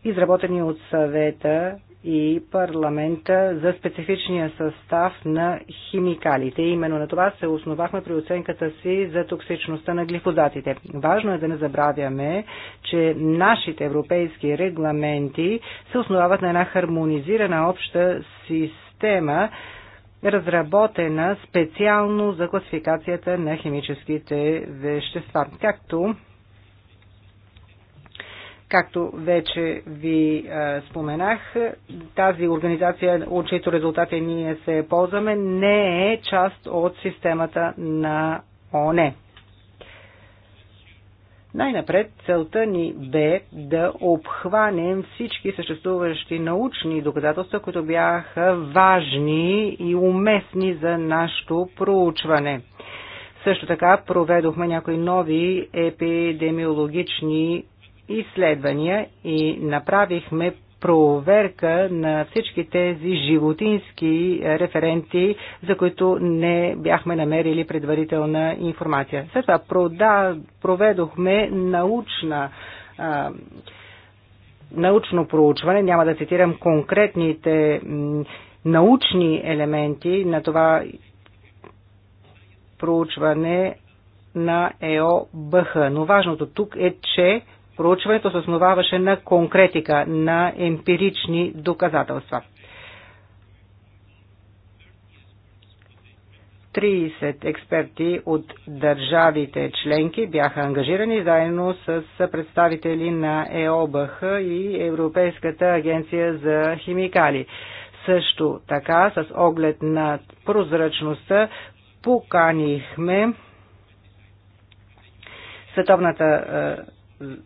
изработени от съвета и парламента за специфичния състав на химикалите. Именно на това се основахме при оценката си за токсичността на глифозатите. Важно е да не забравяме, че нашите европейски регламенти се основават на една хармонизирана обща система, разработена специално за класификацията на химическите вещества. Както Както вече ви а, споменах, тази организация, от чието резултати ние се ползваме, не е част от системата на ОНЕ. Най-напред целта ни бе да обхванем всички съществуващи научни доказателства, които бяха важни и уместни за нашето проучване. Също така проведохме някои нови епидемиологични изследвания и направихме проверка на всички тези животински референти, за които не бяхме намерили предварителна информация. След това проведохме научна а, научно проучване, няма да цитирам конкретните научни елементи на това проучване на ЕОБХ. Но важното тук е, че Проучването се основаваше на конкретика, на емпирични доказателства. 30 експерти от държавите членки бяха ангажирани заедно с представители на ЕОБХ и Европейската агенция за химикали. Също така, с оглед на прозрачността, поканихме Световната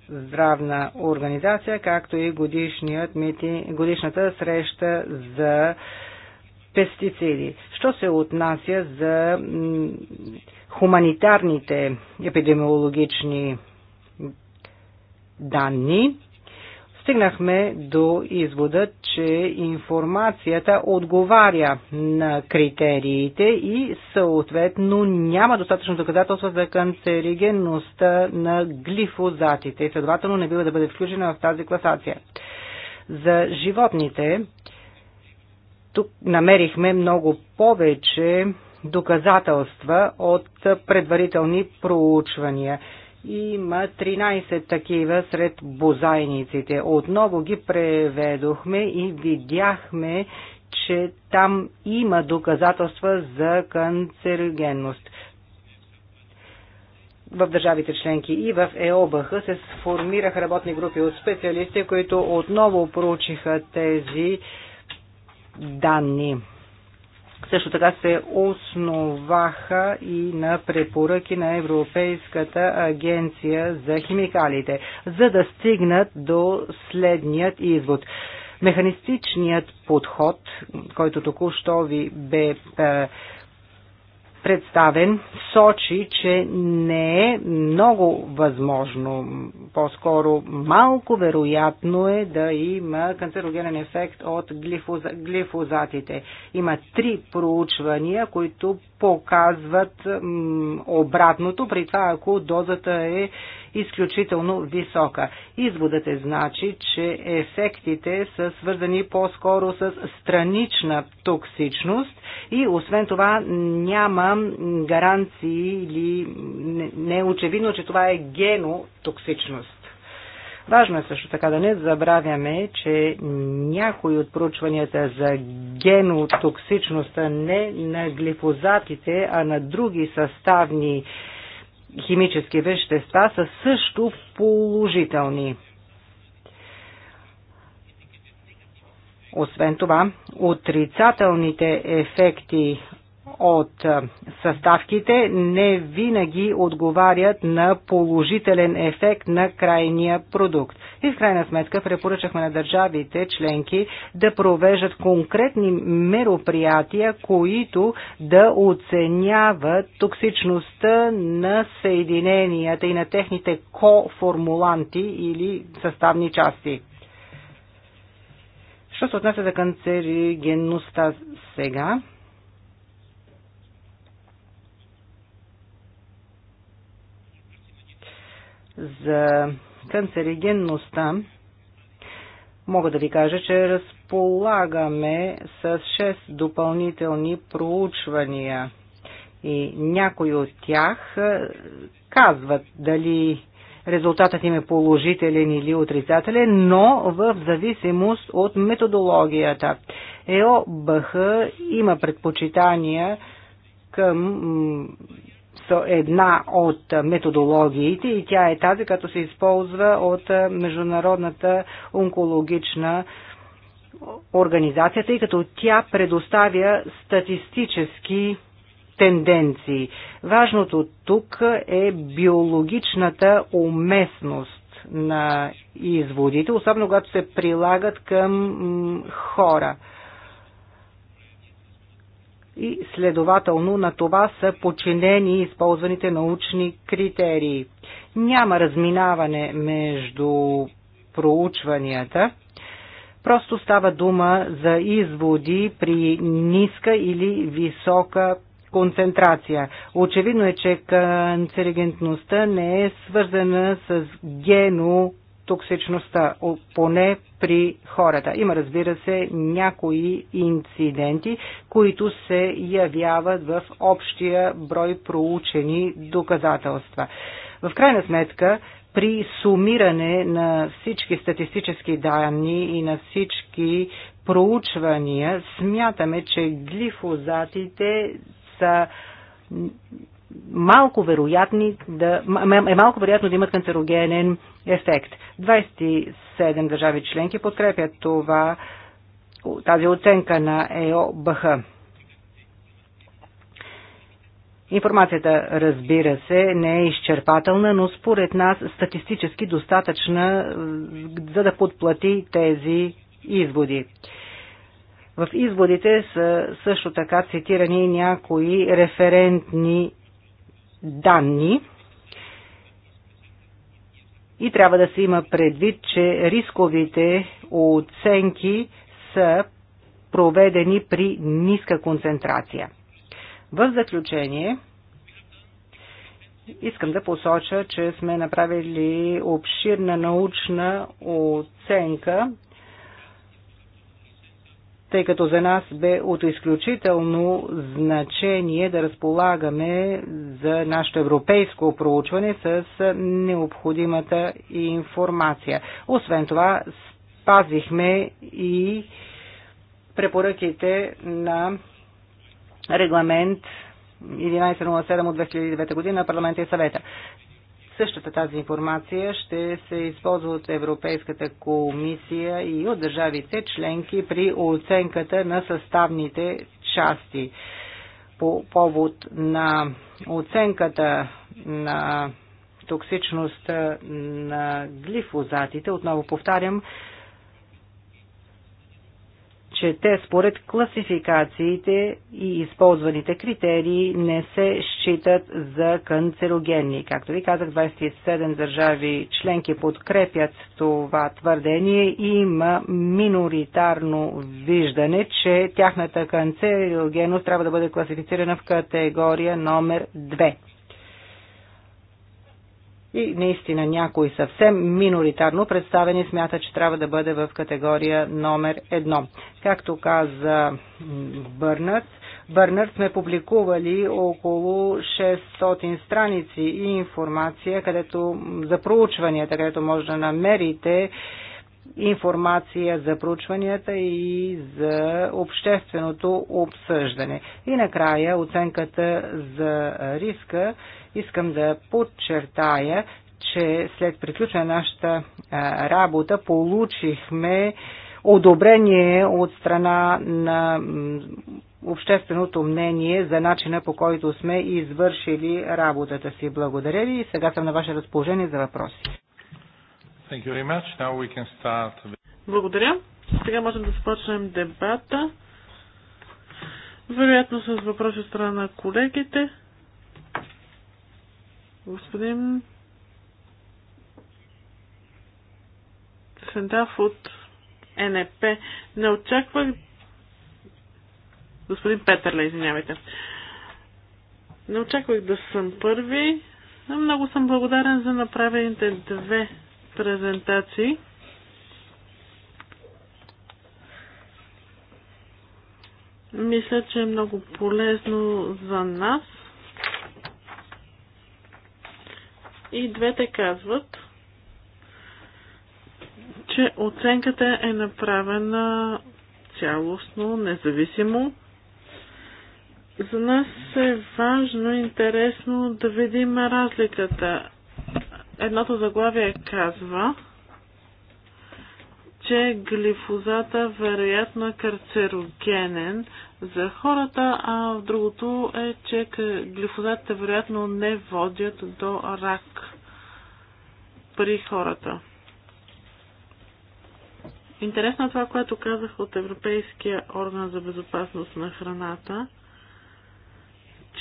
здравна организация, както и годишният мити, годишната среща за пестициди. Що се отнася за хуманитарните епидемиологични данни, стигнахме до извода, че информацията отговаря на критериите и съответно няма достатъчно доказателства за канцеригенността на глифозатите и следователно не бива да бъде включена в тази класация. За животните тук намерихме много повече доказателства от предварителни проучвания. Има 13 такива сред бозайниците. Отново ги преведохме и видяхме, че там има доказателства за канцерогенност. В държавите членки и в ЕОБХ се сформираха работни групи от специалисти, които отново проучиха тези данни също така се основаха и на препоръки на Европейската агенция за химикалите, за да стигнат до следният извод. Механистичният подход, който току-що ви бе е, представен, сочи, че не е много възможно, по-скоро малко вероятно е да има канцерогенен ефект от глифозатите. Има три проучвания, които показват обратното, при това ако дозата е изключително висока. Изводът е значи, че ефектите са свързани по-скоро с странична токсичност и освен това няма гаранции или не е очевидно, че това е генотоксичност. Важно е също така да не забравяме, че някои от проучванията за генотоксичността не на глифозатите, а на други съставни химически вещества са също положителни. Освен това, отрицателните ефекти от е, съставките не винаги отговарят на положителен ефект на крайния продукт. И в крайна сметка препоръчахме на държавите членки да провеждат конкретни мероприятия, които да оценяват токсичността на съединенията и на техните коформуланти или съставни части. Що се отнася за канцерогенността сега, за канцеригенността, мога да ви кажа, че разполагаме с 6 допълнителни проучвания и някои от тях е, казват дали резултатът им е положителен или отрицателен, но в зависимост от методологията. ЕОБХ има предпочитания към една от методологиите и тя е тази, като се използва от Международната онкологична организация, тъй като тя предоставя статистически тенденции. Важното тук е биологичната уместност на изводите, особено когато се прилагат към хора и следователно на това са подчинени използваните научни критерии. Няма разминаване между проучванията, просто става дума за изводи при ниска или висока концентрация. Очевидно е, че канцерогентността не е свързана с гено токсичността, поне при хората. Има, разбира се, някои инциденти, които се явяват в общия брой проучени доказателства. В крайна сметка, при сумиране на всички статистически данни и на всички проучвания, смятаме, че глифозатите са малко вероятни да, е малко вероятно да имат канцерогенен ефект. 27 държави членки подкрепят това, тази оценка на ЕОБХ. Информацията, разбира се, не е изчерпателна, но според нас статистически достатъчна, за да подплати тези изводи. В изводите са също така цитирани някои референтни данни. И трябва да се има предвид, че рисковите оценки са проведени при ниска концентрация. В заключение, искам да посоча, че сме направили обширна научна оценка тъй като за нас бе от изключително значение да разполагаме за нашето европейско проучване с необходимата информация. Освен това, спазихме и препоръките на регламент 1107 от 2009 година на парламента и съвета. Същата тази информация ще се използва от Европейската комисия и от държавите членки при оценката на съставните части. По повод на оценката на токсичност на глифозатите, отново повтарям, че те според класификациите и използваните критерии не се считат за канцерогенни. Както ви казах, 27 държави членки подкрепят това твърдение и има миноритарно виждане, че тяхната канцерогенност трябва да бъде класифицирана в категория номер 2 и наистина някой съвсем миноритарно представени смята, че трябва да бъде в категория номер едно. Както каза Бърнат, Бърнард сме публикували около 600 страници и информация където, за проучванията, където може да намерите информация за проучванията и за общественото обсъждане. И накрая оценката за риска. Искам да подчертая, че след приключване на нашата работа получихме одобрение от страна на общественото мнение за начина по който сме извършили работата си. Благодаря ви и сега съм на ваше разположение за въпроси. Thank you very much. Now we can start. Благодаря. Сега можем да започнем дебата. Вероятно с въпроси от страна на колегите. Господин Сендаф от НП. Не очаквах. Господин Петърле, извинявайте. Не очаквах да съм първи. Много съм благодарен за направените две презентации. Мисля, че е много полезно за нас. И двете казват, че оценката е направена цялостно, независимо. За нас е важно и интересно да видим разликата. Едното заглавие казва, че глифозата вероятно е карцерогенен за хората, а в другото е, че глифозатите вероятно не водят до рак при хората. Интересно е това, което казах от Европейския орган за безопасност на храната –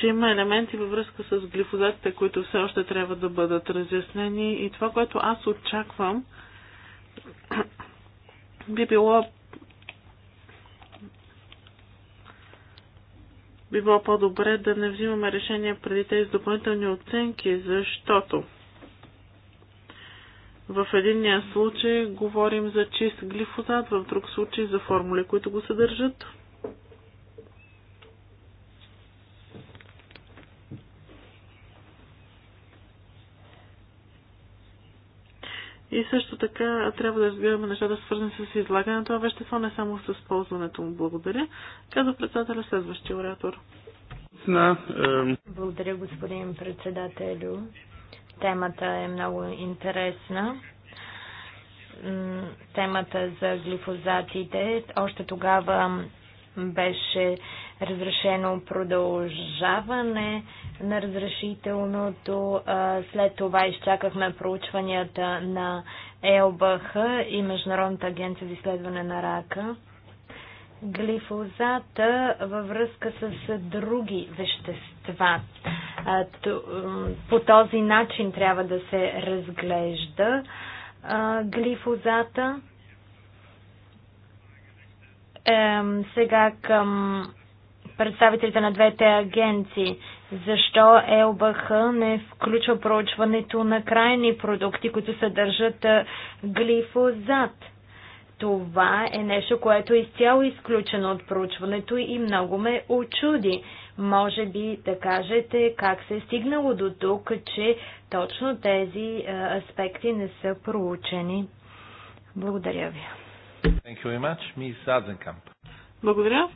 че има елементи във връзка с глифозатите, които все още трябва да бъдат разяснени и това, което аз очаквам, би било би било по-добре да не взимаме решения преди тези допълнителни оценки, защото в единия случай говорим за чист глифозат, в друг случай за формули, които го съдържат. И също така трябва да разбираме нещата, свързани с излагане на това вещество, не само с ползването му. Благодаря. Казва председателя следващия оратор. На, е... Благодаря, господин председателю. Темата е много интересна. Темата за глифозатите още тогава беше разрешено продължаване на разрешителното. След това изчакахме проучванията на ЕОБХ и Международната агенция за изследване на рака. Глифозата във връзка с други вещества. По този начин трябва да се разглежда глифозата. Сега към представителите на двете агенции. Защо ЕЛБХ не включва проучването на крайни продукти, които съдържат глифозат? Това е нещо, което е изцяло изключено от проучването и много ме очуди. Може би да кажете как се е стигнало до тук, че точно тези аспекти не са проучени. Благодаря ви. Благодаря.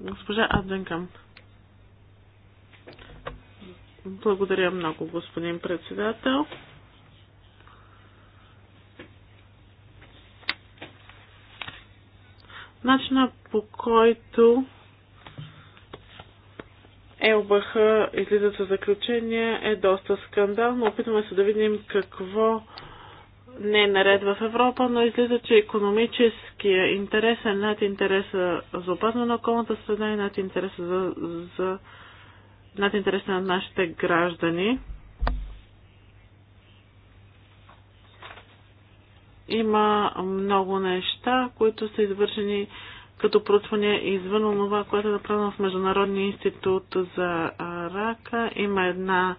Госпожа Аденкам. Благодаря много, господин председател. Начина по който ЕОБХ излизат със заключения е доста скандално. Опитваме се да видим какво не е наред в Европа, но излиза, че економическия интерес е над интереса за опазване на околната среда и над интереса, за, за, над интереса на нашите граждани. Има много неща, които са извършени като проучване извън онова, което е направено в Международния институт за рака. Има една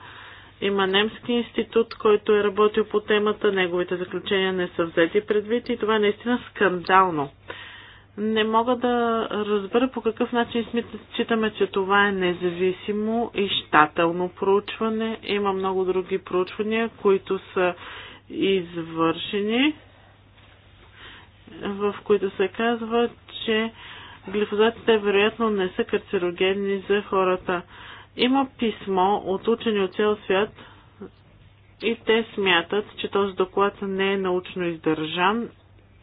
има немски институт, който е работил по темата, неговите заключения не са взети предвид и това е наистина скандално. Не мога да разбера по какъв начин считаме, че това е независимо и щателно проучване. Има много други проучвания, които са извършени, в които се казва, че глифозатите вероятно не са карцерогенни за хората. Има писмо от учени от цял свят и те смятат, че този доклад не е научно издържан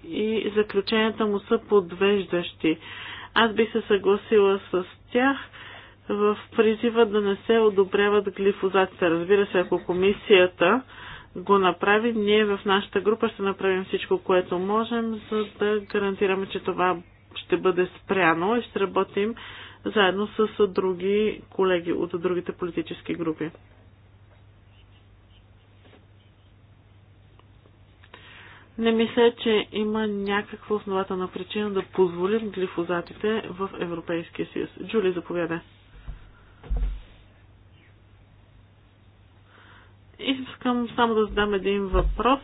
и заключенията му са подвеждащи. Аз би се съгласила с тях в призива да не се одобряват глифозатите. Разбира се, ако комисията го направи, ние в нашата група ще направим всичко, което можем, за да гарантираме, че това ще бъде спряно и ще работим заедно с други колеги от другите политически групи. Не мисля, че има някаква основателна причина да позволим глифозатите в Европейския съюз. Джули, заповяда. Искам само да задам един въпрос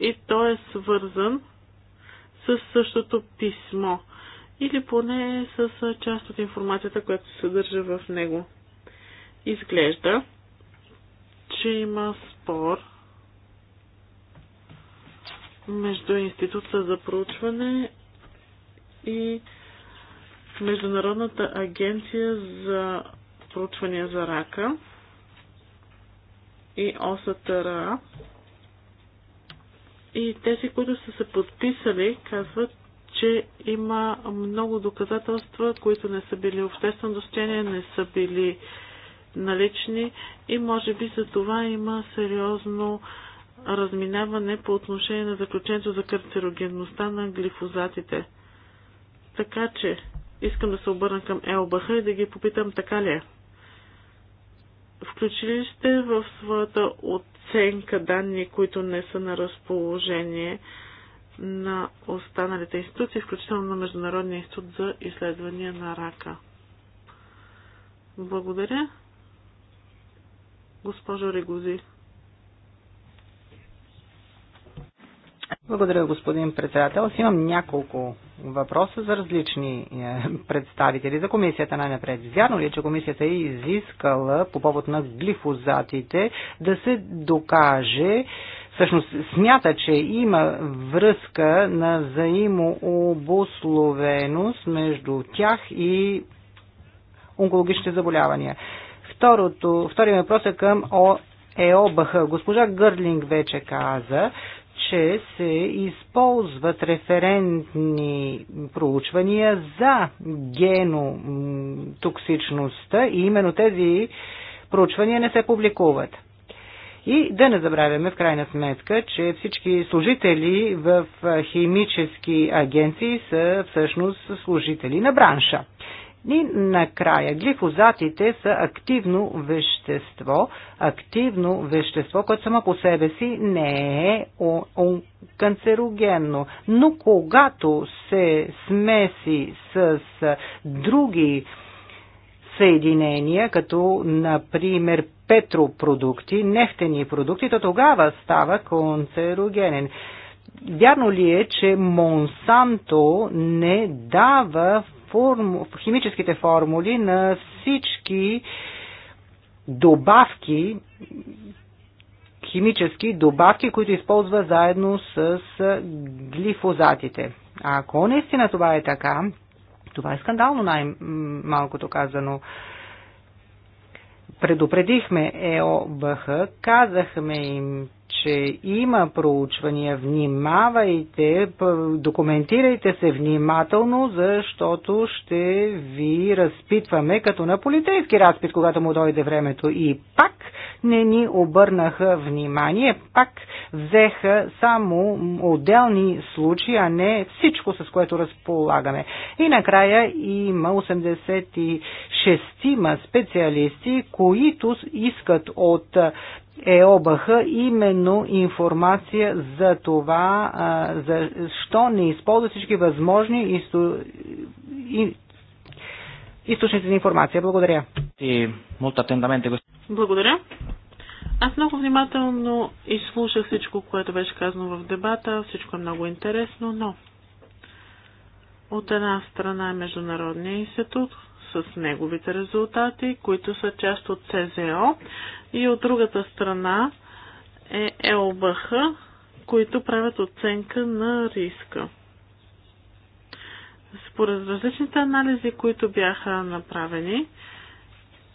и той е свързан с същото писмо или поне с част от информацията, която се съдържа в него. Изглежда, че има спор между Института за проучване и Международната агенция за проучвания за рака и ОСТРА. И тези, които са се подписали, казват, че има много доказателства, които не са били обществено достояние, не са били налични и може би за това има сериозно разминаване по отношение на заключението за карцерогенността на глифозатите. Така че искам да се обърна към ЕОБХ и да ги попитам така ли е. Включили сте в своята оценка данни, които не са на разположение на останалите институции, включително на Международния институт за изследвания на рака. Благодаря. Госпожо Регузи. Благодаря, господин председател. Аз имам няколко въпроса за различни е, представители за комисията най-напред. Вярно ли е, че комисията е изискала по повод на глифозатите да се докаже всъщност смята, че има връзка на взаимообусловеност между тях и онкологичните заболявания. Второто, втория въпрос е към ЕОБХ. Госпожа Гърлинг вече каза, че се използват референтни проучвания за генотоксичността и именно тези проучвания не се публикуват. И да не забравяме в крайна сметка, че всички служители в химически агенции са всъщност служители на бранша. И накрая глифозатите са активно вещество, активно вещество, което само по себе си не е канцерогенно. Но когато се смеси с други съединения, като например петропродукти, нефтени продукти, то тогава става канцерогенен. Вярно ли е, че Монсанто не дава форму, химическите формули на всички добавки, химически добавки, които използва заедно с глифозатите? Ако наистина това е така, това е скандално най-малкото казано. Предупредихме ЕОБХ, казахме им, че има проучвания, внимавайте, документирайте се внимателно, защото ще ви разпитваме като на полицейски разпит, когато му дойде времето. И пак не ни обърнаха внимание, пак взеха само отделни случаи, а не всичко, с което разполагаме. И накрая има 86 специалисти, които искат от ЕОБХ именно информация за това, защо не използва всички възможни източници на информация. Благодаря. И, благодаря. Аз много внимателно изслушах всичко, което беше казано в дебата. Всичко е много интересно, но от една страна е Международния институт с неговите резултати, които са част от ЦЗО, и от другата страна е ЕОБХ, които правят оценка на риска. Според различните анализи, които бяха направени,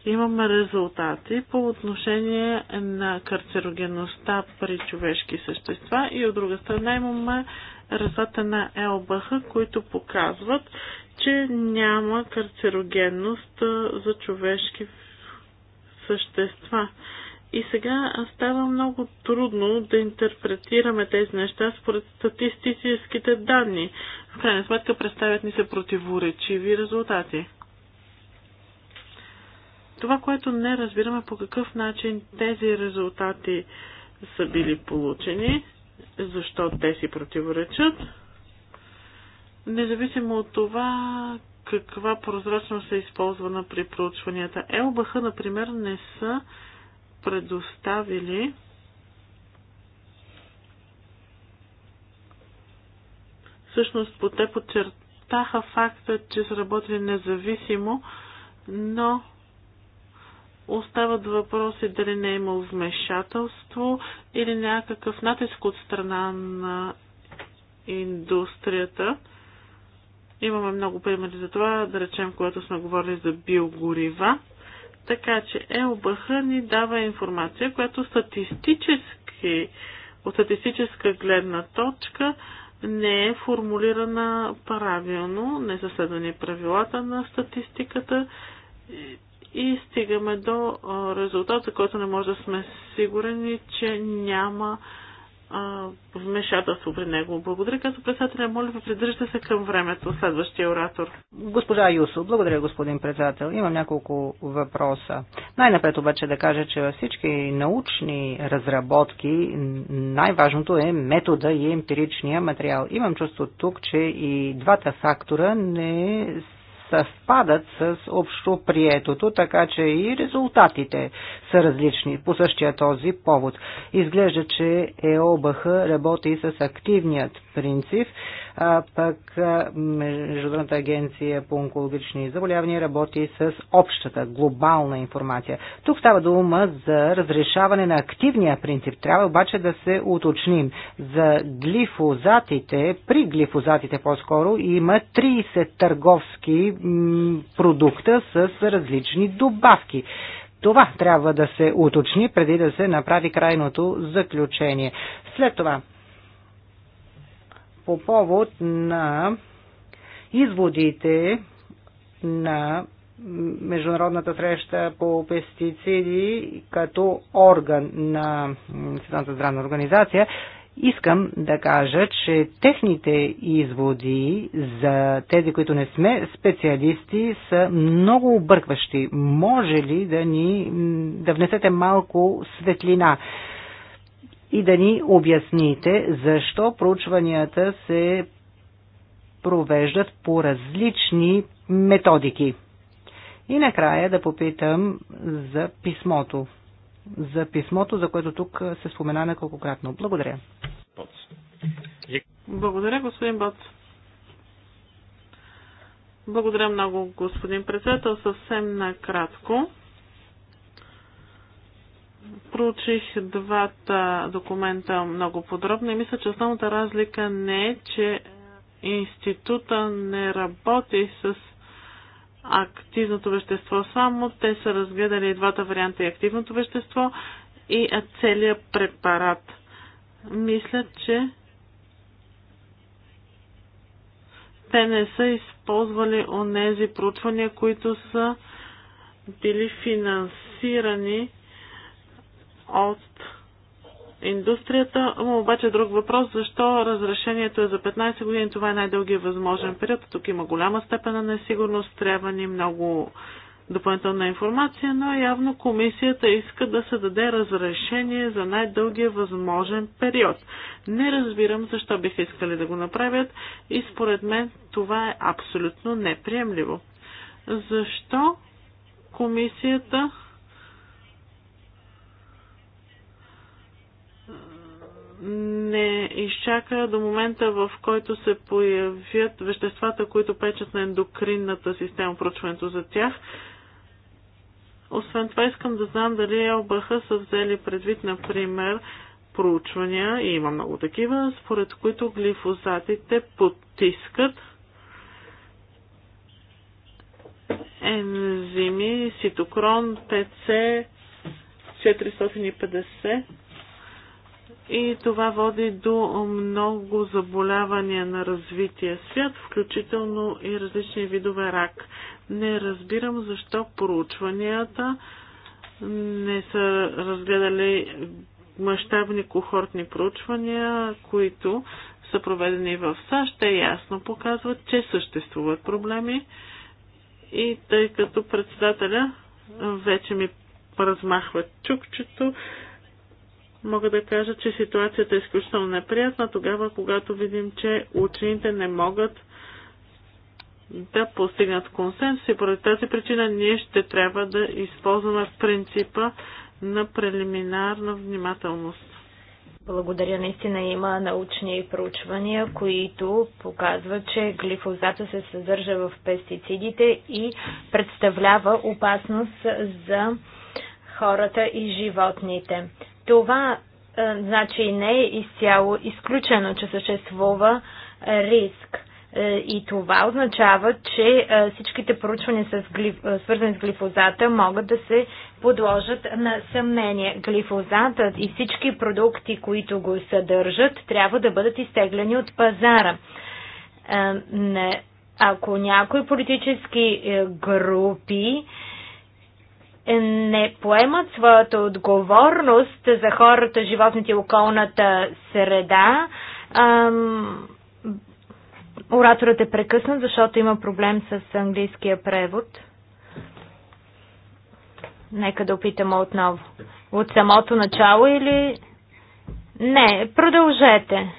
имаме резултати по отношение на карцерогенността при човешки същества и от друга страна имаме резултата на ЛБХ, които показват, че няма карцерогенност за човешки същества. И сега става много трудно да интерпретираме тези неща според статистическите данни. В крайна сметка представят ни се противоречиви резултати. Това, което не разбираме по какъв начин тези резултати са били получени, защо те си противоречат, независимо от това каква прозрачност е използвана при проучванията. ЛБХ, например, не са предоставили Всъщност по те подчертаха факта, че са работили независимо, но Остават въпроси дали не е имал вмешателство или някакъв натиск от страна на индустрията. Имаме много примери за това, да речем, когато сме говорили за биогорива. Така че ЕОБХ ни дава информация, която статистически, от статистическа гледна точка не е формулирана правилно, не са следвани правилата на статистиката и стигаме до резултат, за който не може да сме сигурени, че няма вмешателство при него. Благодаря, като председателя. Моля ви, придържате се към времето. Следващия оратор. Госпожа Юсо, благодаря, господин председател. Имам няколко въпроса. Най-напред обаче да кажа, че във всички научни разработки най-важното е метода и емпиричния материал. Имам чувство тук, че и двата фактора не съвпадат с общо приетото, така че и резултатите са различни по същия този повод. Изглежда, че ЕОБХ работи с активният принцип, а пък Международната агенция по онкологични заболявания работи с общата глобална информация. Тук става дума за разрешаване на активния принцип. Трябва обаче да се уточним. За глифозатите, при глифозатите по-скоро, има 30 търговски продукта с различни добавки. Това трябва да се уточни преди да се направи крайното заключение. След това по повод на изводите на Международната среща по пестициди като орган на Световната здравна организация, искам да кажа, че техните изводи за тези, които не сме специалисти, са много объркващи. Може ли да ни да внесете малко светлина? и да ни обясните защо проучванията се провеждат по различни методики. И накрая да попитам за писмото. За писмото, за което тук се спомена неколкократно. Благодаря. Благодаря, господин Бот. Благодаря много, господин председател. Съвсем накратко. Проучих двата документа много подробно и мисля, че основната разлика не е, че института не работи с активното вещество само. Те са разгледали двата варианта и активното вещество и целият препарат. Мисля, че те не са използвали онези проучвания, които са били финансирани от индустрията, но обаче друг въпрос, защо разрешението е за 15 години, това е най-дългия възможен период, тук има голяма степен на несигурност, трябва ни много допълнителна информация, но явно комисията иска да се даде разрешение за най-дългия възможен период. Не разбирам защо бих искали да го направят и според мен това е абсолютно неприемливо. Защо комисията не изчака до момента, в който се появят веществата, които печат на ендокринната система, проучването за тях. Освен това искам да знам дали ЛБХ са взели предвид, например, проучвания, и има много такива, според които глифозатите потискат ензими, ситокрон, пц 450 и това води до много заболявания на развития свят, включително и различни видове рак. Не разбирам защо проучванията не са разгледали мащабни кохортни проучвания, които са проведени в САЩ, те ясно показват, че съществуват проблеми. И тъй като председателя вече ми размахва чукчето, мога да кажа, че ситуацията е изключително неприятна тогава, когато видим, че учените не могат да постигнат консенсус и поради тази причина ние ще трябва да използваме принципа на прелиминарна внимателност. Благодаря. Наистина има научни проучвания, които показват, че глифозата се съдържа в пестицидите и представлява опасност за хората и животните. Това е, значи не е изцяло изключено, че съществува риск. Е, и това означава, че е, всичките проучвания, с глиф, е, свързани с глифозата, могат да се подложат на съмнение. Глифозатът и всички продукти, които го съдържат, трябва да бъдат изтеглени от пазара. Е, не, ако някои политически е, групи не поемат своята отговорност за хората, животните и околната среда. Ам... Ораторът е прекъснат, защото има проблем с английския превод. Нека да опитаме отново. От самото начало или... Не, продължете.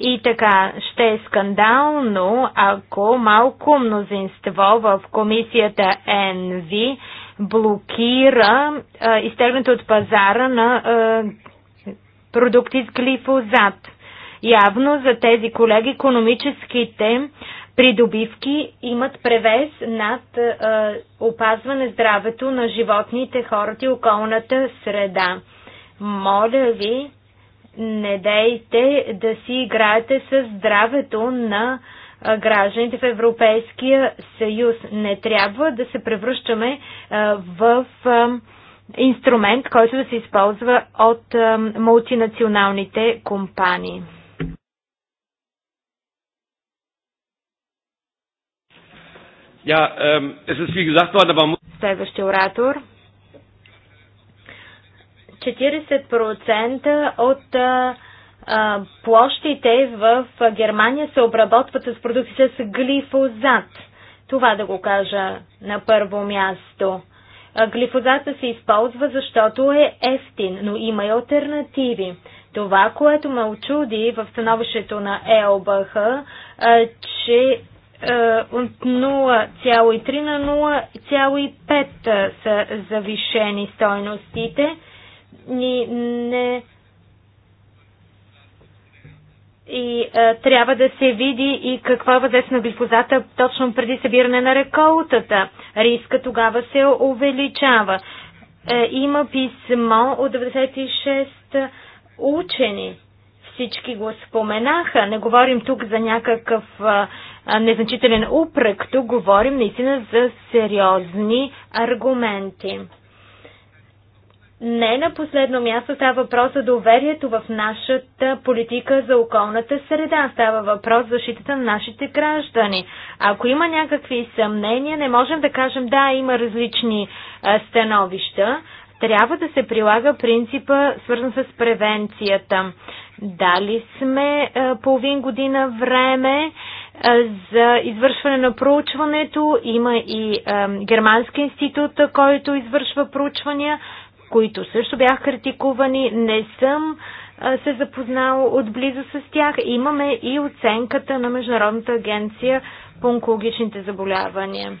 И така, ще е скандално, ако малко мнозинство в комисията НВ блокира а, изтегнато от пазара на а, продукти с глифозат. Явно за тези колеги економическите придобивки имат превес над а, опазване здравето на животните, хората и околната среда. Моля ви, не дейте да си играете с здравето на гражданите в Европейския съюз. Не трябва да се превръщаме в инструмент, който да се използва от мултинационалните компании. Ja, ähm, es ist wie gesagt worden, aber Следващия оратор. 40% от площите в Германия се обработват с продукти с глифозат. Това да го кажа на първо място. Глифозата се използва, защото е ефтин, но има и альтернативи. Това, което ме очуди в становището на ЕОБХ, че от 0,3 на 0,5 са завишени стойностите ни не и а, е, трябва да се види и каква е въздействие на глифозата точно преди събиране на реколтата. Риска тогава се увеличава. Е, има писмо от 96 учени. Всички го споменаха. Не говорим тук за някакъв а, е, незначителен упрек. Тук говорим наистина за сериозни аргументи. Не на последно място става въпрос за доверието в нашата политика за околната среда. Става въпрос за защитата на нашите граждани. Ако има някакви съмнения, не можем да кажем да, има различни становища. Трябва да се прилага принципа, свързан с превенцията. Дали сме половин година време за извършване на проучването. Има и а, Германски институт, който извършва проучвания които също бях критикувани. Не съм се запознал отблизо с тях. Имаме и оценката на Международната агенция по онкологичните заболявания.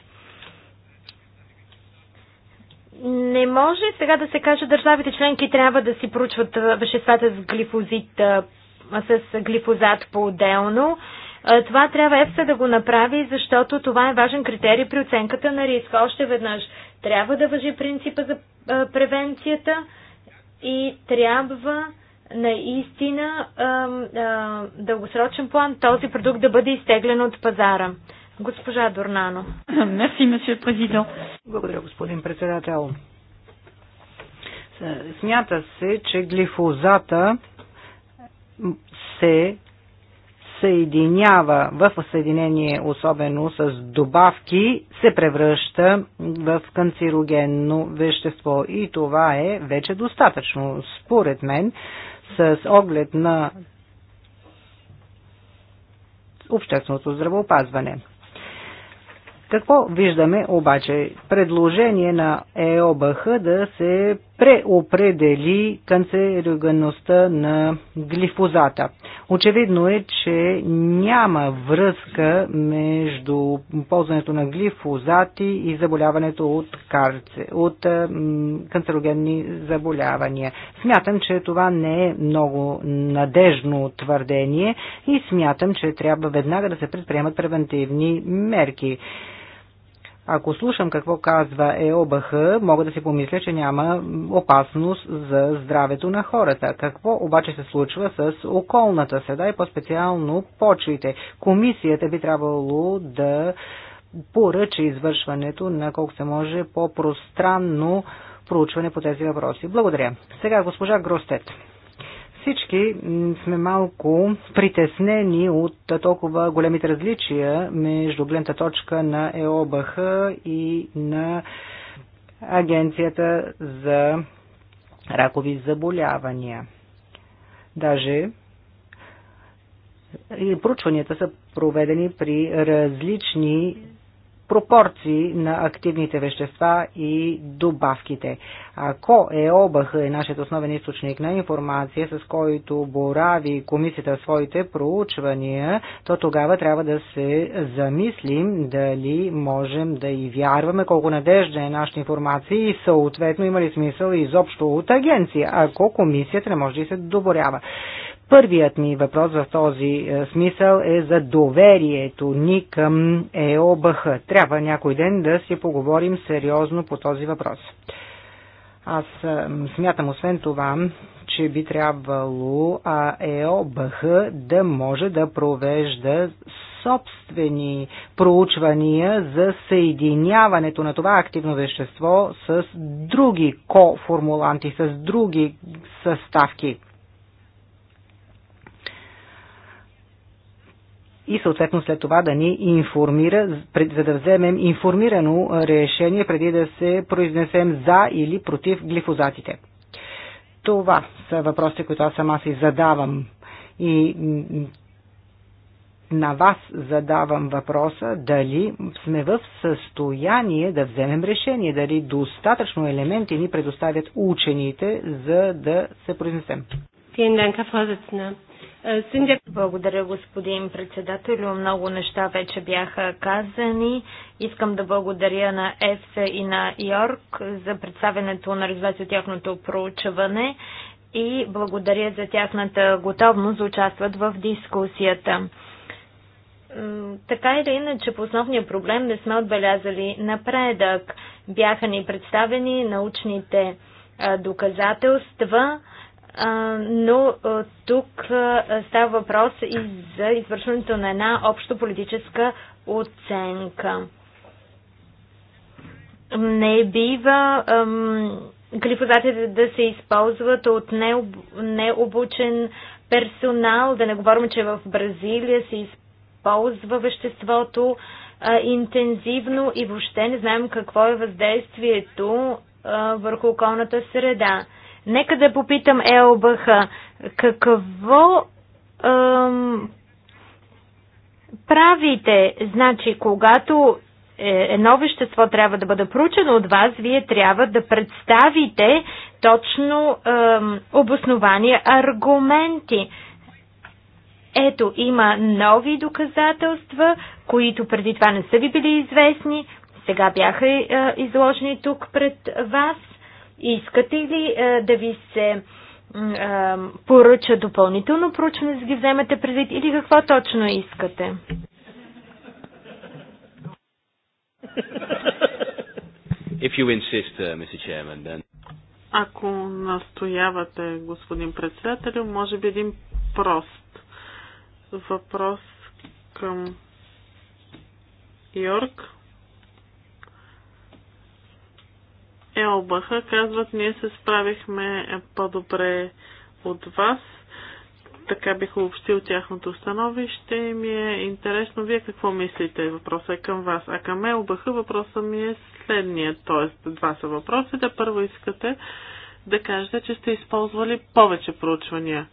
Не може сега да се каже, държавите членки трябва да си проучват веществата с глифозит, с глифозат по-отделно. Това трябва ЕФСА да го направи, защото това е важен критерий при оценката на риска. Още веднъж трябва да въжи принципа за превенцията и трябва наистина дългосрочен план този продукт да бъде изтеглен от пазара. Госпожа Дорнано. Мерси, месье президент. Благодаря, господин председател. Смята се, че глифозата се съединява в съединение особено с добавки, се превръща в канцерогенно вещество. И това е вече достатъчно, според мен, с оглед на общественото здравеопазване. Какво виждаме обаче? Предложение на ЕОБХ да се преопредели канцерогенността на глифозата. Очевидно е, че няма връзка между ползването на глифозати и заболяването от, карце, от канцерогенни заболявания. Смятам, че това не е много надежно твърдение и смятам, че трябва веднага да се предприемат превентивни мерки. Ако слушам какво казва ЕОБХ, мога да си помисля, че няма опасност за здравето на хората. Какво обаче се случва с околната седа и по-специално почвите? Комисията би трябвало да поръча извършването на колко се може по-пространно проучване по тези въпроси. Благодаря. Сега госпожа Гростет всички сме малко притеснени от толкова големите различия между гледната точка на ЕОБХ и на Агенцията за ракови заболявания. Даже и проучванията са проведени при различни пропорции на активните вещества и добавките. Ако ЕОБХ е нашият основен източник на информация, с който борави комисията своите проучвания, то тогава трябва да се замислим дали можем да и вярваме колко надежда е нашата информация и съответно има ли смисъл изобщо от агенция, ако комисията не може да и се доборява. Първият ми въпрос в този е, смисъл е за доверието ни към ЕОБХ. Трябва някой ден да си поговорим сериозно по този въпрос. Аз е, смятам освен това, че би трябвало а ЕОБХ да може да провежда собствени проучвания за съединяването на това активно вещество с други коформуланти, с други съставки. и съответно след това да ни информира, за да вземем информирано решение преди да се произнесем за или против глифозатите. Това са въпросите, които аз сама си задавам и на вас задавам въпроса дали сме в състояние да вземем решение, дали достатъчно елементи ни предоставят учените, за да се произнесем. Благодаря, благодаря, господин председател. Много неща вече бяха казани. Искам да благодаря на ЕФСА и на Йорк за представенето на резултати от тяхното проучване и благодаря за тяхната готовност да участват в дискусията. Така или иначе, по основния проблем не сме отбелязали напредък. Бяха ни представени научните доказателства, но тук става въпрос и за извършването на една общо политическа оценка. Не бива глифозатите да се използват от необучен персонал, да не говорим, че в Бразилия се използва веществото а, интензивно и въобще не знаем какво е въздействието а, върху околната среда. Нека да попитам ЕОБХ, какво ем, правите? Значи, когато е, едно вещество трябва да бъде проучено от вас, вие трябва да представите точно ем, обоснования аргументи. Ето, има нови доказателства, които преди това не са ви били известни, сега бяха е, изложени тук пред вас Искате ли а, е, да ви се а, е, поръча допълнително проучване, да ги вземете предвид или какво точно искате? If you insist, uh, Mr. Chairman, then... Ако настоявате, господин председател, може би един прост въпрос към Йорк. Елбаха, казват, ние се справихме по-добре от вас. Така бих общил тяхното становище. Ми е интересно, вие какво мислите? Въпросът е към вас. А към елбаха, въпросът ми е следният. т.е. два са въпросите. Първо искате да кажете, че сте използвали повече проучвания.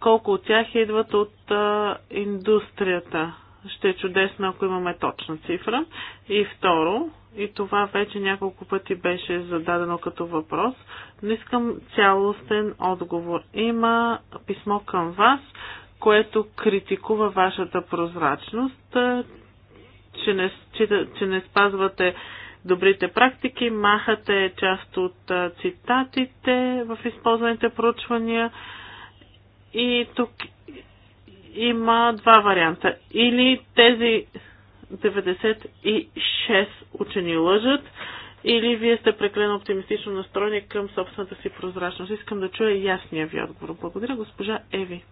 Колко от тях идват от а, индустрията? ще е чудесно, ако имаме точна цифра. И второ, и това вече няколко пъти беше зададено като въпрос, но искам цялостен отговор. Има писмо към вас, което критикува вашата прозрачност, че не, че, че не спазвате добрите практики, махате част от цитатите в използваните проучвания. И тук има два варианта. Или тези 96 учени лъжат, или вие сте преклено оптимистично настроени към собствената си прозрачност. Искам да чуя ясния ви отговор. Благодаря, госпожа Еви.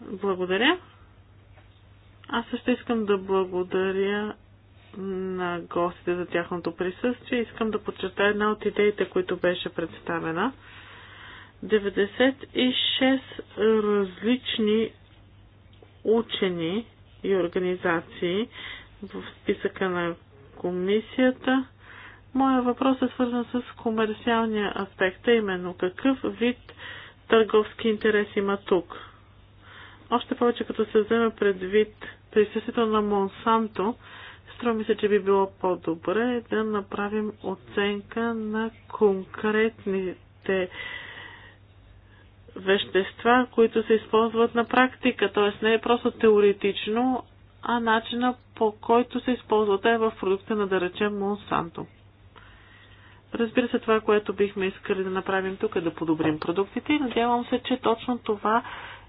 Благодаря. Аз също искам да благодаря на гостите за тяхното присъствие. Искам да подчертая една от идеите, които беше представена. 96 различни учени и организации в списъка на комисията. Моя въпрос е свързан с комерциалния аспект, а именно какъв вид търговски интерес има тук. Още повече като се вземе предвид присъствието на Монсанто Струми ми се, че би било по-добре да направим оценка на конкретните вещества, които се използват на практика. Т.е. не е просто теоретично, а начина по който се използват е в продукта на, да речем, Монсанто. Разбира се, това, което бихме искали да направим тук е да подобрим продуктите и надявам се, че точно това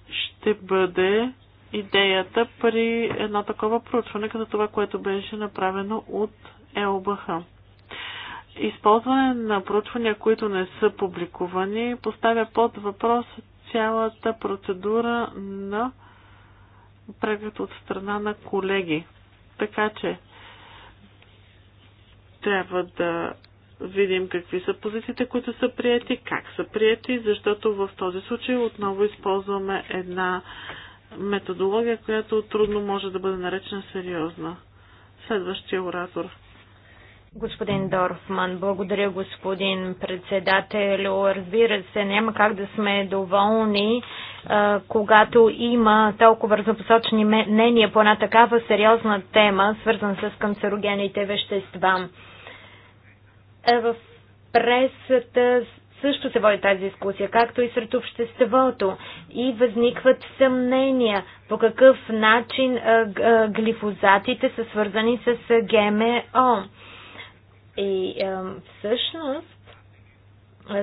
ще бъде идеята при едно такова проучване, като това, което беше направено от ЕОБХ. Използване на проучвания, които не са публикувани, поставя под въпрос цялата процедура на преглед от страна на колеги. Така че трябва да видим какви са позициите, които са прияти, как са прияти, защото в този случай отново използваме една методология, която трудно може да бъде наречена сериозна. Следващия оратор. Господин Дорфман, благодаря господин председател. Разбира се, няма как да сме доволни, когато има толкова разнопосочни мнения по една такава сериозна тема, свързана с канцерогените вещества. Е, в пресата също се води тази дискусия, както и сред обществото. И възникват съмнения по какъв начин глифозатите са свързани с ГМО. И всъщност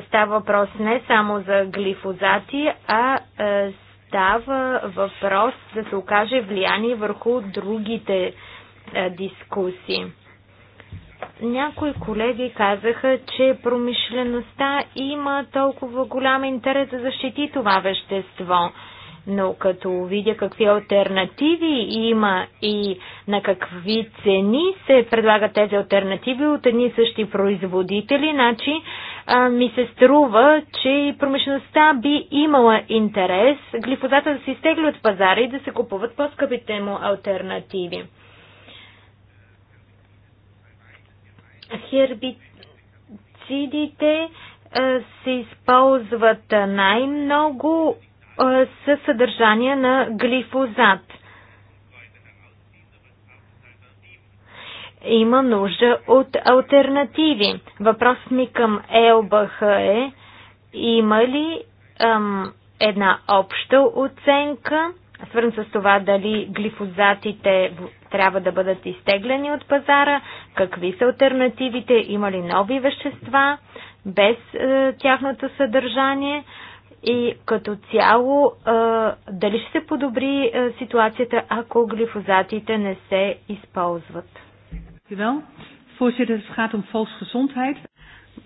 става въпрос не само за глифозати, а става въпрос да се окаже влияние върху другите дискусии. Някои колеги казаха, че промишлеността има толкова голям интерес да защити това вещество. Но като видя какви альтернативи има и на какви цени се предлагат тези альтернативи от едни същи производители, значи а, ми се струва, че промишлеността би имала интерес глифозата да се изтегли от пазара и да се купуват по-скъпите му альтернативи. Хербицидите се използват най-много със съдържание на глифозат. Има нужда от альтернативи. Въпрос ми към ЕЛБХ е има ли ам, една обща оценка, свързан с това дали глифозатите трябва да бъдат изтеглени от пазара, какви са альтернативите, има ли нови вещества без е, тяхното съдържание и като цяло е, дали ще се подобри е, ситуацията, ако глифозатите не се използват. Voorzitter, het gaat om volksgezondheid.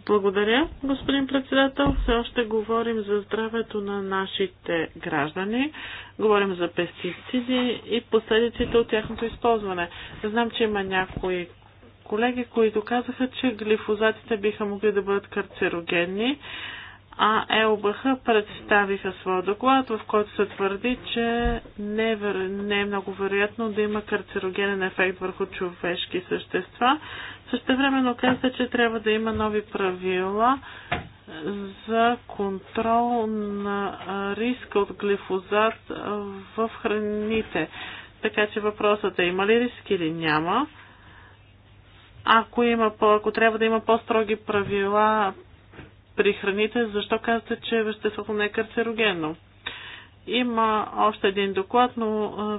Благодаря, господин председател. Все още говорим за здравето на нашите граждани, говорим за пестициди и последиците от тяхното използване. Знам, че има някои колеги, които казаха, че глифозатите биха могли да бъдат карцерогенни, а ЕОБХ представиха своя доклад, в който се твърди, че не е, не е много вероятно да има карцерогенен ефект върху човешки същества, Същевременно каза, че трябва да има нови правила за контрол на риска от глифозат в храните. Така че въпросът е има ли риск или няма. Ако, има, ако трябва да има по-строги правила при храните, защо казвате, че веществото не е карцерогенно? Има още един доклад, но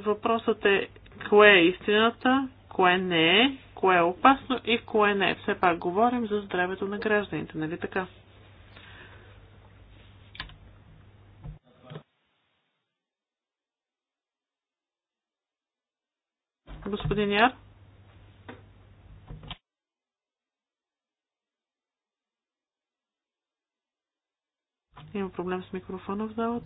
въпросът е кое е истината, кое не е, кое е опасно и кое не. Все пак говорим за здравето на гражданите, нали така? Господин Яр? Има проблем с микрофона в залата.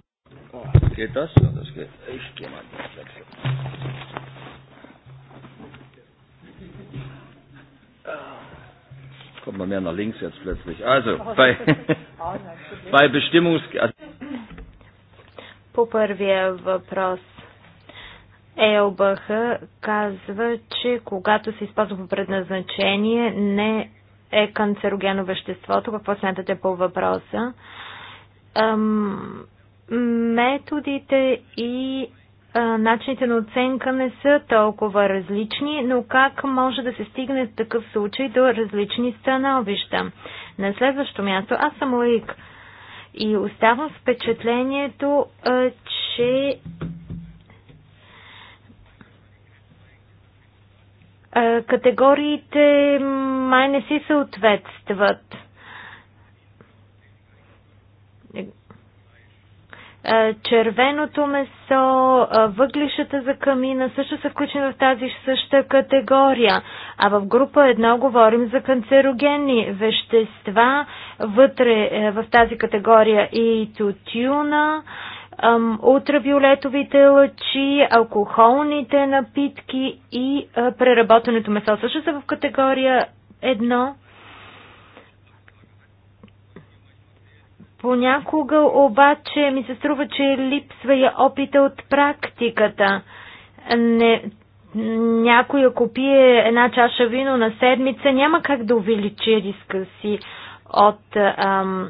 Kommt man mehr nach links jetzt plötzlich. Also, oh, bei, bei Bestimmungs... По първия въпрос ЕЛБХ казва, че когато се използва по предназначение, не е канцерогено веществото. Какво смятате по въпроса? Ам, методите и начините на оценка не са толкова различни, но как може да се стигне в такъв случай до различни становища? На следващо място, аз съм лаик и оставам с впечатлението, че категориите май не си съответстват. Е, червеното месо, е, въглишата за камина също са включени в тази съща категория. А в група едно говорим за канцерогенни вещества вътре е, в тази категория и тютюна, ултравиолетовите лъчи, алкохолните напитки и преработеното месо също са в категория едно. Понякога обаче ми се струва, че липсва и опита от практиката. Не, някой ако пие една чаша вино на седмица, няма как да увеличи риска си от ам,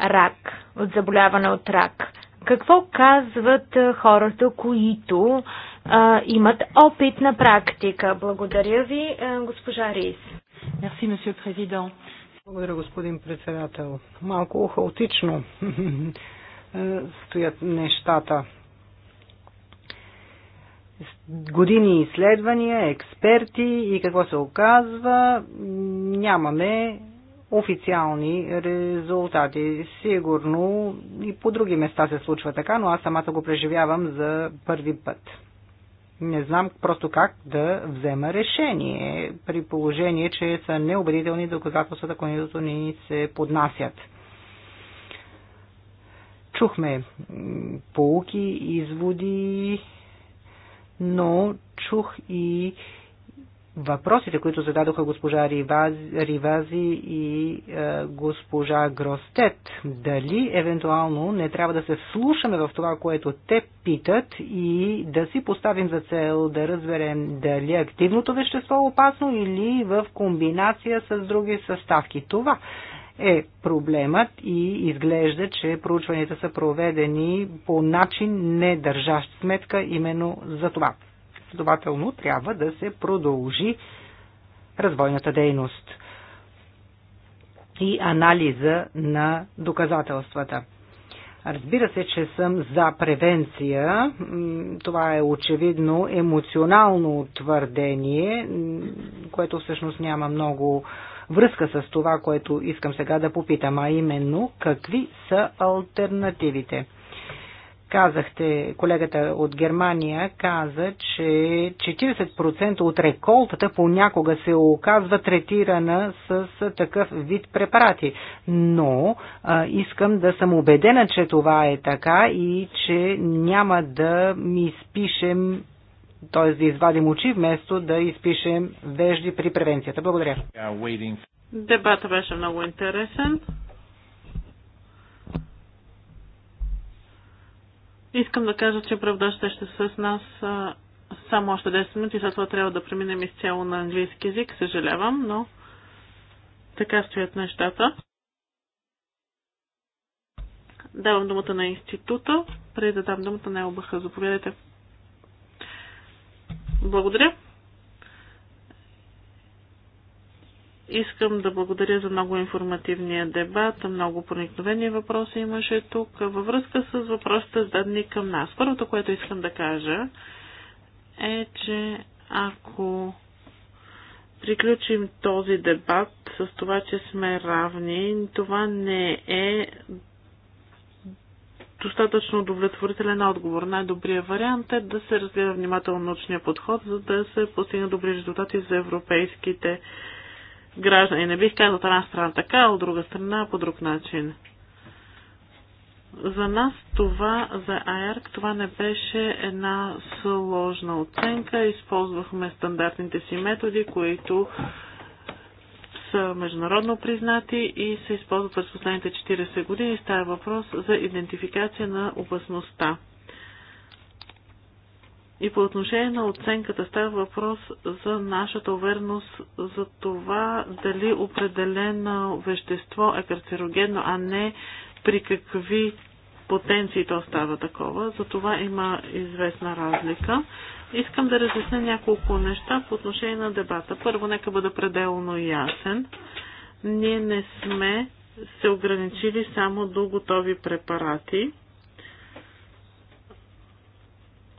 рак, от заболяване от рак. Какво казват хората, които а, имат опит на практика? Благодаря ви, госпожа Рис. Мерси, месье президент. Благодаря, господин председател. Малко хаотично стоят нещата. Години изследвания, експерти и какво се оказва, нямаме официални резултати. Сигурно и по други места се случва така, но аз самата го преживявам за първи път не знам просто как да взема решение, при положение, че са неубедителни доказателствата, които ни се поднасят. Чухме полуки, изводи, но чух и въпросите, които зададоха госпожа Ривази и е, госпожа Гростет. Дали евентуално не трябва да се слушаме в това, което те питат и да си поставим за цел да разберем дали активното вещество е опасно или в комбинация с други съставки. Това е проблемът и изглежда, че проучванията са проведени по начин не държащ сметка именно за това. Следователно, трябва да се продължи развойната дейност и анализа на доказателствата. Разбира се, че съм за превенция. Това е очевидно емоционално твърдение, което всъщност няма много връзка с това, което искам сега да попитам, а именно какви са альтернативите казахте, колегата от Германия каза, че 40% от реколтата понякога се оказва третирана с такъв вид препарати. Но а, искам да съм убедена, че това е така и че няма да ми спишем т.е. да извадим очи, вместо да изпишем вежди при превенцията. Благодаря. Дебата беше много интересен. Искам да кажа, че правда ще ще с нас само още 10 минути, след това трябва да преминем изцяло на английски язик, съжалявам, но така стоят нещата. Давам думата на института, преди да дам думата на ЛБХ. Заповядайте. Благодаря. Искам да благодаря за много информативния дебат, много проникновени въпроси имаше тук. Във връзка с въпросите зададени към нас, първото, което искам да кажа е, че ако приключим този дебат с това, че сме равни, това не е достатъчно удовлетворителен отговор. Най-добрият вариант е да се разгледа внимателно научния подход, за да се постигнат добри резултати за европейските граждани. Не бих казал от една страна така, а от друга страна по друг начин. За нас това, за АЕРК, това не беше една сложна оценка. Използвахме стандартните си методи, които са международно признати и се използват през последните 40 години. Става въпрос за идентификация на опасността. И по отношение на оценката става въпрос за нашата увереност за това дали определено вещество е карцерогенно, а не при какви потенции то става такова. За това има известна разлика. Искам да разясня няколко неща по отношение на дебата. Първо, нека бъда пределно ясен. Ние не сме се ограничили само до готови препарати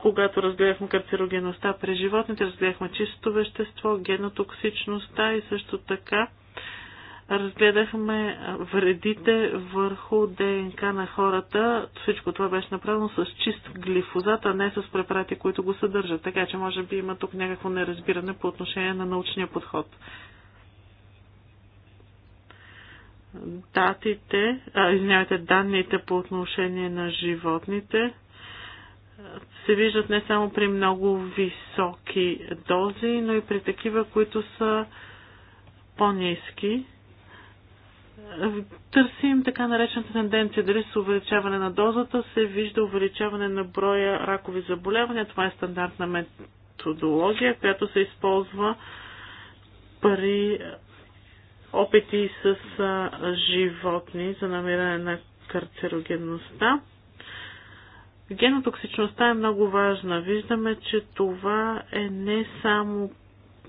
когато разгледахме карцерогенността при животните, разгледахме чистото вещество, генотоксичността и също така разгледахме вредите върху ДНК на хората. Всичко това беше направено с чист глифозат, а не с препарати, които го съдържат. Така че може би има тук някакво неразбиране по отношение на научния подход. Датите, а, извинявайте, данните по отношение на животните се виждат не само при много високи дози, но и при такива, които са по-низки. Търсим така наречената тенденция, дали с увеличаване на дозата се вижда увеличаване на броя ракови заболявания. Това е стандартна методология, която се използва при опити с животни за намиране на карцерогенността. Генотоксичността е много важна. Виждаме, че това е не само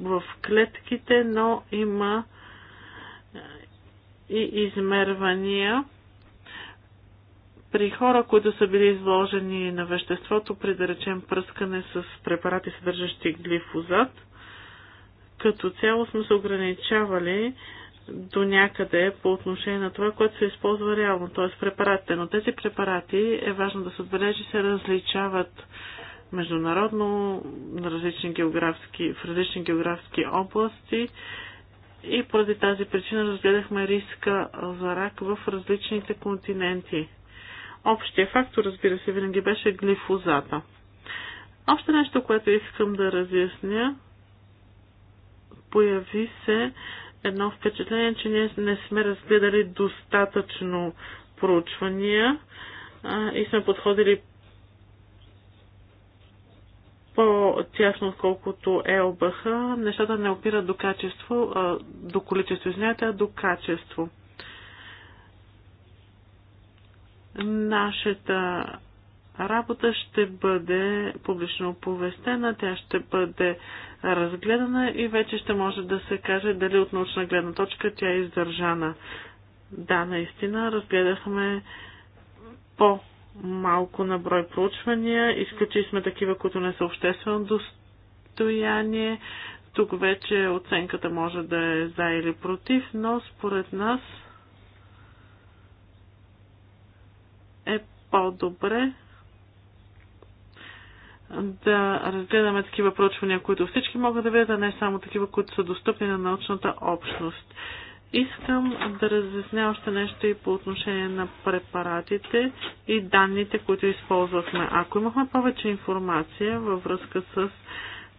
в клетките, но има е, и измервания при хора, които са били изложени на веществото при, да речем, пръскане с препарати, съдържащи глифозат. Като цяло сме се ограничавали до някъде по отношение на това, което се използва реално, т.е. препаратите. Но тези препарати, е важно да се отбележи, се различават международно на различни географски, в различни географски области и поради тази причина разгледахме риска за рак в различните континенти. Общия фактор, разбира се, винаги беше глифозата. Още нещо, което искам да разясня, появи се едно впечатление, че ние не сме разгледали достатъчно проучвания а, и сме подходили по-тясно, отколкото ЕОБХ. Нещата не опират до качество, а, до количество, извинявайте, а до качество. Нашата работа ще бъде публично оповестена, тя ще бъде разгледана и вече ще може да се каже дали от научна гледна точка тя е издържана. Да, наистина, разгледахме по-малко на брой проучвания, изключихме такива, които не са обществено достояние. Тук вече оценката може да е за или против, но според нас е по-добре да разгледаме такива проучвания, които всички могат да видят, а не само такива, които са достъпни на научната общност. Искам да разясня още нещо и по отношение на препаратите и данните, които използвахме. Ако имахме повече информация във връзка с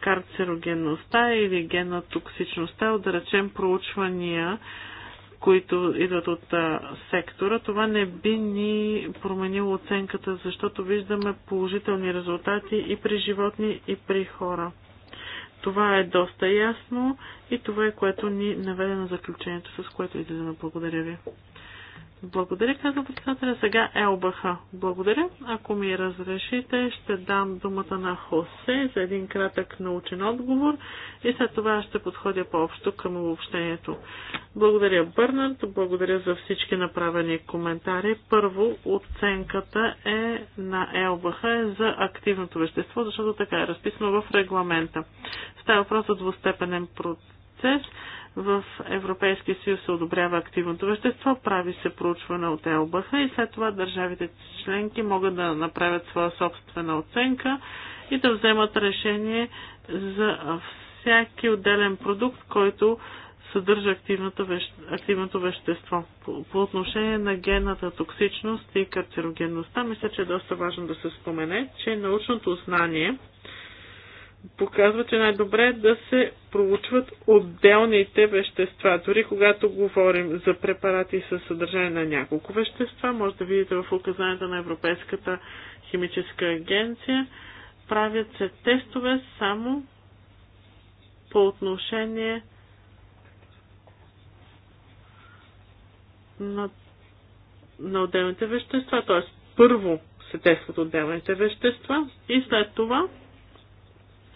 карцерогенността или генотоксичността, да речем проучвания, които идват от а, сектора, това не би ни променило оценката, защото виждаме положителни резултати и при животни, и при хора. Това е доста ясно и това е което ни наведе на заключението, с което излизаме. Благодаря ви. Благодаря, каза председателя. Сега ЛБХ. Благодаря. Ако ми разрешите, ще дам думата на Хосе за един кратък научен отговор и след това ще подходя по-общо към обобщението. Благодаря, Бърнард. Благодаря за всички направени коментари. Първо, оценката е на ЛБХ за активното вещество, защото така е разписано в регламента. Става въпрос за двустепенен процес в Европейския съюз се одобрява активното вещество, прави се проучване от ЕЛБХ и след това държавите членки могат да направят своя собствена оценка и да вземат решение за всяки отделен продукт, който съдържа активното, веще, активното вещество. По, по отношение на генната токсичност и карцерогенността, мисля, че е доста важно да се спомене, че научното знание показва, че най-добре е да се проучват отделните вещества. Дори когато говорим за препарати с съдържание на няколко вещества, може да видите в указанията на Европейската химическа агенция, правят се тестове само по отношение на, на отделните вещества. Т.е. първо се тестват отделните вещества и след това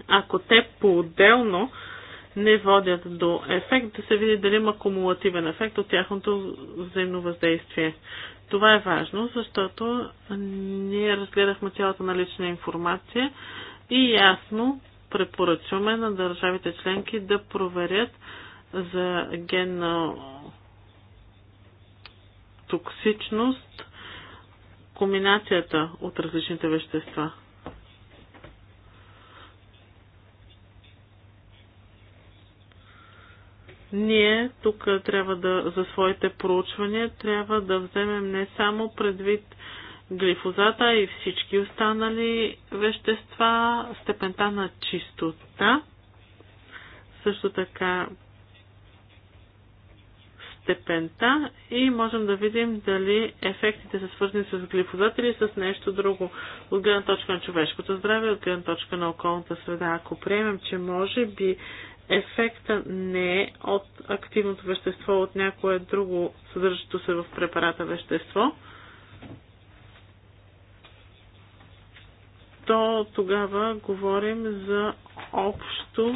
ако те по-отделно не водят до ефект, да се види дали има кумулативен ефект от тяхното взаимно въздействие. Това е важно, защото ние разгледахме цялата налична информация и ясно препоръчваме на държавите членки да проверят за генна токсичност комбинацията от различните вещества. Ние тук трябва да, за своите проучвания трябва да вземем не само предвид глифозата и всички останали вещества, степента на чистота, също така степента и можем да видим дали ефектите са свързани с глифозат или с нещо друго от гледна точка на човешкото здраве, от гледна точка на околната среда. Ако приемем, че може би ефекта не е от активното вещество, от някое друго съдържащо се в препарата вещество, то тогава говорим за общо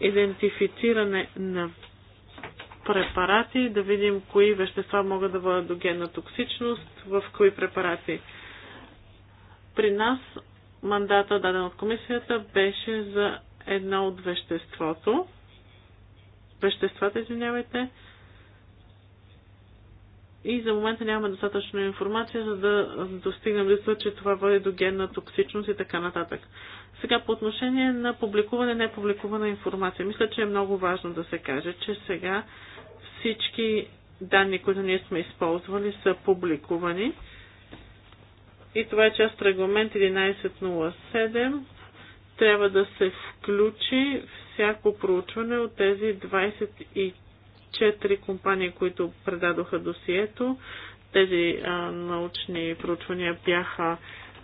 идентифициране на препарати, да видим кои вещества могат да водят до генна токсичност, в кои препарати. При нас мандата, даден от комисията, беше за едно от веществото, веществата, извинявайте, и за момента нямаме достатъчно информация, за да достигнем до че това води до генна токсичност и така нататък. Сега по отношение на публикуване, не публикувана информация. Мисля, че е много важно да се каже, че сега всички данни, които ние сме използвали, са публикувани. И това е част от регламент 1107 трябва да се включи всяко проучване от тези 24 компании, които предадоха досието. Тези а, научни проучвания бяха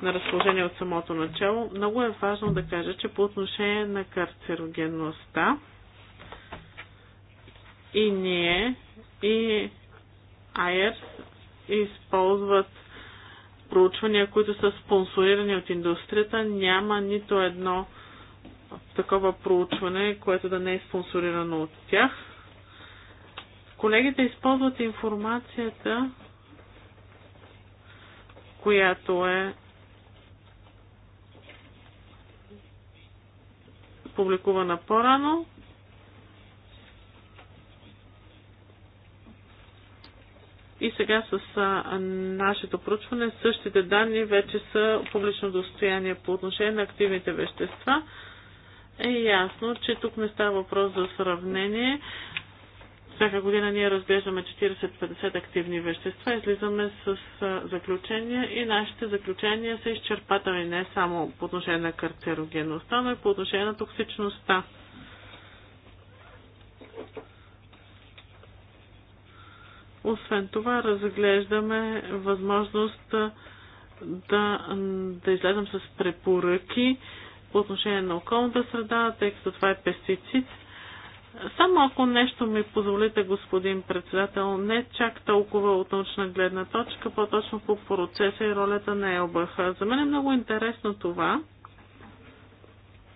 на разположение от самото начало. Много е важно да кажа, че по отношение на карцерогенността и ние, и АЕРС използват проучвания, които са спонсорирани от индустрията. Няма нито едно такова проучване, което да не е спонсорирано от тях. Колегите използват информацията, която е публикувана по-рано И сега с нашето проучване същите данни вече са публично достояние по отношение на активните вещества. Е ясно, че тук не става въпрос за сравнение. Всяка година ние разглеждаме 40-50 активни вещества, излизаме с заключения и нашите заключения са изчерпателни не само по отношение на карцерогенността, но и по отношение на токсичността. Освен това, разглеждаме възможност да, да излезем с препоръки по отношение на околната среда, тъй като това е пестицид. Само ако нещо ми позволите, господин председател, не чак толкова от научна гледна точка, по-точно по процеса и ролята на ЕЛБХ. За мен е много интересно това,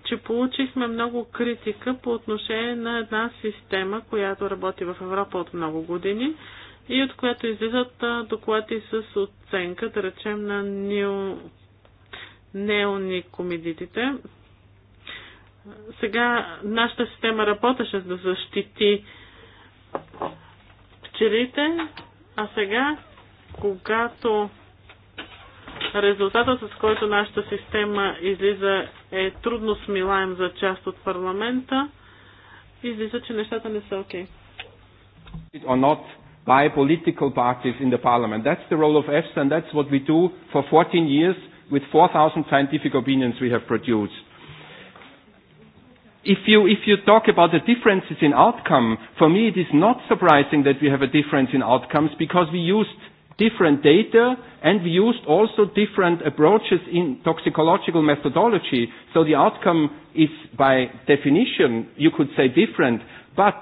че получихме много критика по отношение на една система, която работи в Европа от много години, и от която излизат доклади с оценка, да речем, на нео... Сега нашата система работеше да защити пчелите, а сега, когато резултата, с който нашата система излиза, е трудно смилаем за част от парламента, излиза, че нещата не са окей. Okay by political parties in the parliament. That's the role of EFSA, and that's what we do for 14 years with 4,000 scientific opinions we have produced. If you, if you talk about the differences in outcome, for me it is not surprising that we have a difference in outcomes because we used different data and we used also different approaches in toxicological methodology. So the outcome is by definition, you could say different, but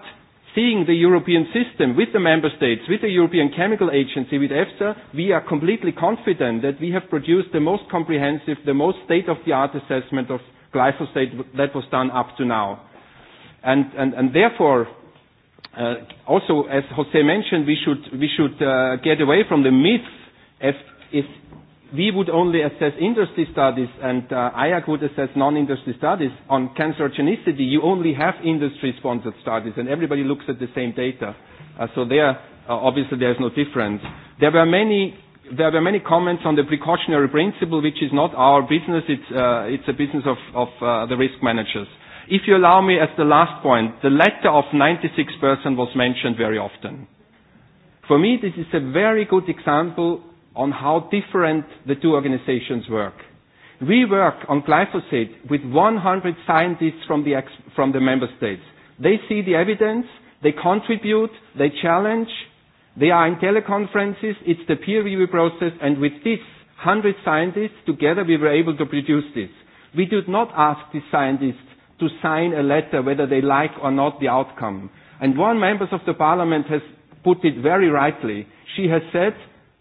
seeing the European system with the member states, with the European Chemical Agency, with EFSA, we are completely confident that we have produced the most comprehensive, the most state-of-the-art assessment of glyphosate that was done up to now. And, and, and therefore, uh, also, as Jose mentioned, we should, we should uh, get away from the myth if, if we would only assess industry studies and uh, IAC would assess non-industry studies on cancerogenicity, you only have industry-sponsored studies and everybody looks at the same data. Uh, so there, uh, obviously, there's no difference. There were many there were many comments on the precautionary principle, which is not our business. It's, uh, it's a business of, of uh, the risk managers. If you allow me, as the last point, the letter of 96% was mentioned very often. For me, this is a very good example on how different the two organizations work. We work on glyphosate with 100 scientists from the, ex- from the member states. They see the evidence, they contribute, they challenge, they are in teleconferences, it's the peer review process, and with these 100 scientists together we were able to produce this. We did not ask the scientists to sign a letter whether they like or not the outcome. And one member of the parliament has put it very rightly. She has said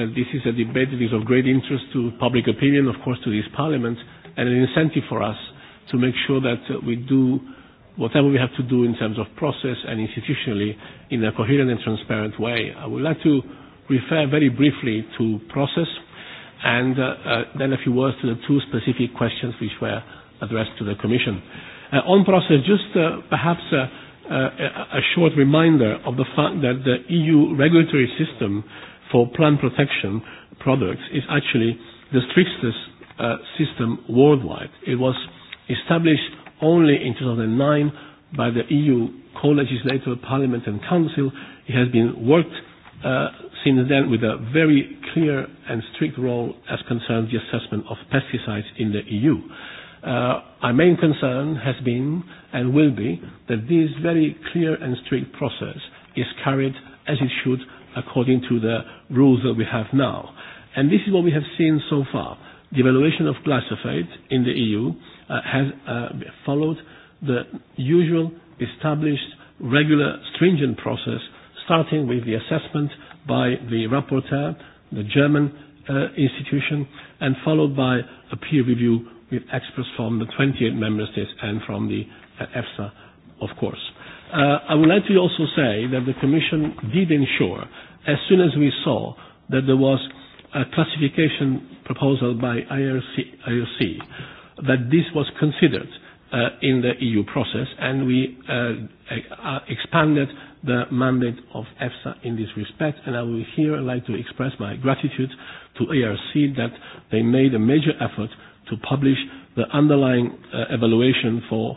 that this is a debate that is of great interest to public opinion, of course, to this Parliament, and an incentive for us to make sure that we do whatever we have to do in terms of process and institutionally in a coherent and transparent way. I would like to refer very briefly to process and uh, uh, then a few words to the two specific questions which were addressed to the Commission. Uh, on process, just uh, perhaps uh, uh, a short reminder of the fact that the EU regulatory system for plant protection products is actually the strictest uh, system worldwide. It was established only in 2009 by the EU co-legislator, Parliament and Council. It has been worked uh, since then with a very clear and strict role as concerns the assessment of pesticides in the EU. Uh, our main concern has been and will be that this very clear and strict process is carried as it should according to the rules that we have now. And this is what we have seen so far. The evaluation of glyphosate in the EU uh, has uh, followed the usual established regular stringent process, starting with the assessment by the rapporteur, the German uh, institution, and followed by a peer review with experts from the 28 member states and from the uh, EFSA, of course. Uh, I would like to also say that the Commission did ensure, as soon as we saw that there was a classification proposal by IRC, IRC that this was considered uh, in the EU process, and we uh, expanded the mandate of EFSA in this respect. And I will here like to express my gratitude to ARC that they made a major effort to publish the underlying uh, evaluation for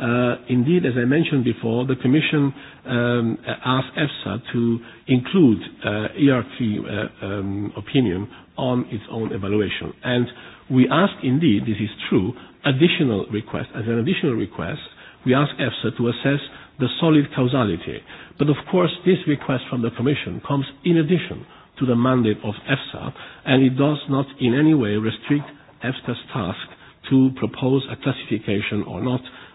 Uh, indeed, as I mentioned before, the Commission um, asked EFSA to include uh, ERT uh, um, opinion on its own evaluation. And we ask, indeed, this is true, additional request. As an additional request, we ask EFSA to assess the solid causality. But of course, this request from the Commission comes in addition to the mandate of EFSA, and it does not in any way restrict EFSA's task to propose a classification or not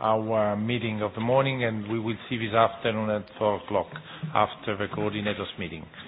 our meeting of the morning, and we will see this afternoon at 4:00 o'clock after the coordinators' meeting.